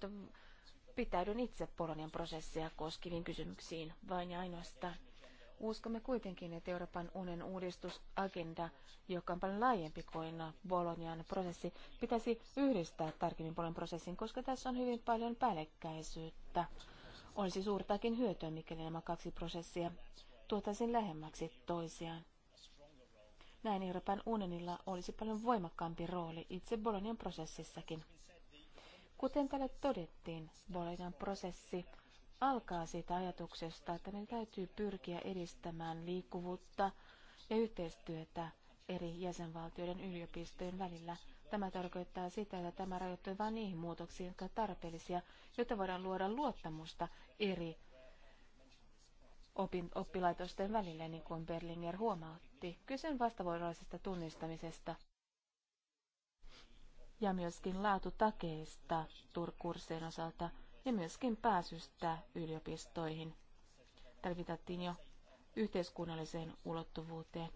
pitäydyn itse Polonian prosessia koskeviin kysymyksiin vain ja ainoastaan. Uskomme kuitenkin, että Euroopan unen uudistusagenda, joka on paljon laajempi kuin Bolonian prosessi, pitäisi yhdistää tarkemmin Bolon prosessin, koska tässä on hyvin paljon päällekkäisyyttä. Olisi suurtakin hyötyä, mikäli nämä kaksi prosessia tuotaisiin lähemmäksi toisiaan. Näin Euroopan unionilla olisi paljon voimakkaampi rooli itse Bolonian prosessissakin. Kuten täällä todettiin, Bolonian prosessi alkaa siitä ajatuksesta, että meidän täytyy pyrkiä edistämään liikkuvuutta ja yhteistyötä eri jäsenvaltioiden yliopistojen välillä. Tämä tarkoittaa sitä, että tämä rajoittuu vain niihin muutoksiin, jotka ovat tarpeellisia, jotta voidaan luoda luottamusta eri opin, oppilaitosten välille, niin kuin Berlinger huomautti. Kyse on vastavuoroisesta tunnistamisesta ja myöskin laatutakeista turkurssien osalta – ja myöskin pääsystä yliopistoihin. Täällä viitattiin jo yhteiskunnalliseen ulottuvuuteen.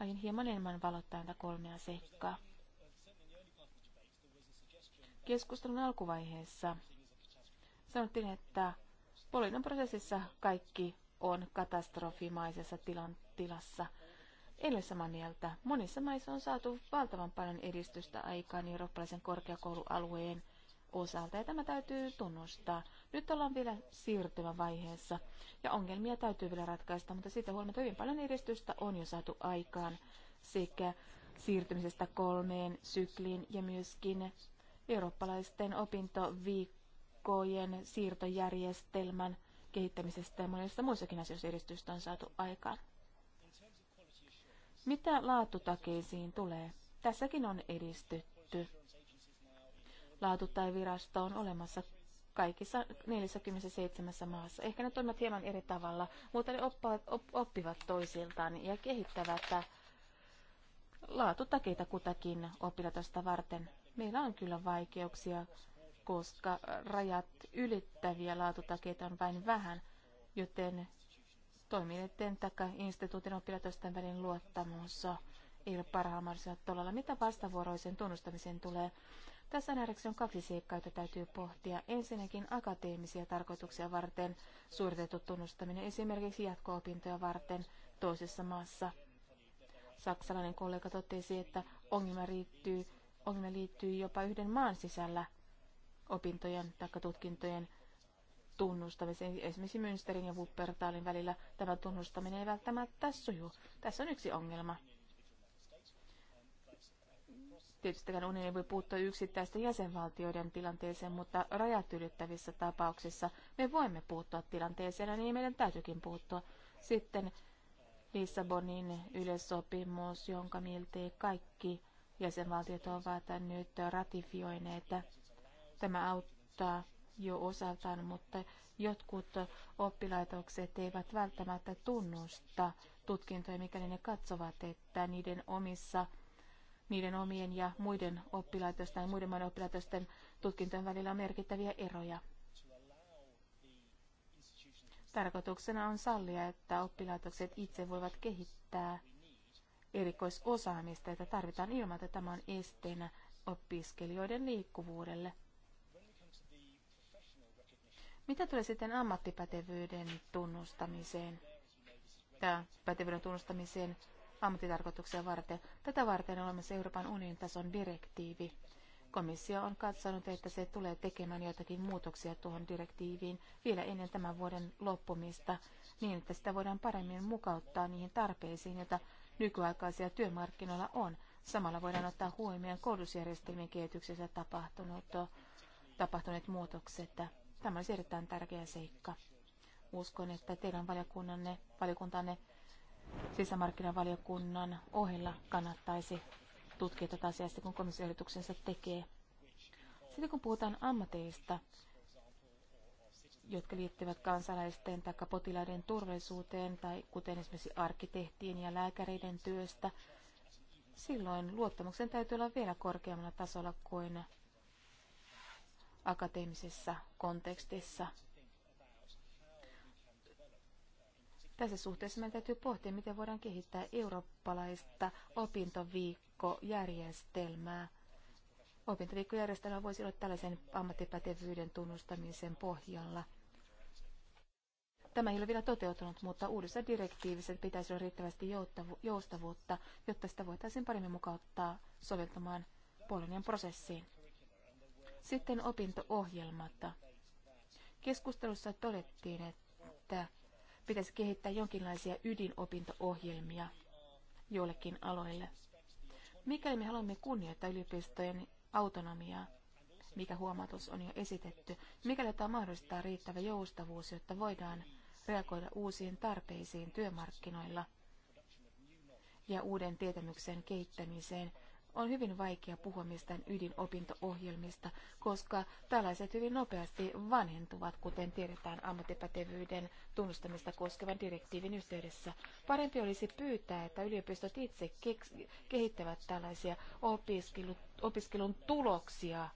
Aion hieman enemmän valottaa näitä kolmea seikkaa. Keskustelun alkuvaiheessa sanottiin, että Polinon prosessissa kaikki on katastrofimaisessa tilan, tilassa. En ole samaa mieltä. Monissa maissa on saatu valtavan paljon edistystä aikaan eurooppalaisen korkeakoulualueen – osalta, ja tämä täytyy tunnustaa. Nyt ollaan vielä siirtymävaiheessa, ja ongelmia täytyy vielä ratkaista, mutta siitä huolimatta hyvin paljon edistystä on jo saatu aikaan sekä siirtymisestä kolmeen sykliin ja myöskin eurooppalaisten opintoviikkojen siirtojärjestelmän kehittämisestä ja monissa muissakin asioissa edistystä on saatu aikaan. Mitä laatutakeisiin tulee? Tässäkin on edistytty laatu tai virasto on olemassa kaikissa 47 maassa. Ehkä ne toimivat hieman eri tavalla, mutta ne oppivat, oppivat toisiltaan ja kehittävät laatutakeita kutakin oppilaitosta varten. Meillä on kyllä vaikeuksia, koska rajat ylittäviä laatutakeita on vain vähän, joten toimijoiden tai instituutin oppilaitosten välin luottamus ei ole parhaalla mahdollisella tolalla. Mitä vastavuoroisen tunnustamisen tulee? Tässä nähdäkseni on kaksi seikkaa, joita täytyy pohtia. Ensinnäkin akateemisia tarkoituksia varten suoritettu tunnustaminen esimerkiksi jatko-opintoja varten toisessa maassa. Saksalainen kollega totesi, että ongelma riittyy, ongelma liittyy jopa yhden maan sisällä opintojen tai tutkintojen tunnustamiseen. Esimerkiksi Münsterin ja Wuppertalin välillä tämä tunnustaminen ei välttämättä suju. Tässä on yksi ongelma. Tietystikään unioni voi puuttua yksittäisten jäsenvaltioiden tilanteeseen, mutta rajat ylittävissä tapauksissa me voimme puuttua tilanteeseen ja niin meidän täytyykin puuttua. Sitten Lissabonin yleissopimus, jonka miltei kaikki jäsenvaltiot ovat nyt ratifioineet. Tämä auttaa jo osaltaan, mutta jotkut oppilaitokset eivät välttämättä tunnusta tutkintoja, mikäli ne katsovat, että niiden omissa niiden omien ja muiden oppilaitosten ja muiden maiden oppilaitosten tutkintojen välillä on merkittäviä eroja. Tarkoituksena on sallia, että oppilaitokset itse voivat kehittää erikoisosaamista, jota tarvitaan ilman, että tämä on esteenä opiskelijoiden liikkuvuudelle. Mitä tulee sitten ammattipätevyyden tunnustamiseen? Tämä pätevyyden tunnustamiseen ammattitarkoituksia varten. Tätä varten on olemassa Euroopan unionin tason direktiivi. Komissio on katsonut, että se tulee tekemään joitakin muutoksia tuohon direktiiviin vielä ennen tämän vuoden loppumista, niin että sitä voidaan paremmin mukauttaa niihin tarpeisiin, joita nykyaikaisia työmarkkinoilla on. Samalla voidaan ottaa huomioon koulutusjärjestelmien kehityksessä tapahtunut, tapahtuneet muutokset. Tämä olisi erittäin tärkeä seikka. Uskon, että teidän valiokuntanne, valiokuntanne sisämarkkinavaliokunnan ohella kannattaisi tutkia tätä asiaa kun komissioehdotuksensa tekee. Sitten kun puhutaan ammateista, jotka liittyvät kansalaisten tai potilaiden turvallisuuteen, tai kuten esimerkiksi arkkitehtien ja lääkäreiden työstä, silloin luottamuksen täytyy olla vielä korkeammalla tasolla kuin akateemisessa kontekstissa Tässä suhteessa meidän täytyy pohtia, miten voidaan kehittää eurooppalaista opintoviikkojärjestelmää. Opintoviikkojärjestelmä voisi olla tällaisen ammattipätevyyden tunnustamisen pohjalla. Tämä ei ole vielä toteutunut, mutta uudessa direktiivissä pitäisi olla riittävästi joustavuutta, jotta sitä voitaisiin paremmin mukauttaa soveltamaan Polonian prosessiin. Sitten opinto-ohjelmat. Keskustelussa todettiin, että pitäisi kehittää jonkinlaisia ydinopinto-ohjelmia joillekin aloille. Mikäli me haluamme kunnioittaa yliopistojen autonomiaa, mikä huomatus on jo esitetty, mikäli tämä mahdollistaa riittävä joustavuus, jotta voidaan reagoida uusiin tarpeisiin työmarkkinoilla ja uuden tietämyksen kehittämiseen, on hyvin vaikea puhua mistään ydinopinto-ohjelmista, koska tällaiset hyvin nopeasti vanhentuvat, kuten tiedetään ammattipätevyyden tunnustamista koskevan direktiivin yhteydessä. Parempi olisi pyytää, että yliopistot itse kehittävät tällaisia opiskelun tuloksia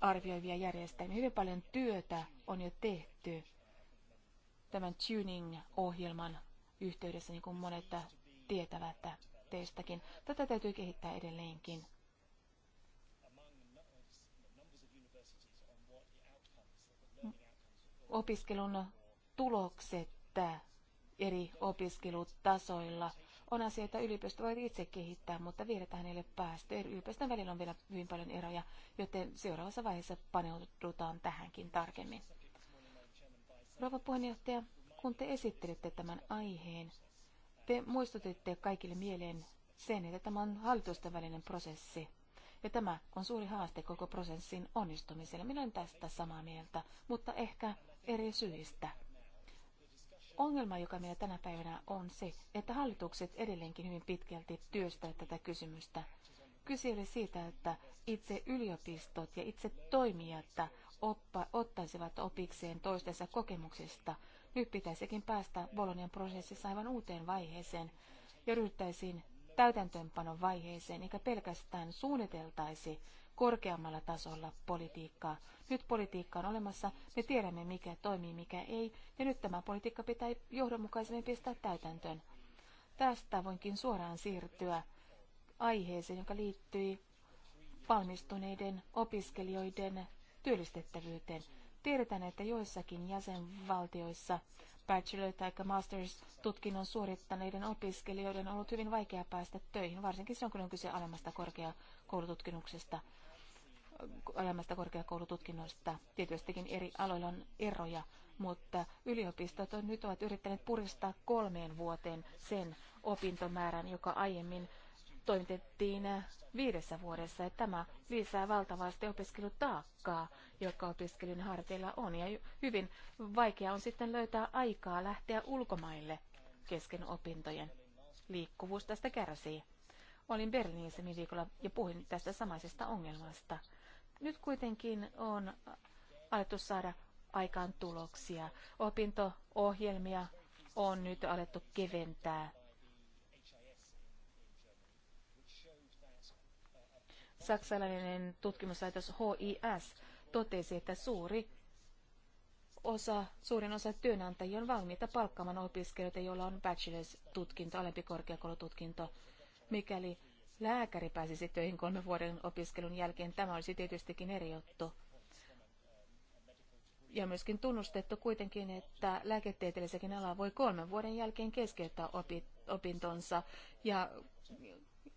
arvioivia järjestelmiä. Hyvin paljon työtä on jo tehty tämän tuning-ohjelman yhteydessä, niin kuin monet tietävät tuotteistakin. Tätä täytyy kehittää edelleenkin. Opiskelun tulokset eri opiskelutasoilla on asia, että yliopisto voi itse kehittää, mutta vielä tähän ei ole päästy. Yliopiston välillä on vielä hyvin paljon eroja, joten seuraavassa vaiheessa paneudutaan tähänkin tarkemmin. Rouva puheenjohtaja, kun te esittelitte tämän aiheen, te muistutitte kaikille mieleen sen, että tämä on hallitusten välinen prosessi. Ja tämä on suuri haaste koko prosessin onnistumiselle. Minä olen tästä samaa mieltä, mutta ehkä eri syistä. Ongelma, joka meillä tänä päivänä on se, että hallitukset edelleenkin hyvin pitkälti työstävät tätä kysymystä. Kyse oli siitä, että itse yliopistot ja itse toimijat oppa, ottaisivat opikseen toistensa kokemuksista – nyt pitäisikin päästä Bolonian prosessissa aivan uuteen vaiheeseen ja ryhtäisiin täytäntöönpanon vaiheeseen, eikä pelkästään suunniteltaisi korkeammalla tasolla politiikkaa. Nyt politiikka on olemassa, me tiedämme mikä toimii, mikä ei, ja nyt tämä politiikka pitää johdonmukaisemmin pistää täytäntöön. Tästä voinkin suoraan siirtyä aiheeseen, joka liittyy valmistuneiden opiskelijoiden työllistettävyyteen. Tiedetään, että joissakin jäsenvaltioissa bachelor- tai masters-tutkinnon suorittaneiden opiskelijoiden on ollut hyvin vaikea päästä töihin, varsinkin silloin, kun on kyse alemmasta korkeakoulututkinnuksesta, alemmasta korkeakoulututkinnosta. Tietystikin eri aloilla on eroja, mutta yliopistot on, nyt ovat yrittäneet puristaa kolmeen vuoteen sen opintomäärän, joka aiemmin toimitettiin eh, viidessä vuodessa. Ja tämä lisää valtavasti opiskelutaakkaa, joka opiskelun harteilla on. Ja hyvin vaikea on sitten löytää aikaa lähteä ulkomaille kesken opintojen. Liikkuvuus tästä kärsii. Olin Berliinissä viikolla ja puhuin tästä samaisesta ongelmasta. Nyt kuitenkin on alettu saada aikaan tuloksia. Opinto-ohjelmia on nyt alettu keventää Saksalainen tutkimuslaitos HIS totesi, että suuri osa, suurin osa työnantajia on valmiita palkkaamaan opiskelijoita, joilla on bachelor's-tutkinto, alempi korkeakoulututkinto. Mikäli lääkäri pääsisi töihin kolmen vuoden opiskelun jälkeen, tämä olisi tietystikin eri juttu. Ja myöskin tunnustettu kuitenkin, että lääketieteellisekin ala voi kolmen vuoden jälkeen keskeyttää opi, opintonsa ja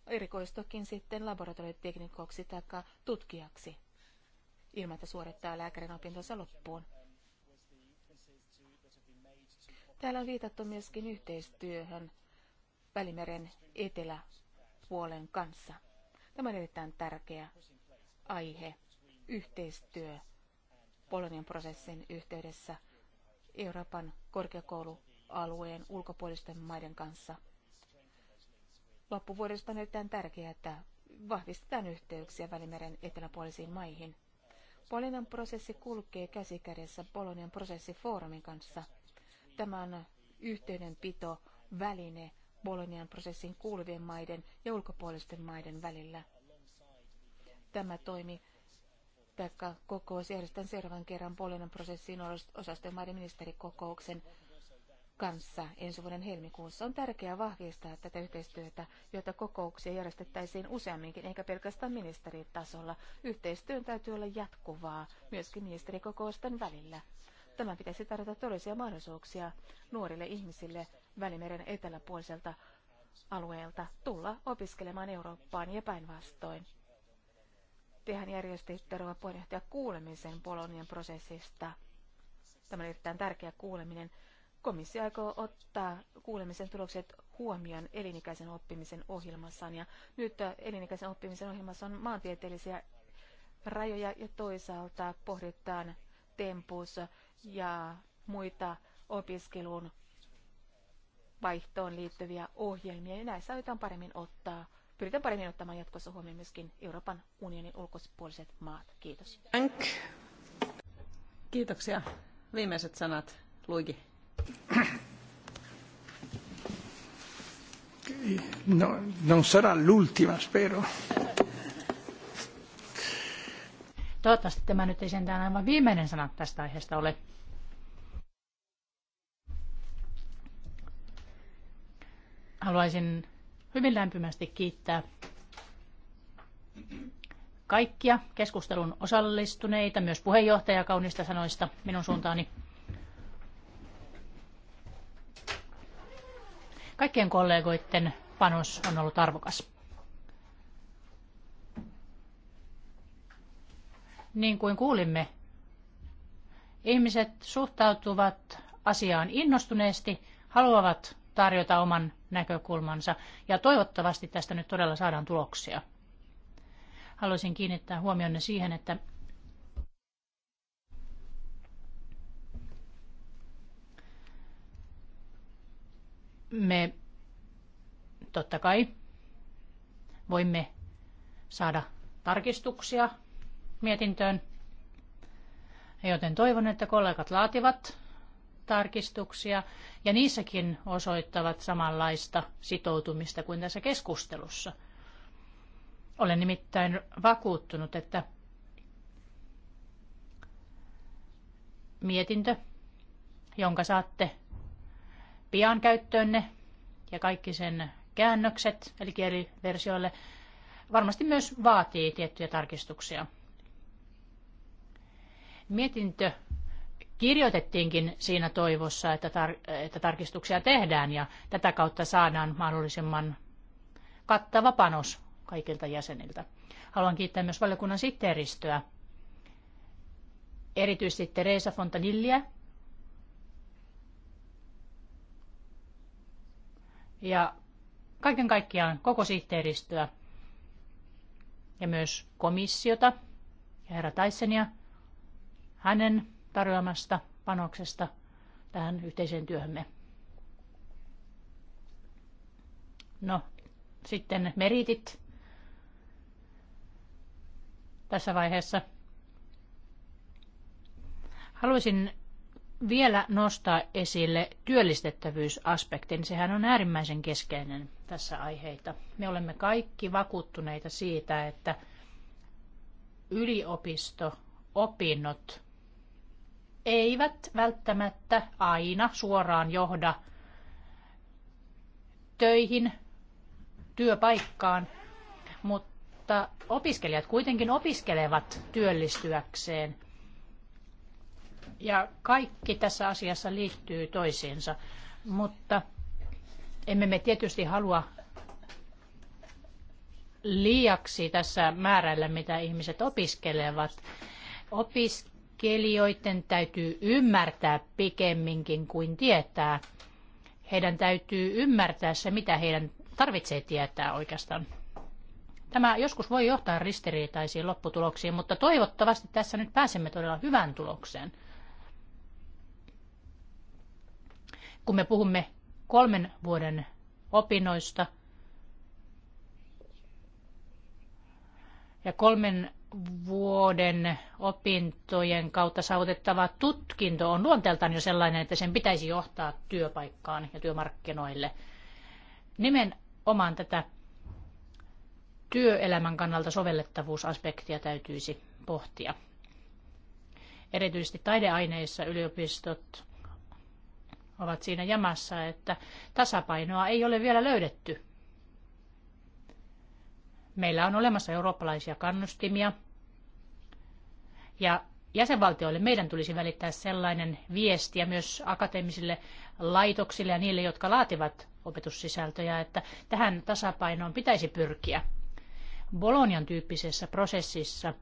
erikoistukin sitten laboratorioteknikoksi tai tutkijaksi ilman, että suorittaa lääkärin opintonsa loppuun. Täällä on viitattu myöskin yhteistyöhön Välimeren eteläpuolen kanssa. Tämä on erittäin tärkeä aihe, yhteistyö Polonian prosessin yhteydessä Euroopan korkeakoulualueen ulkopuolisten maiden kanssa – loppuvuodesta on erittäin tärkeää, että vahvistetaan yhteyksiä Välimeren eteläpuolisiin maihin. Polinan prosessi kulkee käsikädessä Polonian prosessifoorumin kanssa. Tämä on yhteydenpito väline Bolonian prosessin kuuluvien maiden ja ulkopuolisten maiden välillä. Tämä toimi taikka kokous järjestetään seuraavan kerran Bolonian prosessiin osastojen maiden ministerikokouksen kanssa ensi vuoden helmikuussa. On tärkeää vahvistaa tätä yhteistyötä, jota kokouksia järjestettäisiin useamminkin, eikä pelkästään ministeritasolla. Yhteistyön täytyy olla jatkuvaa, myöskin ministerikokousten välillä. Tämän pitäisi tarjota todellisia mahdollisuuksia nuorille ihmisille Välimeren eteläpuoliselta alueelta tulla opiskelemaan Eurooppaan ja päinvastoin. Tehän järjestitte rouva puheenjohtaja kuulemisen Polonian prosessista. Tämä on erittäin tärkeä kuuleminen. Komissio aikoo ottaa kuulemisen tulokset huomioon elinikäisen oppimisen ohjelmassaan. Ja nyt äh, elinikäisen oppimisen ohjelmassa on maantieteellisiä rajoja ja toisaalta pohditaan tempus ja muita opiskelun vaihtoon liittyviä ohjelmia. Ja näissä aiotaan paremmin ottaa, pyritään paremmin ottamaan jatkossa huomioon myöskin Euroopan unionin ulkopuoliset maat. Kiitos. Kiitoksia. Viimeiset sanat, Luigi. No, non sarà l'ultima, spero. Toivottavasti tämä nyt ei sentään aivan viimeinen sana tästä aiheesta ole. Haluaisin hyvin lämpimästi kiittää kaikkia keskustelun osallistuneita, myös puheenjohtajaa sanoista minun suuntaani. Kaikkien kollegoiden panos on ollut arvokas. Niin kuin kuulimme, ihmiset suhtautuvat asiaan innostuneesti, haluavat tarjota oman näkökulmansa ja toivottavasti tästä nyt todella saadaan tuloksia. Haluaisin kiinnittää huomionne siihen, että Me totta kai voimme saada tarkistuksia mietintöön, joten toivon, että kollegat laativat tarkistuksia ja niissäkin osoittavat samanlaista sitoutumista kuin tässä keskustelussa. Olen nimittäin vakuuttunut, että mietintö, jonka saatte pian käyttöönne ja kaikki sen käännökset, eli kieliversioille, varmasti myös vaatii tiettyjä tarkistuksia. Mietintö kirjoitettiinkin siinä toivossa, että, tar- että tarkistuksia tehdään ja tätä kautta saadaan mahdollisimman kattava panos kaikilta jäseniltä. Haluan kiittää myös valiokunnan sihteeristöä, erityisesti Teresa Fontanillia, ja kaiken kaikkiaan koko sihteeristöä ja myös komissiota ja herra Taissenia hänen tarjoamasta panoksesta tähän yhteiseen työhömme. No, sitten meritit tässä vaiheessa. Haluaisin vielä nostaa esille työllistettävyysaspektin. Sehän on äärimmäisen keskeinen tässä aiheita. Me olemme kaikki vakuuttuneita siitä, että yliopisto-opinnot eivät välttämättä aina suoraan johda töihin, työpaikkaan, mutta opiskelijat kuitenkin opiskelevat työllistyäkseen – ja kaikki tässä asiassa liittyy toisiinsa, mutta emme me tietysti halua liiaksi tässä määrällä, mitä ihmiset opiskelevat. Opiskelijoiden täytyy ymmärtää pikemminkin kuin tietää. Heidän täytyy ymmärtää se, mitä heidän tarvitsee tietää oikeastaan. Tämä joskus voi johtaa ristiriitaisiin lopputuloksiin, mutta toivottavasti tässä nyt pääsemme todella hyvään tulokseen. kun me puhumme kolmen vuoden opinnoista ja kolmen vuoden opintojen kautta saavutettava tutkinto on luonteeltaan jo sellainen, että sen pitäisi johtaa työpaikkaan ja työmarkkinoille. Nimenomaan tätä työelämän kannalta sovellettavuusaspektia täytyisi pohtia. Erityisesti taideaineissa yliopistot ovat siinä jamassa, että tasapainoa ei ole vielä löydetty. Meillä on olemassa eurooppalaisia kannustimia ja jäsenvaltioille meidän tulisi välittää sellainen viesti ja myös akateemisille laitoksille ja niille, jotka laativat opetussisältöjä, että tähän tasapainoon pitäisi pyrkiä. Bolonian tyyppisessä prosessissa –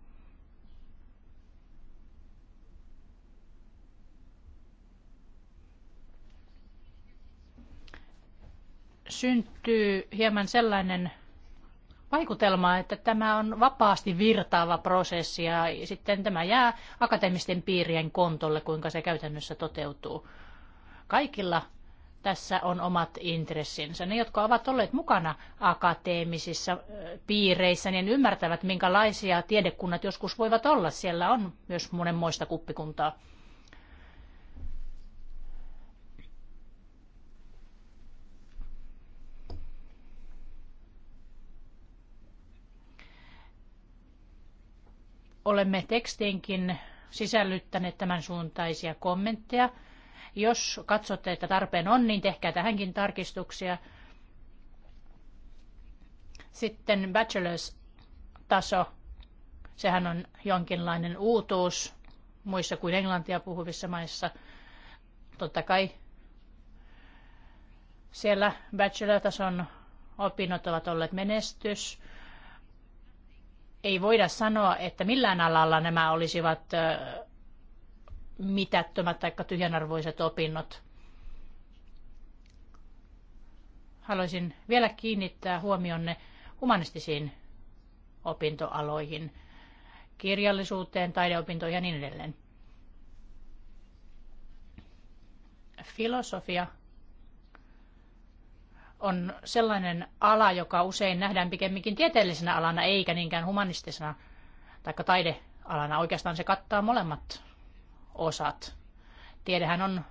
syntyy hieman sellainen vaikutelma, että tämä on vapaasti virtaava prosessi ja sitten tämä jää akateemisten piirien kontolle, kuinka se käytännössä toteutuu. Kaikilla tässä on omat intressinsä. Ne, jotka ovat olleet mukana akateemisissa piireissä, niin ymmärtävät, minkälaisia tiedekunnat joskus voivat olla. Siellä on myös monenmoista kuppikuntaa. Olemme tekstiinkin sisällyttäneet tämän suuntaisia kommentteja. Jos katsotte, että tarpeen on, niin tehkää tähänkin tarkistuksia. Sitten bachelors-taso. Sehän on jonkinlainen uutuus muissa kuin englantia puhuvissa maissa. Totta kai siellä bachelor-tason opinnot ovat olleet menestys ei voida sanoa, että millään alalla nämä olisivat mitättömät tai tyhjänarvoiset opinnot. Haluaisin vielä kiinnittää huomionne humanistisiin opintoaloihin, kirjallisuuteen, taideopintoihin ja niin edelleen. Filosofia on sellainen ala, joka usein nähdään pikemminkin tieteellisenä alana eikä niinkään humanistisena tai taidealana. Oikeastaan se kattaa molemmat osat. Tiedehän on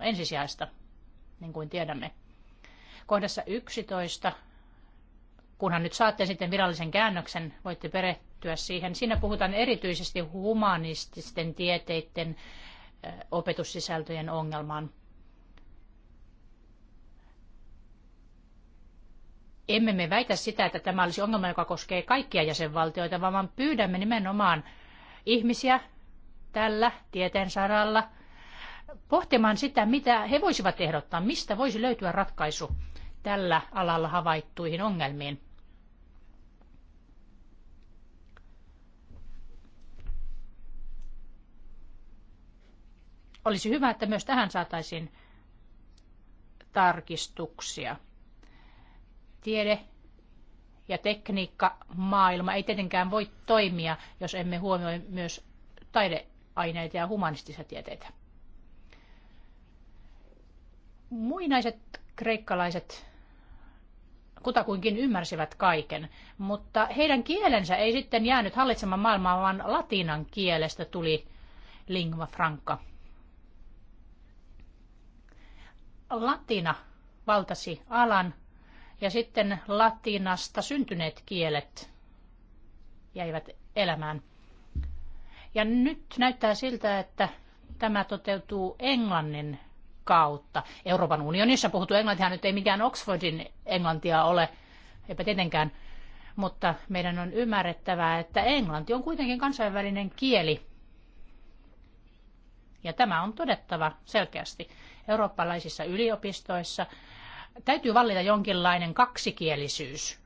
ensisijaista, niin kuin tiedämme. Kohdassa 11, kunhan nyt saatte sitten virallisen käännöksen, voitte perehtyä siihen. Siinä puhutaan erityisesti humanististen tieteiden opetussisältöjen ongelmaan – emme me väitä sitä, että tämä olisi ongelma, joka koskee kaikkia jäsenvaltioita, vaan pyydämme nimenomaan ihmisiä tällä tieteen saralla pohtimaan sitä, mitä he voisivat ehdottaa, mistä voisi löytyä ratkaisu tällä alalla havaittuihin ongelmiin. Olisi hyvä, että myös tähän saataisiin tarkistuksia tiede ja tekniikka maailma ei tietenkään voi toimia, jos emme huomioi myös taideaineita ja humanistisia tieteitä. Muinaiset kreikkalaiset kutakuinkin ymmärsivät kaiken, mutta heidän kielensä ei sitten jäänyt hallitsemaan maailmaa, vaan latinan kielestä tuli lingua franca. Latina valtasi alan ja sitten latinasta syntyneet kielet jäivät elämään. Ja nyt näyttää siltä, että tämä toteutuu englannin kautta. Euroopan unionissa puhuttu englantia nyt ei mikään Oxfordin englantia ole, eipä tietenkään, mutta meidän on ymmärrettävää, että englanti on kuitenkin kansainvälinen kieli. Ja tämä on todettava selkeästi. Eurooppalaisissa yliopistoissa täytyy vallita jonkinlainen kaksikielisyys.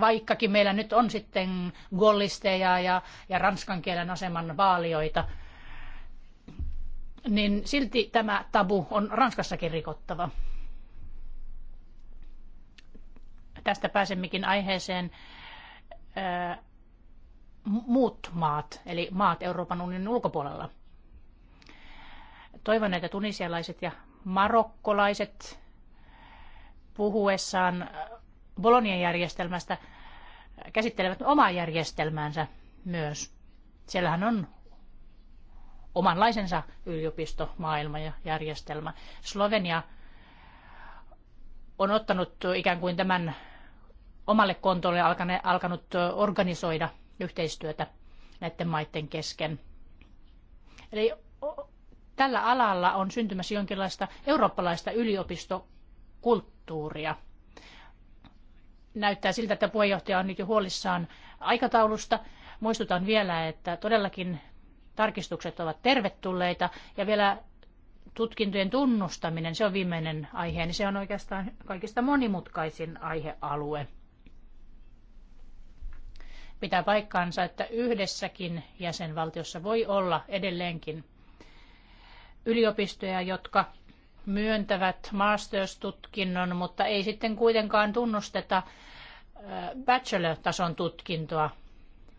Vaikkakin meillä nyt on sitten gollisteja ja, ja ranskan kielen aseman vaalioita, niin silti tämä tabu on Ranskassakin rikottava. Tästä pääsemmekin aiheeseen ää, muut maat, eli maat Euroopan unionin ulkopuolella. Toivon, että tunisialaiset ja marokkolaiset puhuessaan Bolonian järjestelmästä käsittelevät omaa järjestelmäänsä myös. Siellähän on omanlaisensa yliopistomaailma ja järjestelmä. Slovenia on ottanut ikään kuin tämän omalle kontolle alkanut organisoida yhteistyötä näiden maiden kesken. Eli tällä alalla on syntymässä jonkinlaista eurooppalaista yliopistokulttuuria. Näyttää siltä, että puheenjohtaja on nyt jo huolissaan aikataulusta. Muistutan vielä, että todellakin tarkistukset ovat tervetulleita ja vielä tutkintojen tunnustaminen, se on viimeinen aihe, niin se on oikeastaan kaikista monimutkaisin aihealue. Pitää paikkaansa, että yhdessäkin jäsenvaltiossa voi olla edelleenkin yliopistoja, jotka myöntävät tutkinnon, mutta ei sitten kuitenkaan tunnusteta bachelor-tason tutkintoa,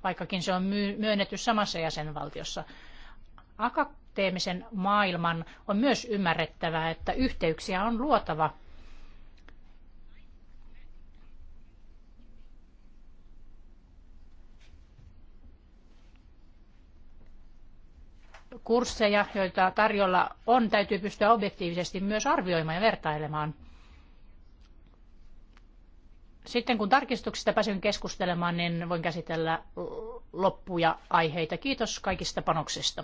vaikkakin se on myönnetty samassa jäsenvaltiossa. Akateemisen maailman on myös ymmärrettävää, että yhteyksiä on luotava – kursseja, joita tarjolla on, täytyy pystyä objektiivisesti myös arvioimaan ja vertailemaan. Sitten kun tarkistuksista pääsen keskustelemaan, niin voin käsitellä loppuja aiheita. Kiitos kaikista panoksista.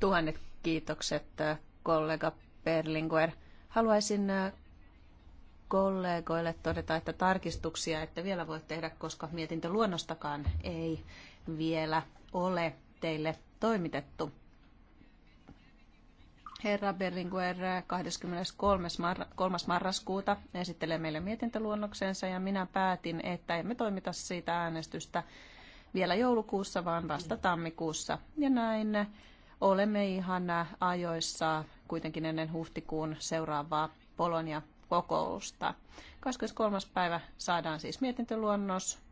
Tuhannet kiitokset kollega Perlinguer. Haluaisin äh, kollegoille todeta, että tarkistuksia että vielä voi tehdä, koska luonnostakaan ei vielä ole teille toimitettu. Herra Berlinguer 23. Marra, 3. marraskuuta esittelee meille mietintöluonnoksensa ja minä päätin, että emme toimita siitä äänestystä vielä joulukuussa, vaan vasta tammikuussa. Ja näin olemme ihan ajoissa kuitenkin ennen huhtikuun seuraavaa Polonia kokousta. 23. päivä saadaan siis mietintöluonnos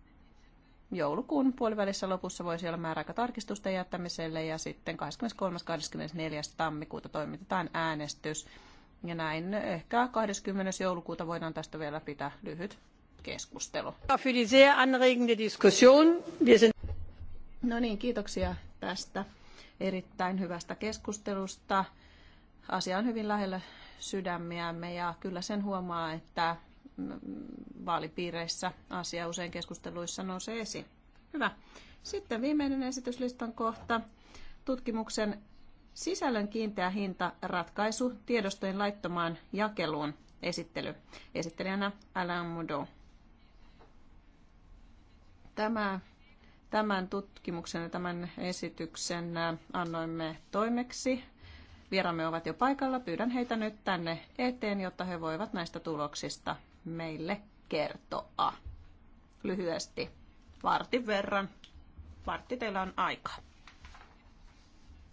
joulukuun puolivälissä lopussa voisi olla määräaika tarkistusten jättämiselle ja sitten 23.–24. tammikuuta toimitetaan äänestys. Ja näin ehkä 20. joulukuuta voidaan tästä vielä pitää lyhyt keskustelu. No niin, kiitoksia tästä erittäin hyvästä keskustelusta. Asia on hyvin lähellä sydämiämme ja kyllä sen huomaa, että vaalipiireissä asia usein keskusteluissa nousee esiin. Hyvä. Sitten viimeinen esityslistan kohta. Tutkimuksen sisällön kiinteä hinta ratkaisu tiedostojen laittomaan jakeluun esittely. Esittelijänä Alain Mudo. Tämä, tämän tutkimuksen ja tämän esityksen annoimme toimeksi. Vieramme ovat jo paikalla. Pyydän heitä nyt tänne eteen, jotta he voivat näistä tuloksista meille kertoa lyhyesti vartin verran. Vartti teillä on aikaa.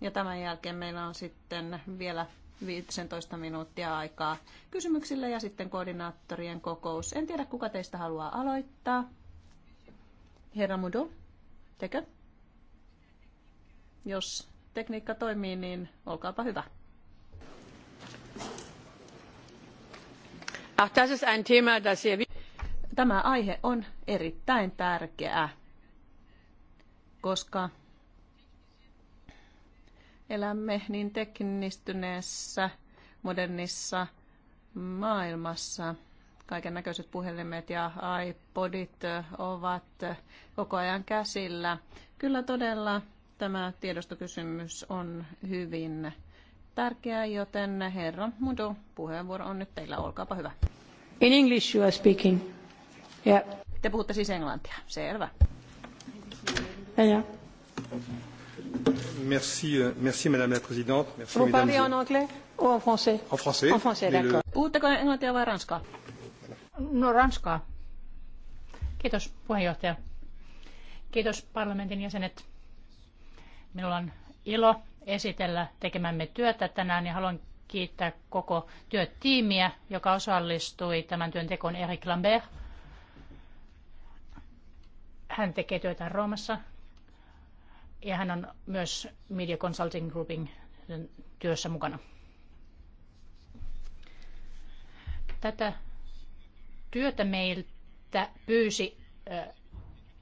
Ja tämän jälkeen meillä on sitten vielä 15 minuuttia aikaa kysymyksille ja sitten koordinaattorien kokous. En tiedä, kuka teistä haluaa aloittaa. Herra Mudu, tekö? Jos tekniikka toimii, niin olkaapa hyvä. Tämä aihe on erittäin tärkeä, koska elämme niin teknistyneessä, modernissa maailmassa. Kaiken näköiset puhelimet ja iPodit ovat koko ajan käsillä. Kyllä todella tämä tiedostokysymys on hyvin tärkeää, joten herra Mudo, puheenvuoro on nyt teillä, olkaapa hyvä. In English you are speaking. Yeah. Te puhutte siis englantia, selvä. Ja, Merci, euh, merci madame la présidente. Merci, Vous parlez en anglais ou en français? En français. En français, d'accord. Puhutteko englantia vai ranskaa? No ranskaa. Kiitos puheenjohtaja. Kiitos parlamentin jäsenet. Minulla on ilo esitellä tekemämme työtä tänään ja haluan kiittää koko työtiimiä, joka osallistui tämän työn tekoon Eric Lambert. Hän tekee työtä Roomassa ja hän on myös Media Consulting Groupin työssä mukana. Tätä työtä meiltä pyysi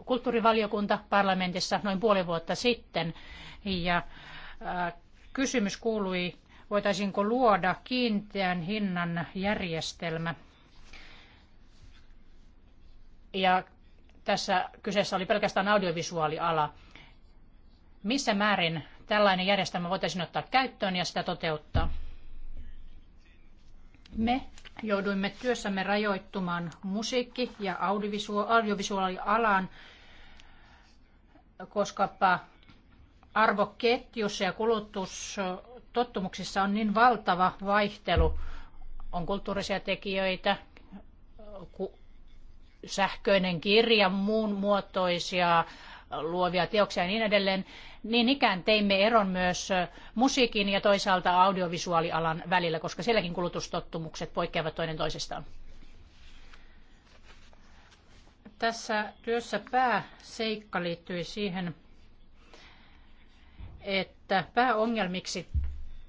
kulttuurivaliokunta parlamentissa noin puoli vuotta sitten ja Kysymys kuului, voitaisiinko luoda kiinteän hinnan järjestelmä. Ja tässä kyseessä oli pelkästään audiovisuaaliala. Missä määrin tällainen järjestelmä voitaisiin ottaa käyttöön ja sitä toteuttaa? Me jouduimme työssämme rajoittumaan musiikki- ja audiovisuaalialaan, koska arvoketjussa ja kulutustottumuksissa on niin valtava vaihtelu. On kulttuurisia tekijöitä, sähköinen kirja, muun muotoisia luovia teoksia ja niin edelleen. Niin ikään teimme eron myös musiikin ja toisaalta audiovisuaalialan välillä, koska sielläkin kulutustottumukset poikkeavat toinen toisestaan. Tässä työssä pääseikka liittyy siihen, että pääongelmiksi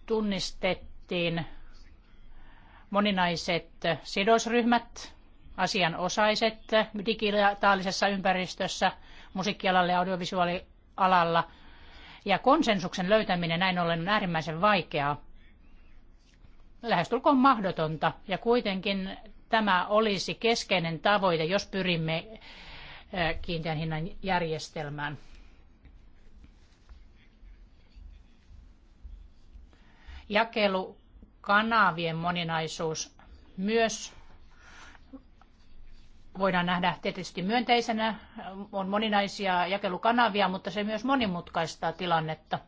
tunnistettiin moninaiset sidosryhmät, asianosaiset digitaalisessa ympäristössä, musiikkialalla ja audiovisuaalialalla. Ja konsensuksen löytäminen näin ollen on äärimmäisen vaikeaa, lähestulkoon mahdotonta. Ja kuitenkin tämä olisi keskeinen tavoite, jos pyrimme eh, kiinteän hinnan järjestelmään. jakelukanavien moninaisuus myös voidaan nähdä tietysti myönteisenä. On moninaisia jakelukanavia, mutta se myös monimutkaistaa tilannetta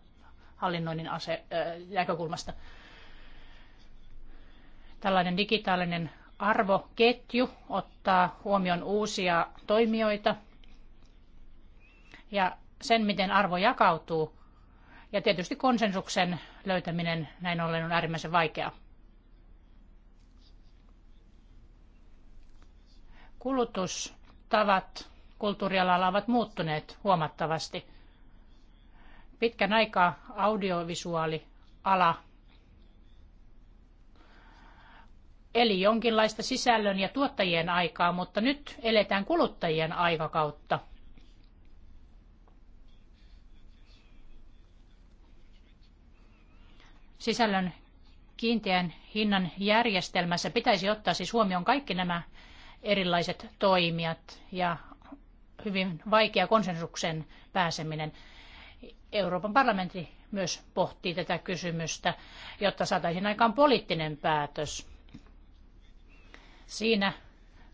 hallinnoinnin ase- äh, näkökulmasta. Tällainen digitaalinen arvoketju ottaa huomioon uusia toimijoita ja sen, miten arvo jakautuu ja tietysti konsensuksen löytäminen näin ollen on äärimmäisen vaikeaa. Kulutustavat kulttuurialalla ovat muuttuneet huomattavasti. Pitkän aikaa audiovisuaaliala eli jonkinlaista sisällön ja tuottajien aikaa, mutta nyt eletään kuluttajien aikakautta. sisällön kiinteän hinnan järjestelmässä pitäisi ottaa siis huomioon kaikki nämä erilaiset toimijat ja hyvin vaikea konsensuksen pääseminen. Euroopan parlamentti myös pohtii tätä kysymystä, jotta saataisiin aikaan poliittinen päätös. Siinä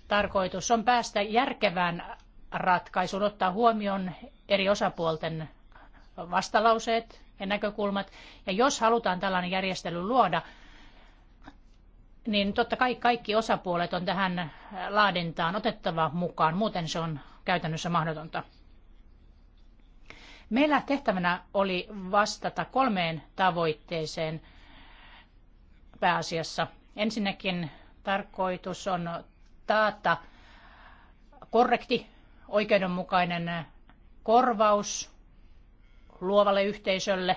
tarkoitus on päästä järkevään ratkaisuun, ottaa huomioon eri osapuolten vastalauseet ja näkökulmat. Ja jos halutaan tällainen järjestely luoda, niin totta kai kaikki osapuolet on tähän laadintaan otettava mukaan, muuten se on käytännössä mahdotonta. Meillä tehtävänä oli vastata kolmeen tavoitteeseen pääasiassa. Ensinnäkin tarkoitus on taata korrekti, oikeudenmukainen korvaus luovalle yhteisölle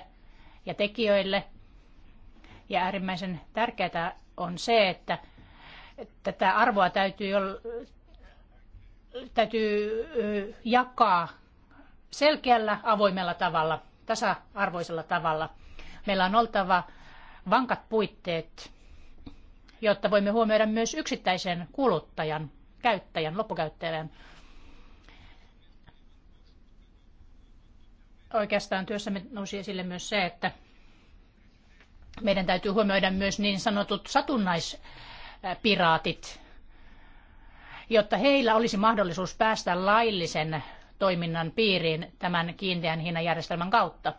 ja tekijöille. Ja äärimmäisen tärkeää on se, että tätä arvoa täytyy, täytyy jakaa selkeällä, avoimella tavalla, tasa-arvoisella tavalla. Meillä on oltava vankat puitteet, jotta voimme huomioida myös yksittäisen kuluttajan, käyttäjän, loppukäyttäjän Oikeastaan työssämme nousi esille myös se, että meidän täytyy huomioida myös niin sanotut satunnaispiraatit, jotta heillä olisi mahdollisuus päästä laillisen toiminnan piiriin tämän kiinteän hinnanjärjestelmän kautta.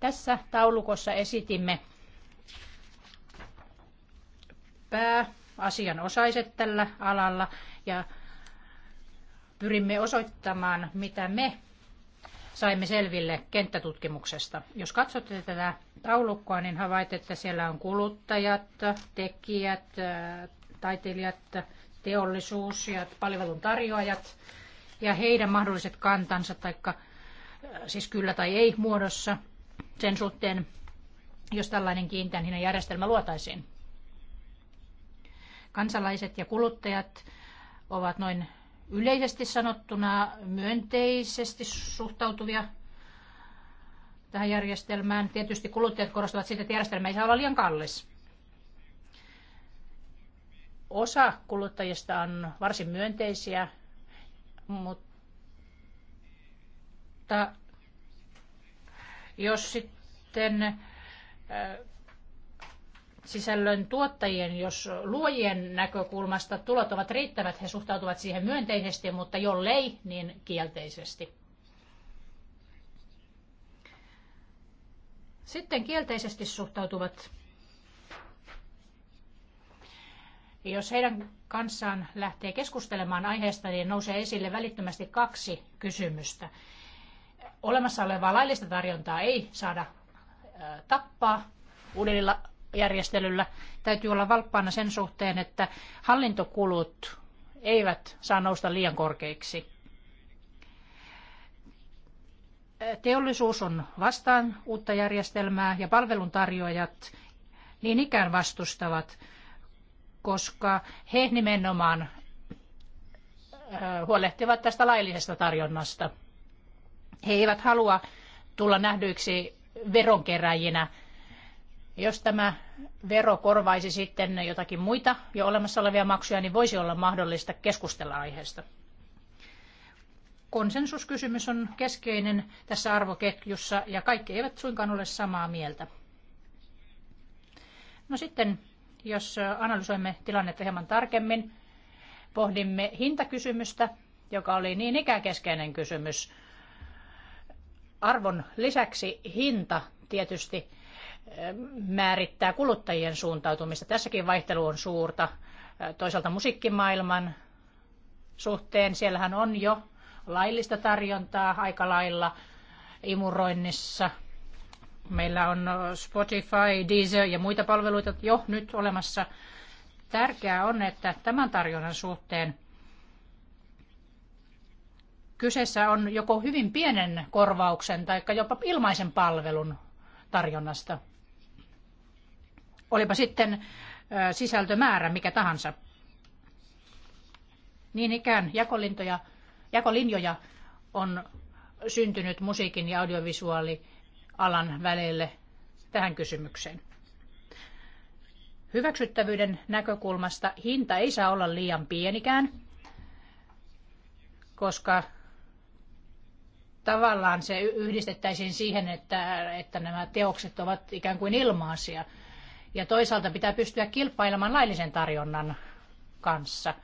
Tässä taulukossa esitimme pääasianosaiset tällä alalla ja pyrimme osoittamaan, mitä me saimme selville kenttätutkimuksesta. Jos katsotte tätä taulukkoa, niin havaitte, että siellä on kuluttajat, tekijät, taiteilijat, teollisuus ja palvelun tarjoajat ja heidän mahdolliset kantansa, taikka siis kyllä tai ei muodossa sen suhteen, jos tällainen kiinteän hinnan järjestelmä luotaisiin. Kansalaiset ja kuluttajat ovat noin yleisesti sanottuna myönteisesti suhtautuvia tähän järjestelmään. Tietysti kuluttajat korostavat sitä, että järjestelmä ei saa olla liian kallis. Osa kuluttajista on varsin myönteisiä, mutta jos sitten äh, sisällön tuottajien, jos luojien näkökulmasta tulot ovat riittävät, he suhtautuvat siihen myönteisesti, mutta jollei, niin kielteisesti. Sitten kielteisesti suhtautuvat, jos heidän kanssaan lähtee keskustelemaan aiheesta, niin nousee esille välittömästi kaksi kysymystä. Olemassa olevaa laillista tarjontaa ei saada tappaa. Uudella järjestelyllä täytyy olla valppaana sen suhteen, että hallintokulut eivät saa nousta liian korkeiksi. Teollisuus on vastaan uutta järjestelmää ja palveluntarjoajat niin ikään vastustavat, koska he nimenomaan huolehtivat tästä laillisesta tarjonnasta. He eivät halua tulla nähdyiksi veronkeräjinä jos tämä vero korvaisi sitten jotakin muita jo olemassa olevia maksuja, niin voisi olla mahdollista keskustella aiheesta. Konsensuskysymys on keskeinen tässä arvoketjussa ja kaikki eivät suinkaan ole samaa mieltä. No sitten, jos analysoimme tilannetta hieman tarkemmin, pohdimme hintakysymystä, joka oli niin ikäkeskeinen kysymys. Arvon lisäksi hinta tietysti määrittää kuluttajien suuntautumista. Tässäkin vaihtelu on suurta. Toisaalta musiikkimaailman suhteen siellähän on jo laillista tarjontaa aika lailla imuroinnissa. Meillä on Spotify, Deezer ja muita palveluita jo nyt olemassa. Tärkeää on, että tämän tarjonnan suhteen kyseessä on joko hyvin pienen korvauksen tai jopa ilmaisen palvelun tarjonnasta olipa sitten sisältömäärä mikä tahansa. Niin ikään jakolintoja, jakolinjoja on syntynyt musiikin ja audiovisuaalialan välille tähän kysymykseen. Hyväksyttävyyden näkökulmasta hinta ei saa olla liian pienikään, koska tavallaan se yhdistettäisiin siihen, että, että nämä teokset ovat ikään kuin ilmaisia – ja toisaalta pitää pystyä kilpailemaan laillisen tarjonnan kanssa.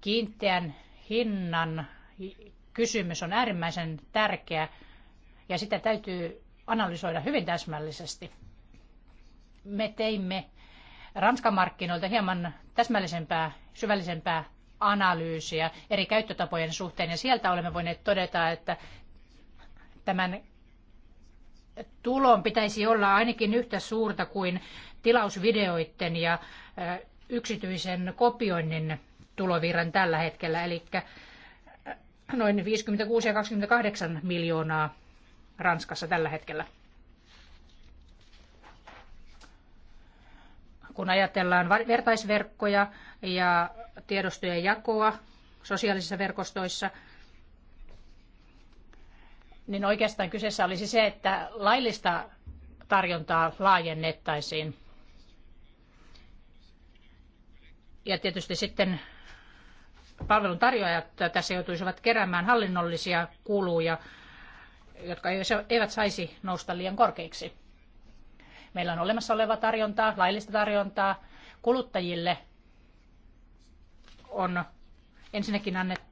Kiinteän hinnan kysymys on äärimmäisen tärkeä ja sitä täytyy analysoida hyvin täsmällisesti. Me teimme Ranskan markkinoilta hieman täsmällisempää, syvällisempää analyysiä eri käyttötapojen suhteen ja sieltä olemme voineet todeta, että tämän tulon pitäisi olla ainakin yhtä suurta kuin tilausvideoiden ja yksityisen kopioinnin tulovirran tällä hetkellä, eli noin 56 ja 28 miljoonaa Ranskassa tällä hetkellä. Kun ajatellaan vertaisverkkoja ja tiedostojen jakoa sosiaalisissa verkostoissa – niin oikeastaan kyseessä olisi se, että laillista tarjontaa laajennettaisiin. Ja tietysti sitten palvelun tarjoajat tässä joutuisivat keräämään hallinnollisia kuluja, jotka eivät saisi nousta liian korkeiksi. Meillä on olemassa olevaa tarjontaa, laillista tarjontaa. Kuluttajille on ensinnäkin annettu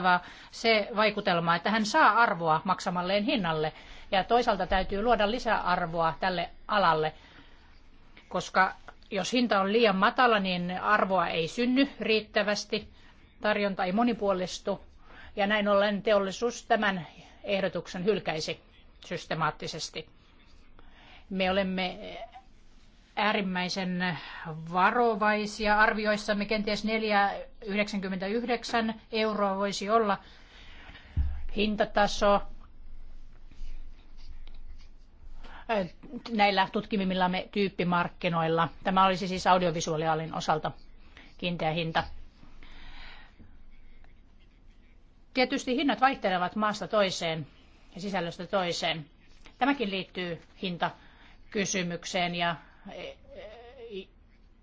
luovuttava se vaikutelma, että hän saa arvoa maksamalleen hinnalle. Ja toisaalta täytyy luoda lisäarvoa tälle alalle, koska jos hinta on liian matala, niin arvoa ei synny riittävästi, tarjonta ei monipuolistu ja näin ollen teollisuus tämän ehdotuksen hylkäisi systemaattisesti. Me olemme äärimmäisen varovaisia arvioissamme. Kenties 4,99 euroa voisi olla hintataso näillä tutkimimillamme tyyppimarkkinoilla. Tämä olisi siis audiovisuaalialin osalta kiinteä hinta. Tietysti hinnat vaihtelevat maasta toiseen ja sisällöstä toiseen. Tämäkin liittyy hintakysymykseen ja E, e,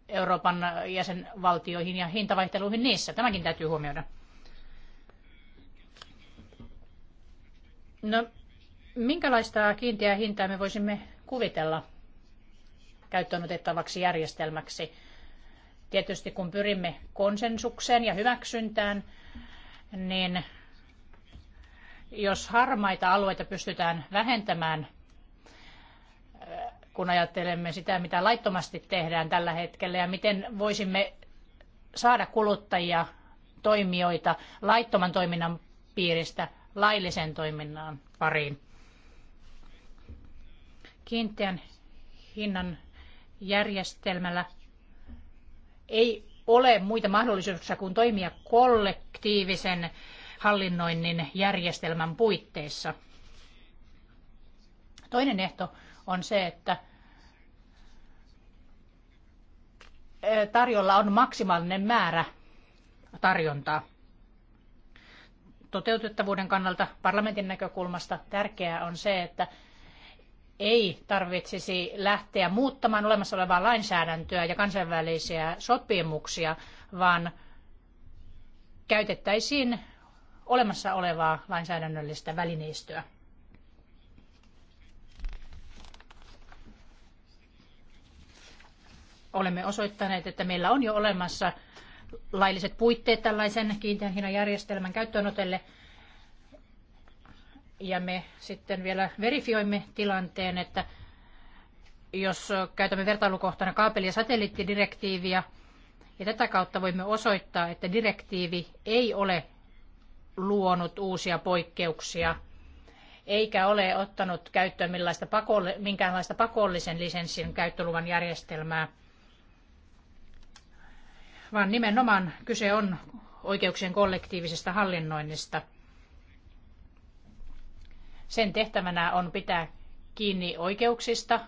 Euroopan jäsenvaltioihin ja hintavaihteluihin niissä. Tämäkin täytyy huomioida. No, minkälaista kiinteää hintaa me voisimme kuvitella käyttöön otettavaksi järjestelmäksi? Tietysti kun pyrimme konsensukseen ja hyväksyntään, niin jos harmaita alueita pystytään vähentämään kun ajattelemme sitä, mitä laittomasti tehdään tällä hetkellä ja miten voisimme saada kuluttajia, toimijoita laittoman toiminnan piiristä laillisen toiminnan pariin. Kiinteän hinnan järjestelmällä ei ole muita mahdollisuuksia kuin toimia kollektiivisen hallinnoinnin järjestelmän puitteissa. Toinen ehto on se, että tarjolla on maksimaalinen määrä tarjontaa. Toteutettavuuden kannalta parlamentin näkökulmasta tärkeää on se, että ei tarvitsisi lähteä muuttamaan olemassa olevaa lainsäädäntöä ja kansainvälisiä sopimuksia, vaan käytettäisiin olemassa olevaa lainsäädännöllistä välineistöä. olemme osoittaneet, että meillä on jo olemassa lailliset puitteet tällaisen kiinteän hinnan järjestelmän käyttöönotolle. Ja me sitten vielä verifioimme tilanteen, että jos käytämme vertailukohtana kaapeli- ja satelliittidirektiiviä, ja tätä kautta voimme osoittaa, että direktiivi ei ole luonut uusia poikkeuksia eikä ole ottanut käyttöön minkäänlaista pakollisen lisenssin käyttöluvan järjestelmää vaan nimenomaan kyse on oikeuksien kollektiivisesta hallinnoinnista. Sen tehtävänä on pitää kiinni oikeuksista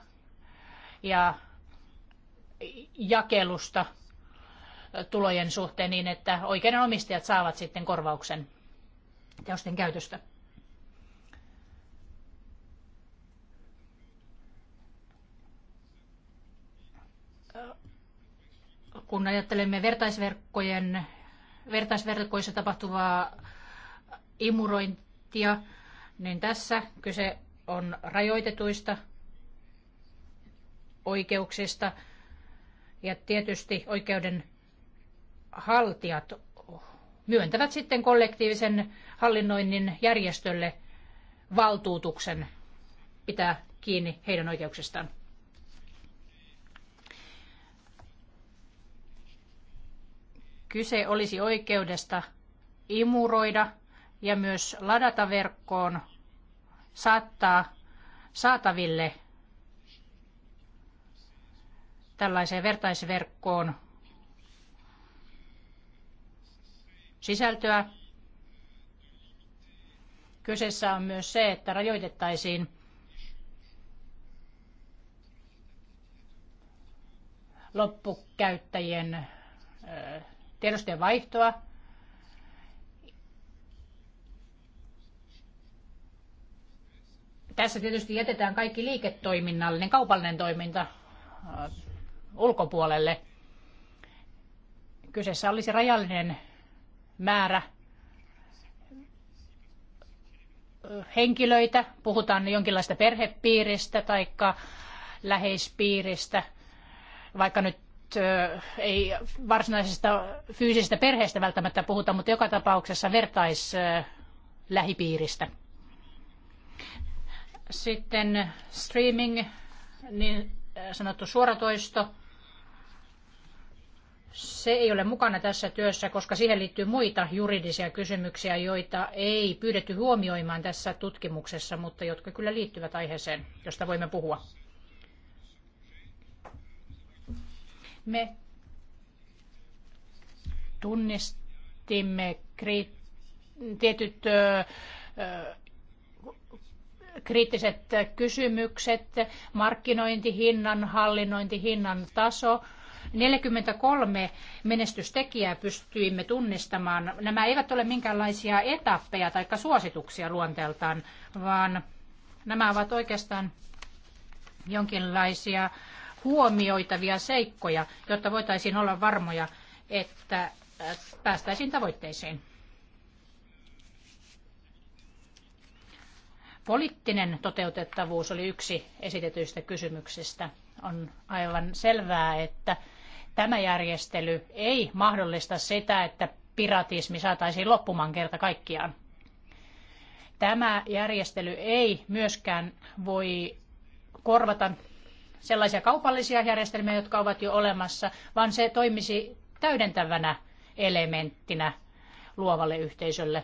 ja jakelusta tulojen suhteen niin, että oikeudenomistajat saavat sitten korvauksen teosten käytöstä. kun ajattelemme vertaisverkkojen, vertaisverkoissa tapahtuvaa imurointia, niin tässä kyse on rajoitetuista oikeuksista ja tietysti oikeuden haltijat myöntävät sitten kollektiivisen hallinnoinnin järjestölle valtuutuksen pitää kiinni heidän oikeuksistaan. Kyse olisi oikeudesta imuroida ja myös ladata verkkoon, saattaa saataville tällaiseen vertaisverkkoon sisältöä. Kyseessä on myös se, että rajoitettaisiin loppukäyttäjien tiedostojen vaihtoa. Tässä tietysti jätetään kaikki liiketoiminnallinen, kaupallinen toiminta äh, ulkopuolelle. Kyseessä olisi rajallinen määrä äh, henkilöitä, puhutaan jonkinlaista perhepiiristä tai läheispiiristä, vaikka nyt ei varsinaisesta fyysisestä perheestä välttämättä puhuta, mutta joka tapauksessa vertaislähipiiristä. Sitten streaming, niin sanottu suoratoisto. Se ei ole mukana tässä työssä, koska siihen liittyy muita juridisia kysymyksiä, joita ei pyydetty huomioimaan tässä tutkimuksessa, mutta jotka kyllä liittyvät aiheeseen, josta voimme puhua. Me tunnistimme kri- tietyt ö, ö, kriittiset kysymykset, markkinointihinnan, hallinnointihinnan taso. 43 menestystekijää pystyimme tunnistamaan. Nämä eivät ole minkäänlaisia etappeja tai suosituksia luonteeltaan, vaan nämä ovat oikeastaan jonkinlaisia huomioitavia seikkoja, jotta voitaisiin olla varmoja, että äh, päästäisiin tavoitteisiin. Poliittinen toteutettavuus oli yksi esitetyistä kysymyksistä. On aivan selvää, että tämä järjestely ei mahdollista sitä, että piratismi saataisiin loppumaan kerta kaikkiaan. Tämä järjestely ei myöskään voi korvata sellaisia kaupallisia järjestelmiä, jotka ovat jo olemassa, vaan se toimisi täydentävänä elementtinä luovalle yhteisölle.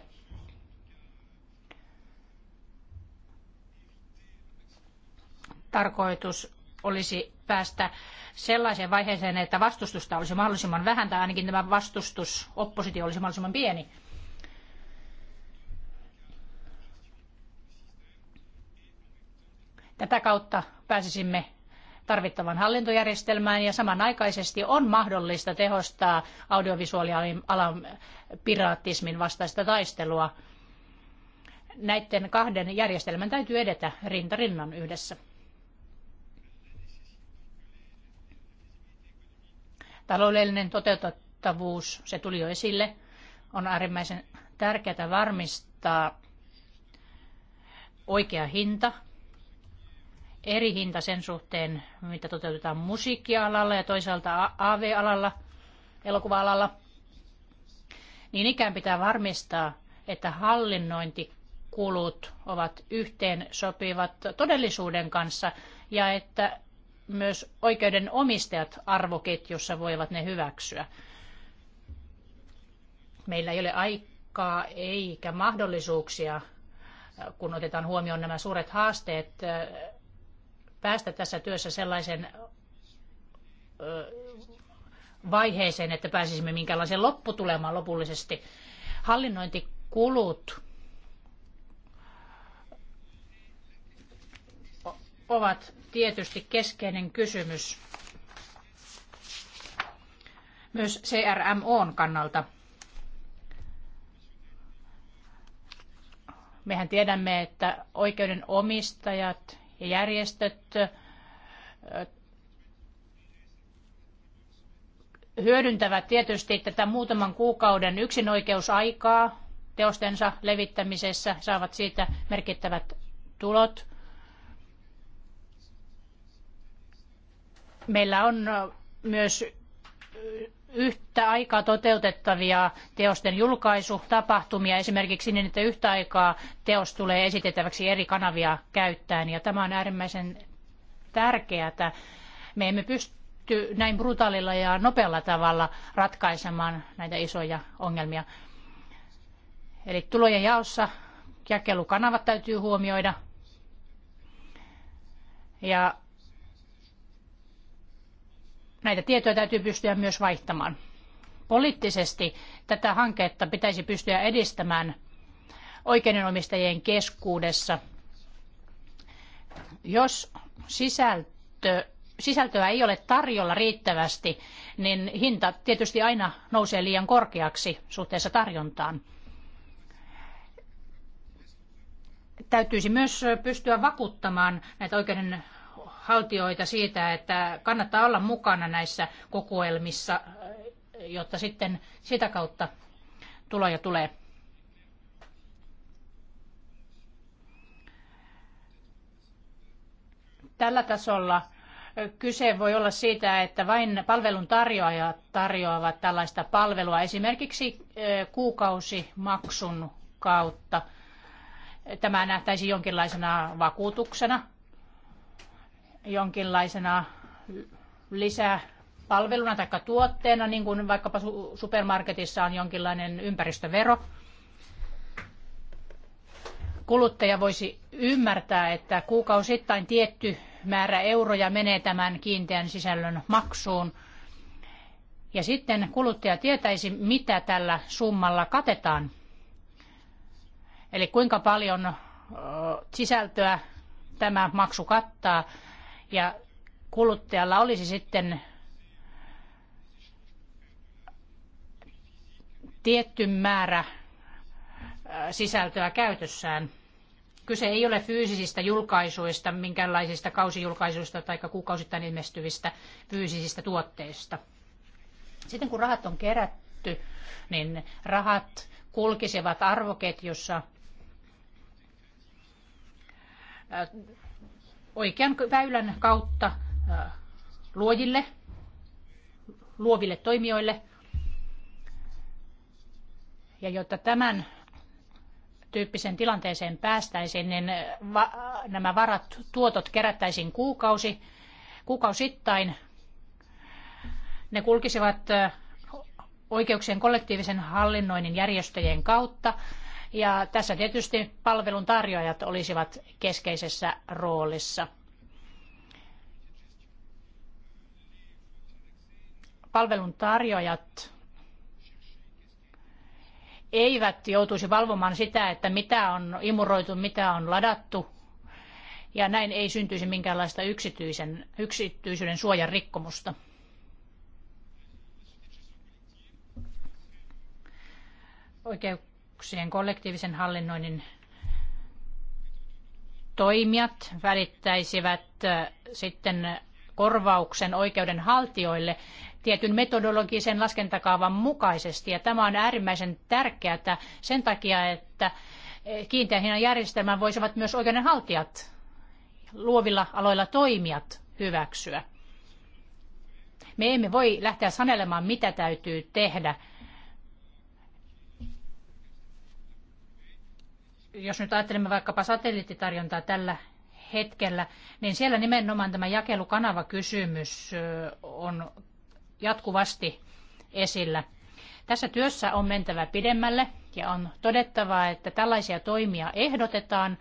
Tarkoitus olisi päästä sellaiseen vaiheeseen, että vastustusta olisi mahdollisimman vähän, tai ainakin tämä vastustus, oppositio olisi mahdollisimman pieni. Tätä kautta pääsisimme tarvittavan hallintojärjestelmään ja samanaikaisesti on mahdollista tehostaa audiovisuaalialan piraattismin vastaista taistelua. Näiden kahden järjestelmän täytyy edetä rinta rinnan yhdessä. Taloudellinen toteutettavuus, se tuli jo esille, on äärimmäisen tärkeää varmistaa oikea hinta eri hinta sen suhteen, mitä toteutetaan musiikkialalla ja toisaalta AV-alalla, elokuva-alalla. Niin ikään pitää varmistaa, että hallinnointikulut ovat yhteen sopivat todellisuuden kanssa ja että myös oikeuden omistajat arvoketjussa voivat ne hyväksyä. Meillä ei ole aikaa eikä mahdollisuuksia, kun otetaan huomioon nämä suuret haasteet, päästä tässä työssä sellaisen vaiheeseen, että pääsisimme minkälaisen lopputulemaan lopullisesti. Hallinnointikulut ovat tietysti keskeinen kysymys myös CRMOn kannalta. Mehän tiedämme, että oikeuden omistajat ja järjestöt hyödyntävät tietysti tätä muutaman kuukauden yksinoikeusaikaa teostensa levittämisessä, saavat siitä merkittävät tulot. Meillä on myös yhtä aikaa toteutettavia teosten julkaisutapahtumia esimerkiksi niin, että yhtä aikaa teos tulee esitettäväksi eri kanavia käyttäen. Ja tämä on äärimmäisen tärkeää. Me emme pysty näin brutaalilla ja nopealla tavalla ratkaisemaan näitä isoja ongelmia. Eli tulojen jaossa jakelukanavat täytyy huomioida. Ja Näitä tietoja täytyy pystyä myös vaihtamaan. Poliittisesti tätä hanketta pitäisi pystyä edistämään oikeudenomistajien keskuudessa. Jos sisältö, sisältöä ei ole tarjolla riittävästi, niin hinta tietysti aina nousee liian korkeaksi suhteessa tarjontaan. täytyisi myös pystyä vakuuttamaan näitä oikeuden haltioita siitä, että kannattaa olla mukana näissä kokoelmissa, jotta sitten sitä kautta tuloja tulee. Tällä tasolla kyse voi olla siitä, että vain palvelun tarjoajat tarjoavat tällaista palvelua esimerkiksi kuukausimaksun kautta. Tämä nähtäisi jonkinlaisena vakuutuksena jonkinlaisena lisäpalveluna tai tuotteena, niin kuin vaikkapa supermarketissa on jonkinlainen ympäristövero. Kuluttaja voisi ymmärtää, että kuukausittain tietty määrä euroja menee tämän kiinteän sisällön maksuun. Ja sitten kuluttaja tietäisi, mitä tällä summalla katetaan. Eli kuinka paljon sisältöä tämä maksu kattaa ja kuluttajalla olisi sitten tietty määrä äh, sisältöä käytössään. Kyse ei ole fyysisistä julkaisuista, minkäänlaisista kausijulkaisuista tai kuukausittain ilmestyvistä fyysisistä tuotteista. Sitten kun rahat on kerätty, niin rahat kulkisivat arvoketjussa äh, oikean väylän kautta luojille, luoville toimijoille. Ja jotta tämän tyyppisen tilanteeseen päästäisiin, niin va- nämä varat, tuotot kerättäisiin kuukausi, kuukausittain. Ne kulkisivat oikeuksien kollektiivisen hallinnoinnin järjestöjen kautta ja tässä tietysti palvelun tarjoajat olisivat keskeisessä roolissa. Palvelun tarjoajat eivät joutuisi valvomaan sitä, että mitä on imuroitu, mitä on ladattu, ja näin ei syntyisi minkäänlaista yksityisen, yksityisyyden suojan rikkomusta. Oikein yrityksien kollektiivisen hallinnoinnin toimijat välittäisivät sitten korvauksen oikeudenhaltijoille tietyn metodologisen laskentakaavan mukaisesti. Ja tämä on äärimmäisen tärkeää sen takia, että e, kiinteän hinnan järjestelmän voisivat myös oikeudenhaltijat, luovilla aloilla toimijat hyväksyä. Me emme voi lähteä sanelemaan, mitä täytyy tehdä jos nyt ajattelemme vaikkapa satelliittitarjontaa tällä hetkellä, niin siellä nimenomaan tämä jakelukanavakysymys on jatkuvasti esillä. Tässä työssä on mentävä pidemmälle ja on todettava, että tällaisia toimia ehdotetaan.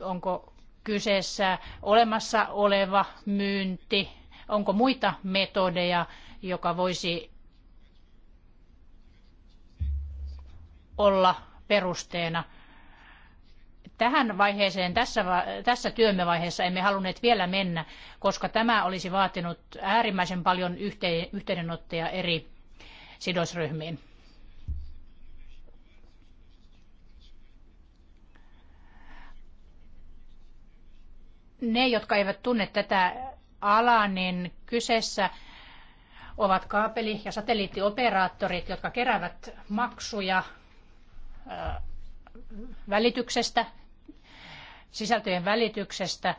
Onko kyseessä olemassa oleva myynti, onko muita metodeja, joka voisi olla perusteena. Tähän vaiheeseen, tässä, tässä työmme vaiheessa emme halunneet vielä mennä, koska tämä olisi vaatinut äärimmäisen paljon yhteydenottoja eri sidosryhmiin. ne, jotka eivät tunne tätä alaa, niin kyseessä ovat kaapeli- ja satelliittioperaattorit, jotka keräävät maksuja välityksestä, sisältöjen välityksestä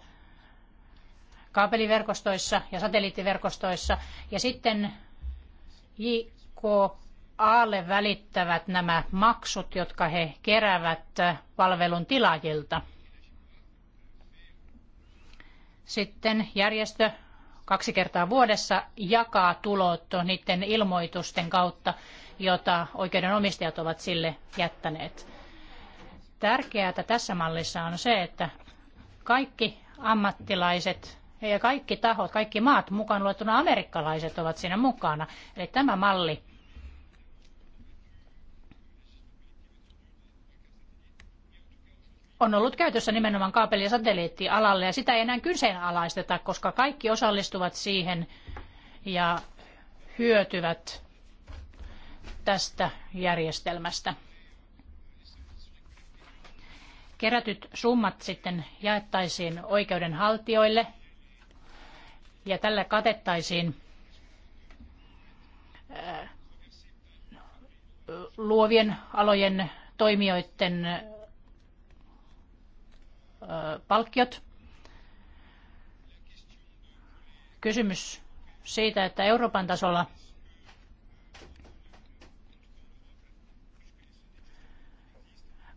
kaapeliverkostoissa ja satelliittiverkostoissa. Ja sitten JKAlle välittävät nämä maksut, jotka he keräävät palvelun tilaajilta. Sitten järjestö kaksi kertaa vuodessa jakaa tulot niiden ilmoitusten kautta jota oikeudenomistajat ovat sille jättäneet. Tärkeää tässä mallissa on se, että kaikki ammattilaiset ja kaikki tahot, kaikki maat, mukaan luettuna amerikkalaiset, ovat siinä mukana. Eli tämä malli on ollut käytössä nimenomaan kaapeli- ja satelliittialalle, ja sitä ei enää kyseenalaisteta, koska kaikki osallistuvat siihen ja hyötyvät tästä järjestelmästä. Kerätyt summat sitten jaettaisiin oikeudenhaltijoille ja tällä katettaisiin äh, luovien alojen toimijoiden äh, palkkiot. Kysymys siitä, että Euroopan tasolla –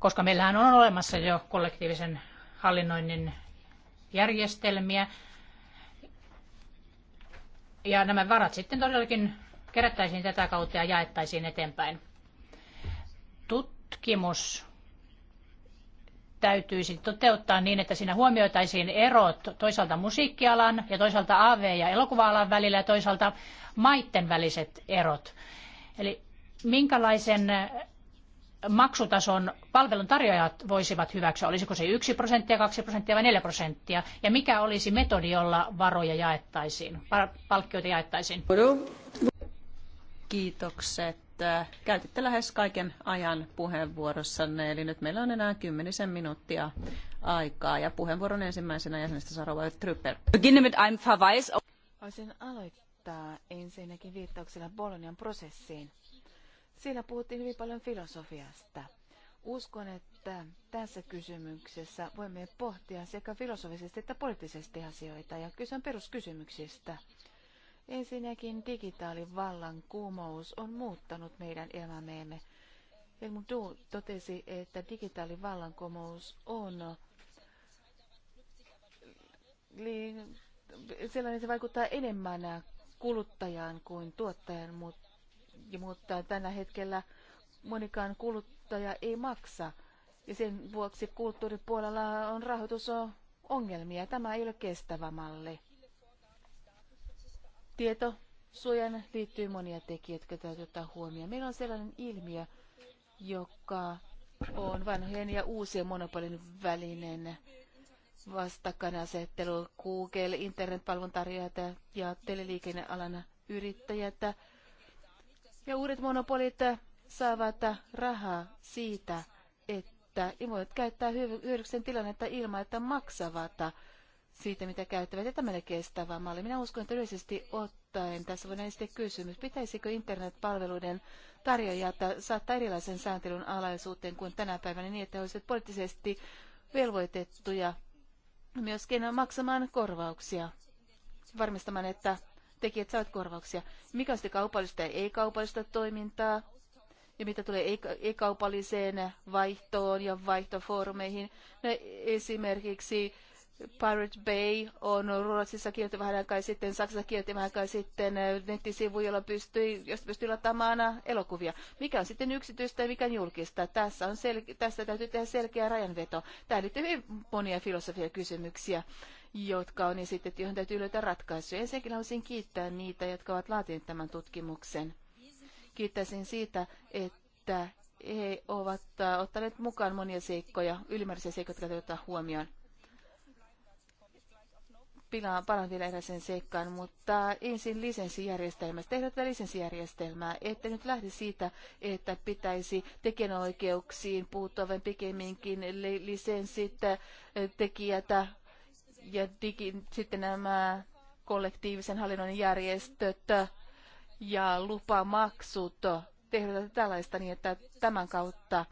koska meillähän on olemassa jo kollektiivisen hallinnoinnin järjestelmiä. Ja nämä varat sitten todellakin kerättäisiin tätä kautta ja jaettaisiin eteenpäin. Tutkimus täytyisi toteuttaa niin, että siinä huomioitaisiin erot toisaalta musiikkialan ja toisaalta AV- ja elokuva-alan välillä ja toisaalta maitten väliset erot. Eli minkälaisen maksutason palveluntarjoajat voisivat hyväksyä? Olisiko se 1 prosenttia, 2 prosenttia vai 4 prosenttia? Ja mikä olisi metodi, jolla varoja jaettaisiin, palkkioita jaettaisiin? Kiitokset. Käytitte lähes kaiken ajan puheenvuorossanne, eli nyt meillä on enää kymmenisen minuuttia aikaa. Ja puheenvuoron ensimmäisenä jäsenestä Sarova Trypper. Voisin aloittaa ensinnäkin viittauksella Bolonian prosessiin siellä puhuttiin hyvin paljon filosofiasta. Uskon, että tässä kysymyksessä voimme pohtia sekä filosofisesti että poliittisesti asioita, ja kysyä on peruskysymyksistä. Ensinnäkin digitaalivallan kuumous on muuttanut meidän elämäämme. Helmut Duhl totesi, että kuumous on sellainen, se vaikuttaa enemmän kuluttajaan kuin tuottajan, mutta mutta tällä hetkellä monikaan kuluttaja ei maksa. Ja sen vuoksi kulttuuripuolella on rahoitusongelmia. Tämä ei ole kestävä malli. Tieto suojan liittyy monia tekijöitä, jotka täytyy ottaa huomioon. Meillä on sellainen ilmiö, joka on vanhojen ja uusien monopolin välinen vastakkainasettelu Google, internetpalveluntarjoajat ja teleliikennealan yrittäjät ja uudet monopolit saavat rahaa siitä, että voivat käyttää hyödyksen tilannetta ilman, että maksavat siitä, mitä käyttävät. Ja tämmöinen kestävä malli. Minä uskon, että yleisesti ottaen tässä voidaan esittää kysymys, pitäisikö internetpalveluiden tarjoajat saattaa erilaisen sääntelyn alaisuuteen kuin tänä päivänä niin, että olisivat poliittisesti velvoitettuja myöskin maksamaan korvauksia varmistamaan, että tekijät saavat korvauksia. Mikä on sitten kaupallista ja ei-kaupallista toimintaa? Ja mitä tulee ei-kaupalliseen vaihtoon ja vaihtofoorumeihin? No, esimerkiksi Pirate Bay on Ruotsissa kielti vähän aikaa sitten, Saksassa kielti vähän aikaa sitten eh, nettisivu, jolla pystyy, josta pystyy lataamaan eh, elokuvia. Mikä on sitten yksityistä ja mikä on julkista? Tässä, on sel- tässä täytyy tehdä selkeä rajanveto. Tämä liittyy hyvin monia filosofia kysymyksiä, jotka on esitetty, johon täytyy löytää ratkaisuja. Ensinnäkin haluaisin kiittää niitä, jotka ovat laatineet tämän tutkimuksen. Kiittäisin siitä, että he ovat eh, ottaneet mukaan monia seikkoja, ylimääräisiä seikkoja, jotka täytyy ottaa huomioon pilaan, palaan vielä eräseen seikkaan, mutta ensin lisenssijärjestelmästä. Tehdään tätä lisenssijärjestelmää, että nyt lähde siitä, että pitäisi tekijänoikeuksiin puuttua, vaan pikemminkin lisenssit, äh, tekijätä äh, ja digi, sitten nämä kollektiivisen hallinnon järjestöt äh, ja lupamaksut. Tehdään tällaista niin, että tämän kautta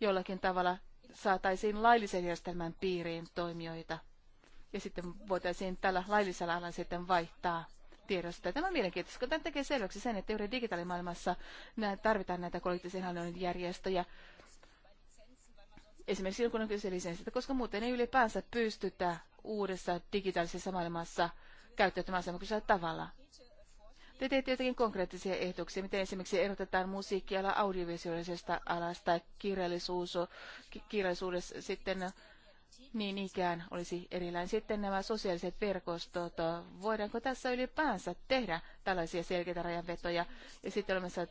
jollakin tavalla saataisiin laillisen järjestelmän piiriin toimijoita ja sitten voitaisiin tällä laillisella alalla sitten vaihtaa tiedosta. Tämä on mielenkiintoista, kun tämä tekee selväksi sen, että juuri digitaalimaailmassa tarvitaan näitä kollektiivisen hallinnon järjestöjä. Esimerkiksi silloin, kun on kyse lisenssistä, koska muuten ei ylipäänsä pystytä uudessa digitaalisessa maailmassa käyttäytymään asemakysellä tavalla. Te teette jotakin konkreettisia ehdotuksia, miten esimerkiksi erotetaan musiikkiala audiovisuaalisesta alasta, kirjallisuus, ki- kirjallisuudessa sitten niin ikään olisi erillään sitten nämä sosiaaliset verkostot. Voidaanko tässä ylipäänsä tehdä tällaisia selkeitä rajanvetoja? Ja sitten olemassa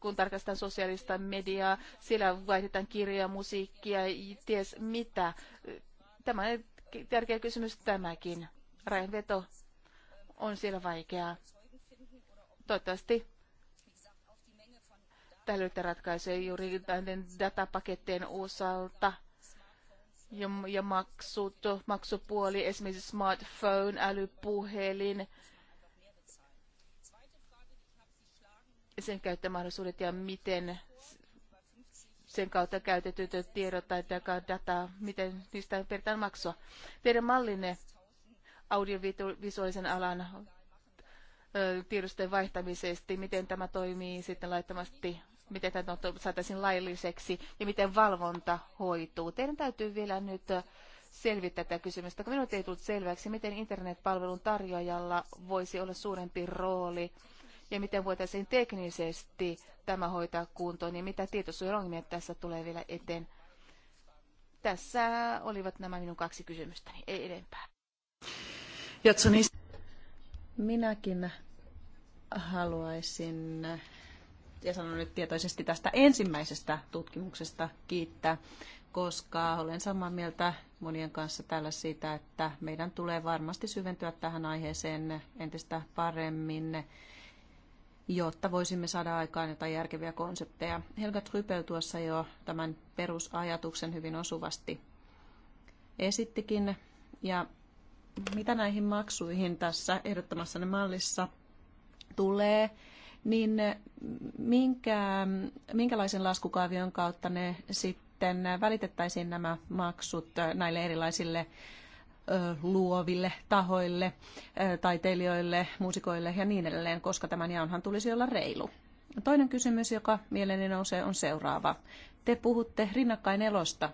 kun tarkastetaan sosiaalista mediaa, siellä vaihdetaan kirjoja, musiikkia, ties mitä. Tämä on tärkeä kysymys tämäkin. Rajanveto on siellä vaikeaa. Toivottavasti löytää ratkaisuja juuri näiden datapakettien osalta – ja, ja maksut, maksupuoli, esimerkiksi smartphone, älypuhelin, sen käyttömahdollisuudet ja miten sen kautta käytetyt tiedot tai data, miten niistä peritään maksua. Teidän mallinne audiovisuaalisen alan tiedosten vaihtamisesta, miten tämä toimii sitten laittomasti miten tämä saataisiin lailliseksi ja miten valvonta hoituu. Teidän täytyy vielä nyt äh, selvittää tätä kysymystä, kun minulle ei tullut selväksi, miten internetpalvelun tarjoajalla voisi olla suurempi rooli ja miten voitaisiin teknisesti tämä hoitaa kuntoon ja mitä tietosuojelongelmia tässä tulee vielä eteen. Tässä olivat nämä minun kaksi kysymystäni, ei enempää. Niin- Minäkin haluaisin ja sanon nyt tietoisesti tästä ensimmäisestä tutkimuksesta kiittää, koska olen samaa mieltä monien kanssa täällä siitä, että meidän tulee varmasti syventyä tähän aiheeseen entistä paremmin, jotta voisimme saada aikaan jotain järkeviä konsepteja. Helga Trypel tuossa jo tämän perusajatuksen hyvin osuvasti esittikin. Ja mitä näihin maksuihin tässä ehdottamassa mallissa tulee, niin äh, minkä, minkälaisen laskukaavion kautta ne sitten välitettäisiin nämä maksut äh, näille erilaisille äh, luoville tahoille, taiteilijoille, muusikoille ja niin edelleen, koska tämän jaonhan tulisi olla reilu. Toinen kysymys, joka mieleeni nousee, on seuraava. Te puhutte rinnakkain elosta.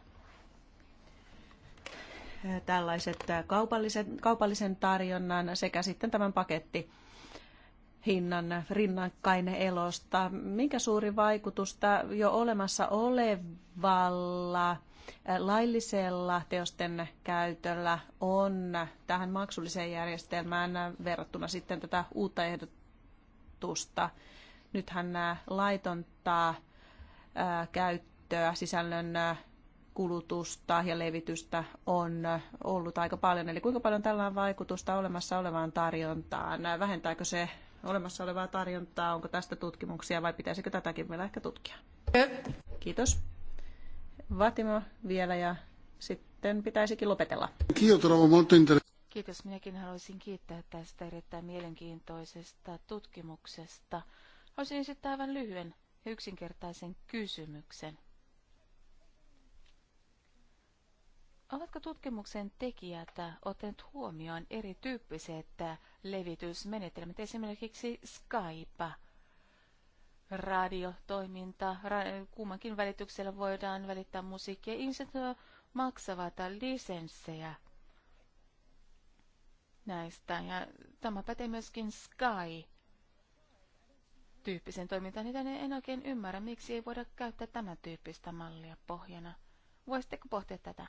Tällaiset kaupallisen, kaupallisen tarjonnan sekä sitten tämän paketti hinnan rinnakkainen elosta. Minkä suuri vaikutusta jo olemassa olevalla laillisella teosten käytöllä on tähän maksulliseen järjestelmään verrattuna sitten tätä uutta ehdotusta. Nythän nämä laitontaa käyttöä, sisällön kulutusta ja levitystä on ollut aika paljon. Eli kuinka paljon tällä on vaikutusta olemassa olevaan tarjontaan? Vähentääkö se olemassa olevaa tarjontaa? Onko tästä tutkimuksia vai pitäisikö tätäkin vielä ehkä tutkia? Kiitos. Vatimo vielä ja sitten pitäisikin lopetella. Kiitos. Minäkin haluaisin kiittää tästä erittäin mielenkiintoisesta tutkimuksesta. Olisin esittää aivan lyhyen ja yksinkertaisen kysymyksen. Oletko tutkimuksen tekijät ottanut huomioon erityyppiset levitysmenetelmät, esimerkiksi Skype, radiotoiminta, ra- kummankin välityksellä voidaan välittää musiikkia. Ihmiset maksavat lisenssejä näistä. Ja tämä pätee myöskin Sky tyyppisen toimintaan, niin en oikein ymmärrä, miksi ei voida käyttää tämän tyyppistä mallia pohjana. Voisitteko pohtia tätä?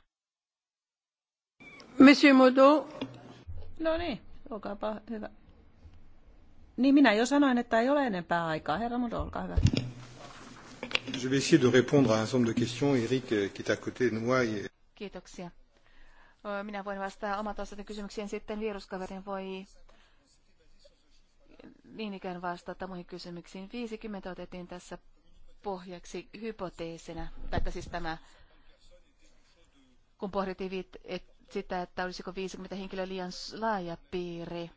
No niin, olkaapa hyvä. Niin minä jo sanoin, että ei ole enempää aikaa. Herra Modo, olkaa hyvä. Je vais essayer de répondre à un ensemble de questions. Eric, euh, qui est à côté de moi. Et... Kiitoksia. Minä voin vastata omat osaten kysymyksiin sitten viruskaverin voi niin ikään vastata muihin kysymyksiin. 50 otettiin tässä pohjaksi hypoteesina, tai siis tämä, kun pohdittiin, että sitä, että olisiko 50 henkilöä liian laaja piiri.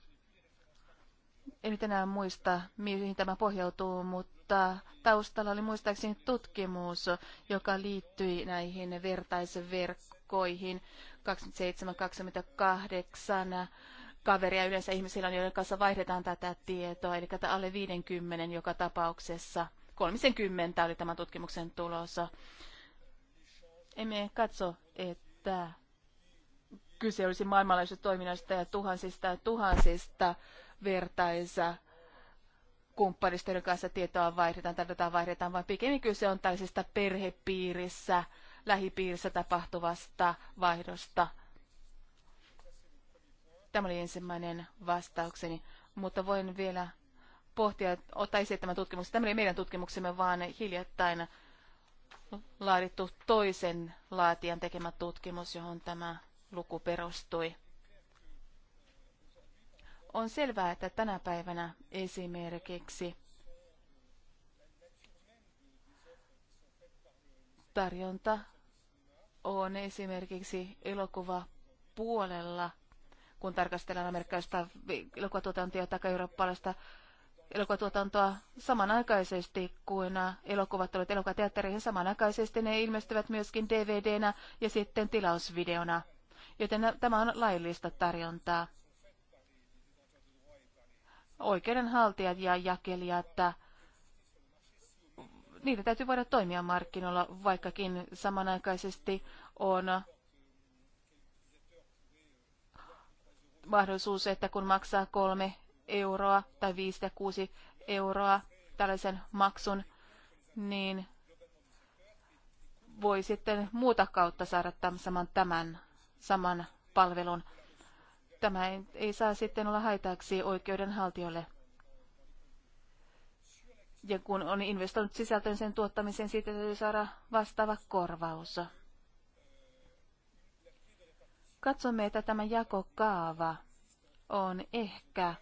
En nyt enää muista, mihin tämä pohjautuu, mutta taustalla oli muistaakseni tutkimus, joka liittyi näihin vertaisverkkoihin 27-28 kaveria yleensä ihmisillä on, joiden kanssa vaihdetaan tätä tietoa, eli tätä alle 50 joka tapauksessa. 30 oli tämän tutkimuksen tulos. Emme katso, että kyse olisi maailmanlaajuisesta toiminnasta ja tuhansista ja tuhansista vertaisa kumppanista, joiden kanssa tietoa vaihdetaan tai dataa vaihdetaan, vaan pikemmin kyse on tällaisesta perhepiirissä, lähipiirissä tapahtuvasta vaihdosta. Tämä oli ensimmäinen vastaukseni, mutta voin vielä pohtia, ottaa esiin tämän tutkimuksen. Tämä oli meidän tutkimuksemme, vaan hiljattain laadittu toisen laatijan tekemä tutkimus, johon tämä luku perustui. On selvää, että tänä päivänä esimerkiksi tarjonta on esimerkiksi elokuva puolella, kun tarkastellaan amerikkalaista elokuvatuotantoa tai eurooppalaista elokuvatuotantoa samanaikaisesti kuin elokuvat olivat elokuvateatteriin Samanaikaisesti ne ilmestyvät myöskin DVDnä ja sitten tilausvideona joten tämä on laillista tarjontaa. Oikeudenhaltijat ja jakelijat, äh, niitä täytyy voida toimia markkinoilla, vaikkakin samanaikaisesti on mahdollisuus, että kun maksaa kolme euroa tai viisi tai kuusi euroa tällaisen maksun, niin voi sitten muuta kautta saada tämän saman tämän saman palvelun. Tämä ei, ei saa sitten olla haitaksi oikeudenhaltijoille. Ja kun on investoinut sisältöön sen tuottamiseen, siitä täytyy saada vastaava korvaus. Katsomme, että tämä jakokaava on ehkä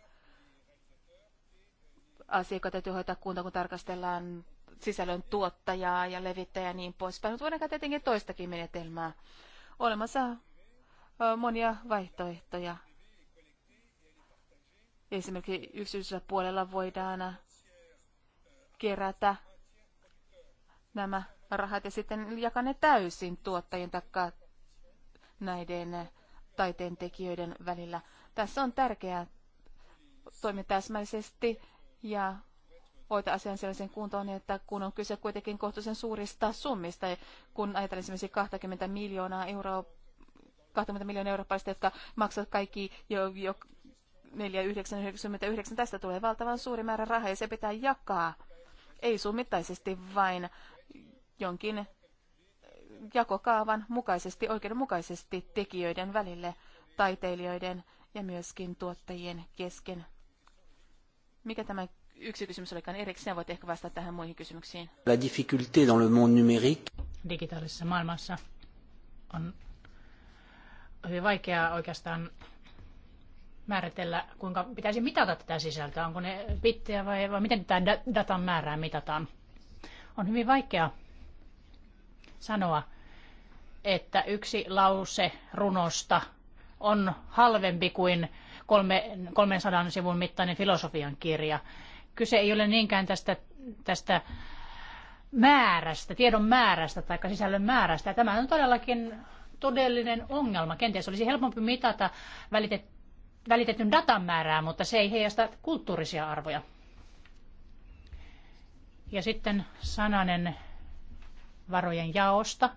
asia, joka täytyy hoitaa kunta, kun tarkastellaan sisällön tuottajaa ja levittäjää ja niin poispäin. Mutta voidaan tietenkin toistakin menetelmää. Olemassa monia vaihtoehtoja. Esimerkiksi yksityisellä puolella voidaan kerätä nämä rahat ja sitten jakaa ne täysin tuottajien takaa näiden taiteen tekijöiden välillä. Tässä on tärkeää toimia täsmällisesti ja hoita asian sellaisen kuntoon, että kun on kyse kuitenkin kohtuullisen suurista summista, kun ajatellaan esimerkiksi 20 miljoonaa euroa 20 miljoonaa eurooppalaista, jotka maksavat kaikki jo, jo 4,99. Tästä tulee valtavan suuri määrä rahaa ja se pitää jakaa. Ei summittaisesti vain jonkin jakokaavan mukaisesti, oikeudenmukaisesti tekijöiden välille, taiteilijoiden ja myöskin tuottajien kesken. Mikä tämä yksi kysymys olikaan? erikseen? voit ehkä vastata tähän muihin kysymyksiin. La difficulté dans le monde numérique. Digitaalisessa maailmassa on hyvin vaikeaa oikeastaan määritellä, kuinka pitäisi mitata tätä sisältöä. Onko ne bittejä vai, vai miten tämä datan määrää mitataan? On hyvin vaikea sanoa, että yksi lause runosta on halvempi kuin 300 sivun mittainen filosofian kirja. Kyse ei ole niinkään tästä, tästä määrästä, tiedon määrästä tai sisällön määrästä. Tämä on todellakin todellinen ongelma. Kenties olisi helpompi mitata välitet, välitetyn datan määrää, mutta se ei heijasta kulttuurisia arvoja. Ja sitten sananen varojen jaosta.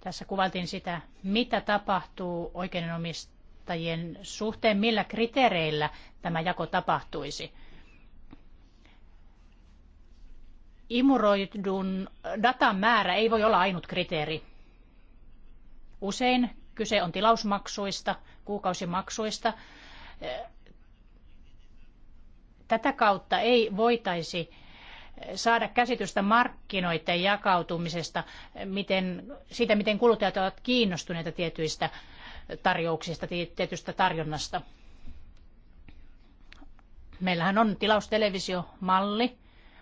Tässä kuvaltiin sitä, mitä tapahtuu oikeudenomistajien suhteen, millä kriteereillä tämä jako tapahtuisi. Imuroidun datan määrä ei voi olla ainut kriteeri. Usein kyse on tilausmaksuista, kuukausimaksuista. Tätä kautta ei voitaisi saada käsitystä markkinoiden jakautumisesta, miten, siitä miten kuluttajat ovat kiinnostuneita tietyistä tarjouksista, tietystä tarjonnasta. Meillähän on tilaustelevisiomalli,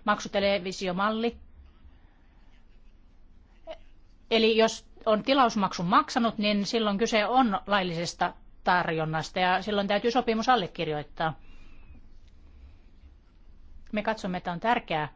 maksutelevisiomalli. Eli jos on tilausmaksun maksanut, niin silloin kyse on laillisesta tarjonnasta ja silloin täytyy sopimus allekirjoittaa. Me katsomme, että on tärkeää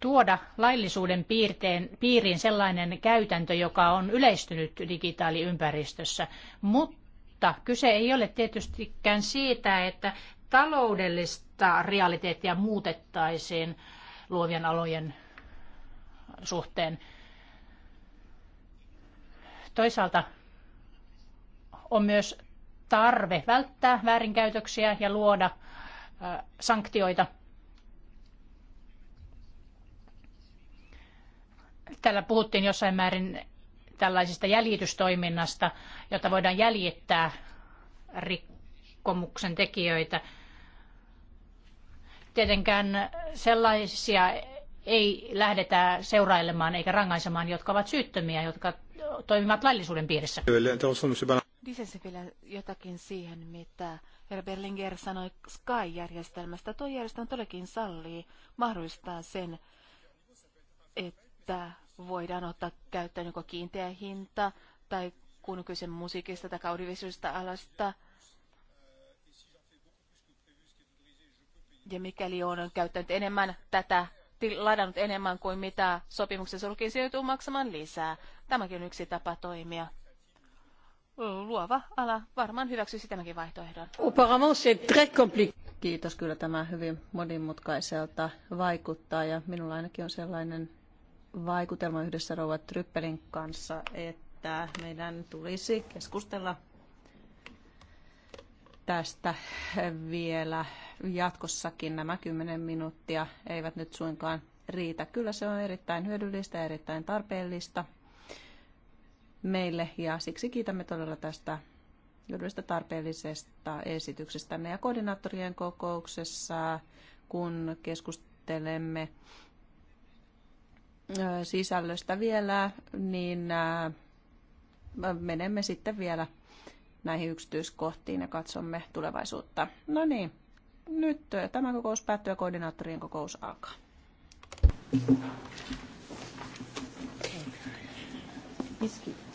tuoda laillisuuden piirteen, piiriin sellainen käytäntö, joka on yleistynyt digitaaliympäristössä, mutta kyse ei ole tietystikään siitä, että taloudellista realiteettia muutettaisiin, luovien alojen suhteen. Toisaalta on myös tarve välttää väärinkäytöksiä ja luoda sanktioita. Täällä puhuttiin jossain määrin tällaisesta jäljitystoiminnasta, jota voidaan jäljittää rikkomuksen tekijöitä – tietenkään sellaisia ei lähdetä seurailemaan eikä rangaisemaan, jotka ovat syyttömiä, jotka toimivat laillisuuden piirissä. Lisäsi vielä jotakin siihen, mitä herra Berlinger sanoi Sky-järjestelmästä. Tuo järjestelmä todellakin sallii, mahdollistaa sen, että voidaan ottaa käyttöön joko kiinteä hinta tai kun kyse musiikista tai audiovisuaalista alasta – Ja mikäli on käyttänyt enemmän tätä, ladannut enemmän kuin mitä sopimuksessa luki, se joutuu maksamaan lisää. Tämäkin on yksi tapa toimia. Luova ala varmaan hyväksyisi tämänkin vaihtoehdon. Kiitos, kyllä tämä hyvin monimutkaiselta vaikuttaa ja minulla ainakin on sellainen vaikutelma yhdessä Rouva Tryppelin kanssa, että meidän tulisi keskustella tästä vielä jatkossakin nämä 10 minuuttia eivät nyt suinkaan riitä. Kyllä se on erittäin hyödyllistä ja erittäin tarpeellista meille ja siksi kiitämme todella tästä hyödyllisestä tarpeellisesta esityksestä Ja koordinaattorien kokouksessa, kun keskustelemme sisällöstä vielä, niin menemme sitten vielä näihin yksityiskohtiin ja katsomme tulevaisuutta. No niin, nyt tämä kokous päättyy ja koordinaattorien kokous alkaa. Iski.